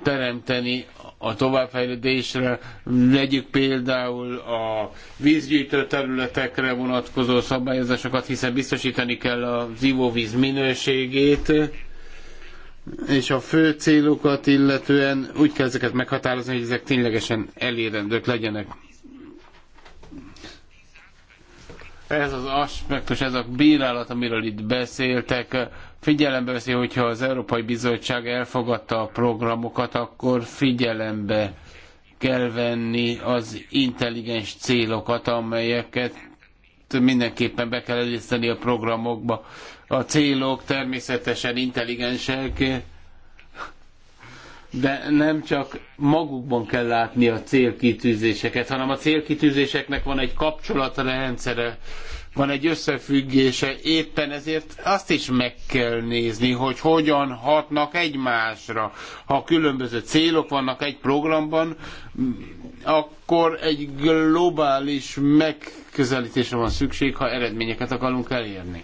C: teremteni a továbbfejlődésre. Legyük például a vízgyűjtő területekre vonatkozó szabályozásokat, hiszen biztosítani kell az ivóvíz minőségét, és a fő célokat illetően úgy kell ezeket meghatározni, hogy ezek ténylegesen elérendők legyenek. ez az aspektus, ez a bírálat, amiről itt beszéltek, figyelembe veszi, hogyha az Európai Bizottság elfogadta a programokat, akkor figyelembe kell venni az intelligens célokat, amelyeket mindenképpen be kell egyeszteni a programokba. A célok természetesen intelligensek, de nem csak magukban kell látni a célkitűzéseket, hanem a célkitűzéseknek van egy kapcsolatrendszere, van egy összefüggése, éppen ezért azt is meg kell nézni, hogy hogyan hatnak egymásra. Ha különböző célok vannak egy programban, akkor egy globális megközelítésre van szükség, ha eredményeket akarunk elérni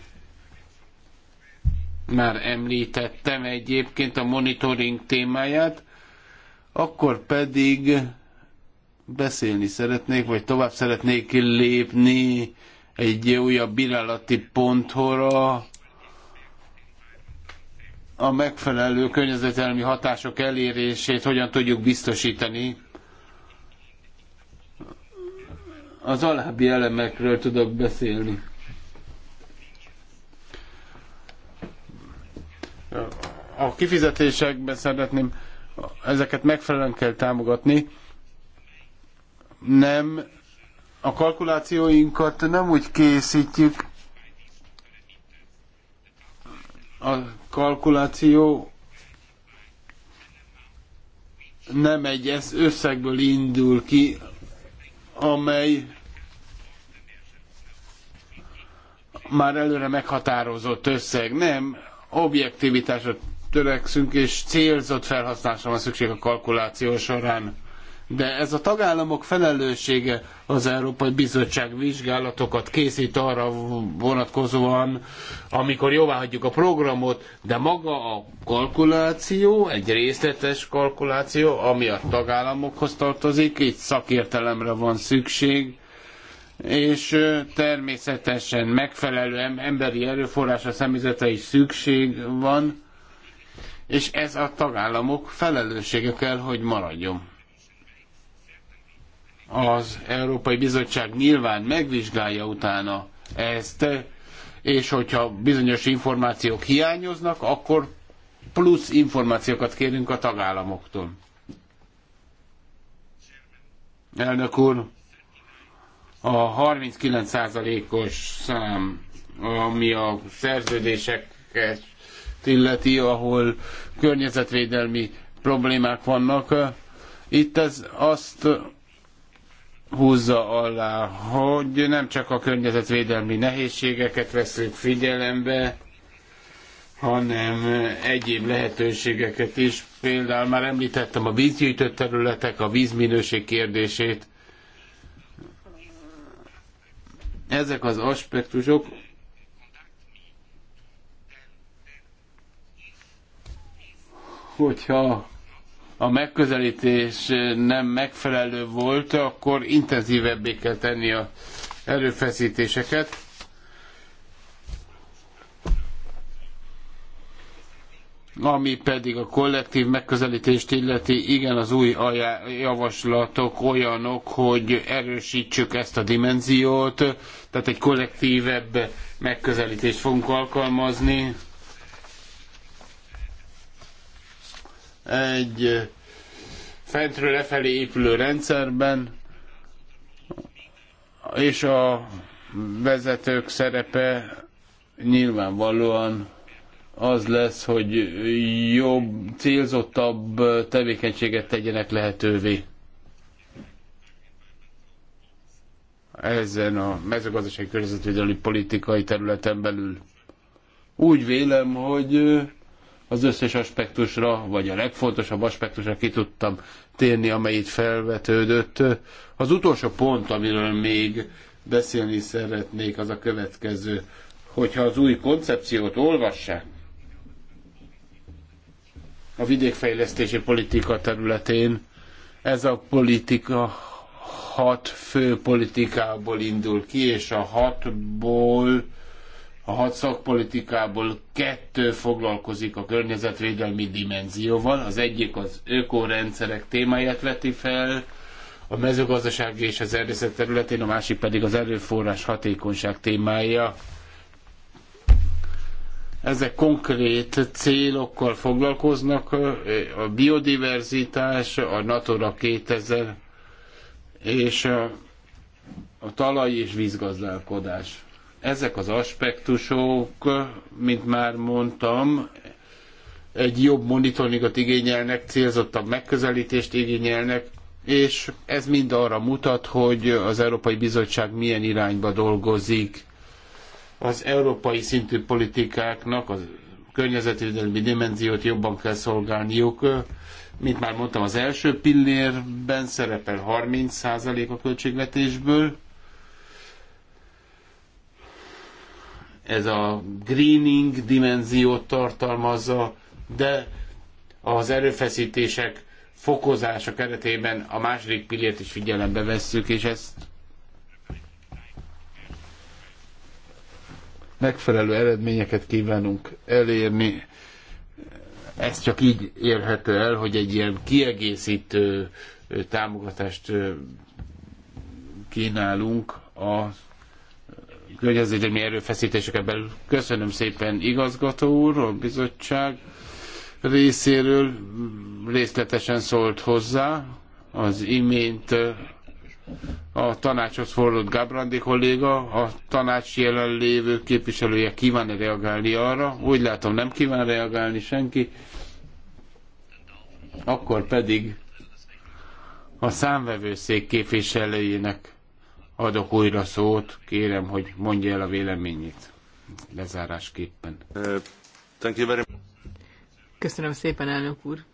C: már említettem egyébként a monitoring témáját, akkor pedig beszélni szeretnék, vagy tovább szeretnék lépni egy újabb bírálati ponthora, a megfelelő környezetelmi hatások elérését hogyan tudjuk biztosítani. Az alábbi elemekről tudok beszélni. A kifizetésekben szeretném, ezeket megfelelően kell támogatni. Nem, a kalkulációinkat nem úgy készítjük, a kalkuláció nem egy összegből indul ki, amely már előre meghatározott összeg. Nem, objektivitásra törekszünk, és célzott felhasználásra van szükség a kalkuláció során. De ez a tagállamok felelőssége az Európai Bizottság vizsgálatokat készít arra vonatkozóan, amikor jóváhagyjuk a programot, de maga a kalkuláció, egy részletes kalkuláció, ami a tagállamokhoz tartozik, itt szakértelemre van szükség, és természetesen megfelelő emberi erőforrásra személyzete is szükség van, és ez a tagállamok felelőssége kell, hogy maradjon. Az Európai Bizottság nyilván megvizsgálja utána ezt, és hogyha bizonyos információk hiányoznak, akkor plusz információkat kérünk a tagállamoktól. Elnök úr, a 39%-os szám, ami a szerződéseket illeti, ahol környezetvédelmi problémák vannak, itt ez azt húzza alá, hogy nem csak a környezetvédelmi nehézségeket veszünk figyelembe, hanem egyéb lehetőségeket is. Például már említettem a vízgyűjtő területek, a vízminőség kérdését, Ezek az aspektusok hogyha a megközelítés nem megfelelő volt, akkor intenzívebbé kell tenni a erőfeszítéseket. Ami pedig a kollektív megközelítést illeti, igen, az új javaslatok olyanok, hogy erősítsük ezt a dimenziót, tehát egy kollektívebb megközelítést fogunk alkalmazni. Egy fentről lefelé épülő rendszerben, és a vezetők szerepe nyilvánvalóan az lesz, hogy jobb, célzottabb tevékenységet tegyenek lehetővé. Ezen a mezőgazdasági környezetvédelmi politikai területen belül. Úgy vélem, hogy az összes aspektusra, vagy a legfontosabb aspektusra ki tudtam térni, itt felvetődött. Az utolsó pont, amiről még beszélni szeretnék, az a következő. Hogyha az új koncepciót olvassák, a vidékfejlesztési politika területén. Ez a politika hat fő politikából indul ki, és a hatból, a hat szakpolitikából kettő foglalkozik a környezetvédelmi dimenzióval. Az egyik az ökorendszerek témáját veti fel, a mezőgazdaság és az erdészet területén, a másik pedig az erőforrás hatékonyság témája ezek konkrét célokkal foglalkoznak, a biodiverzitás, a Natura 2000 és a talaj és vízgazdálkodás. Ezek az aspektusok, mint már mondtam, egy jobb monitoringot igényelnek, célzottabb megközelítést igényelnek, és ez mind arra mutat, hogy az Európai Bizottság milyen irányba dolgozik az európai szintű politikáknak a környezetvédelmi dimenziót jobban kell szolgálniuk. Mint már mondtam, az első pillérben szerepel 30% a költségvetésből. Ez a greening dimenziót tartalmazza, de az erőfeszítések fokozása keretében a második pillért is figyelembe vesszük, és ezt megfelelő eredményeket kívánunk elérni. Ez csak így érhető el, hogy egy ilyen kiegészítő támogatást kínálunk a környezetvédelmi erőfeszítéseken belül. Köszönöm szépen igazgató úr, a bizottság részéről részletesen szólt hozzá az imént a tanácshoz fordult Gábrandi kolléga, a tanács jelenlévő képviselője kíván -e reagálni arra. Úgy látom, nem kíván reagálni senki. Akkor pedig a számvevőszék képviselőjének adok újra szót. Kérem, hogy mondja el a véleményét lezárásképpen.
A: Köszönöm szépen, elnök úr.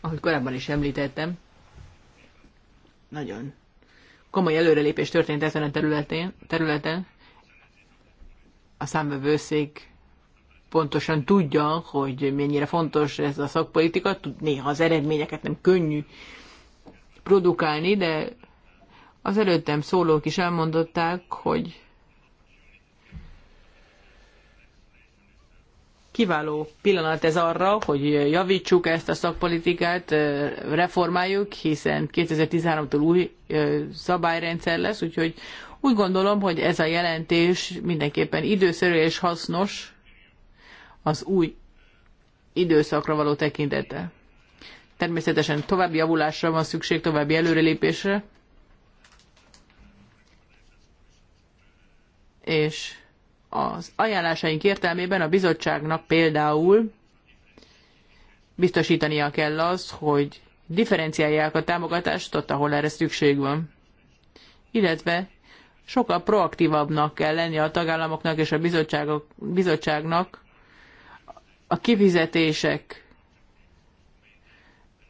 A: ahogy korábban is említettem, nagyon komoly előrelépés történt ezen a területen, területen. A számvevőszék pontosan tudja, hogy mennyire fontos ez a szakpolitika, néha az eredményeket nem könnyű produkálni, de az előttem szólók is elmondották, hogy kiváló pillanat ez arra, hogy javítsuk ezt a szakpolitikát, reformáljuk, hiszen 2013-tól új szabályrendszer lesz, úgyhogy úgy gondolom, hogy ez a jelentés mindenképpen időszerű és hasznos az új időszakra való tekintete. Természetesen további javulásra van szükség, további előrelépésre, és az ajánlásaink értelmében a bizottságnak például biztosítania kell az, hogy differenciálják a támogatást ott, ahol erre szükség van. Illetve sokkal proaktívabbnak kell lenni a tagállamoknak és a bizottságok, bizottságnak a kifizetések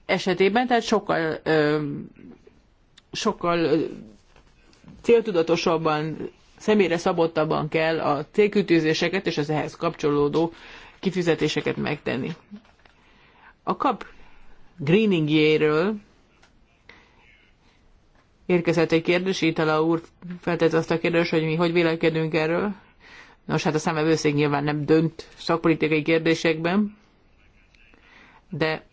A: esetében, tehát sokkal, ö, sokkal céltudatosabban személyre szabottabban kell a célkütőzéseket és az ehhez kapcsolódó kifizetéseket megtenni. A kap greeningjéről érkezett egy kérdés, Itala úr feltett azt a kérdést, hogy mi hogy vélekedünk erről. Nos, hát a szemevőszék nyilván nem dönt szakpolitikai kérdésekben, de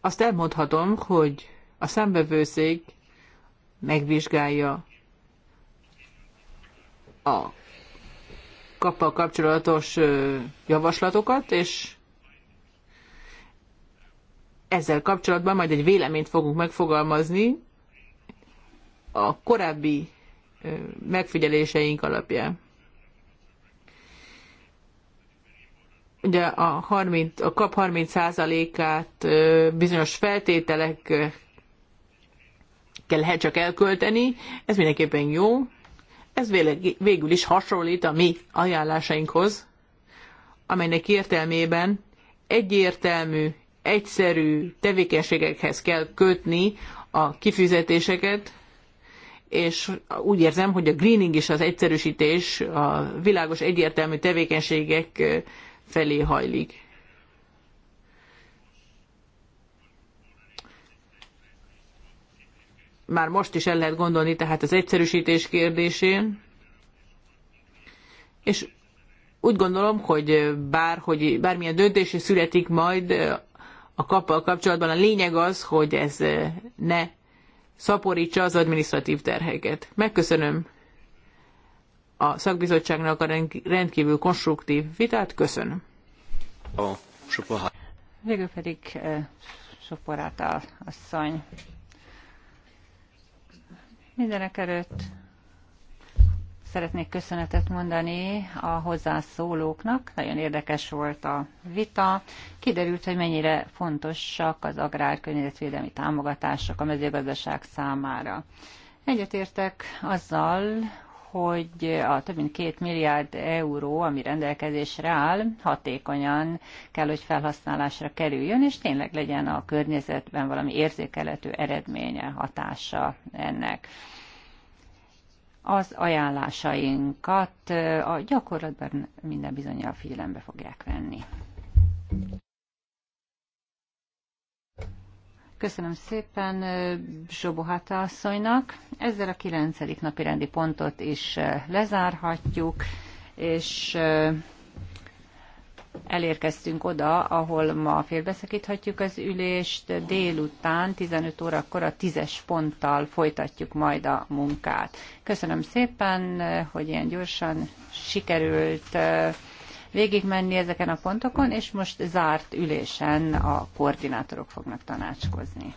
A: azt elmondhatom, hogy a számvevőszék megvizsgálja a kappal kapcsolatos javaslatokat, és ezzel kapcsolatban majd egy véleményt fogunk megfogalmazni a korábbi megfigyeléseink alapján. Ugye a, 30, a kap 30%-át bizonyos feltételek kell lehet csak elkölteni, ez mindenképpen jó, ez végül is hasonlít a mi ajánlásainkhoz, amelynek értelmében egyértelmű, egyszerű tevékenységekhez kell kötni a kifizetéseket, és úgy érzem, hogy a greening és az egyszerűsítés a világos egyértelmű tevékenységek felé hajlik. már most is el lehet gondolni, tehát az egyszerűsítés kérdésén. És úgy gondolom, hogy, bár, hogy bármilyen döntés születik majd a kappal kapcsolatban, a lényeg az, hogy ez ne szaporítsa az administratív terheket. Megköszönöm a szakbizottságnak a rendkívül
B: konstruktív vitát. Köszönöm. Végül pedig eh, a asszony. Mindenek előtt szeretnék köszönetet mondani a hozzászólóknak. Nagyon érdekes volt a vita. Kiderült, hogy mennyire fontosak az agrárkörnyezetvédelmi támogatások a mezőgazdaság számára. Egyetértek azzal, hogy a több mint két milliárd euró, ami rendelkezésre áll, hatékonyan kell, hogy felhasználásra kerüljön, és tényleg legyen a környezetben valami érzékelhető eredménye, hatása ennek az ajánlásainkat a gyakorlatban minden bizonyal figyelembe fogják venni. Köszönöm szépen Zsobohata asszonynak. Ezzel a kilencedik napi rendi pontot is lezárhatjuk, és elérkeztünk oda, ahol ma félbeszakíthatjuk az ülést, délután 15 órakor a tízes ponttal folytatjuk majd a munkát. Köszönöm szépen, hogy ilyen gyorsan sikerült végigmenni ezeken a pontokon, és most zárt ülésen a koordinátorok fognak tanácskozni.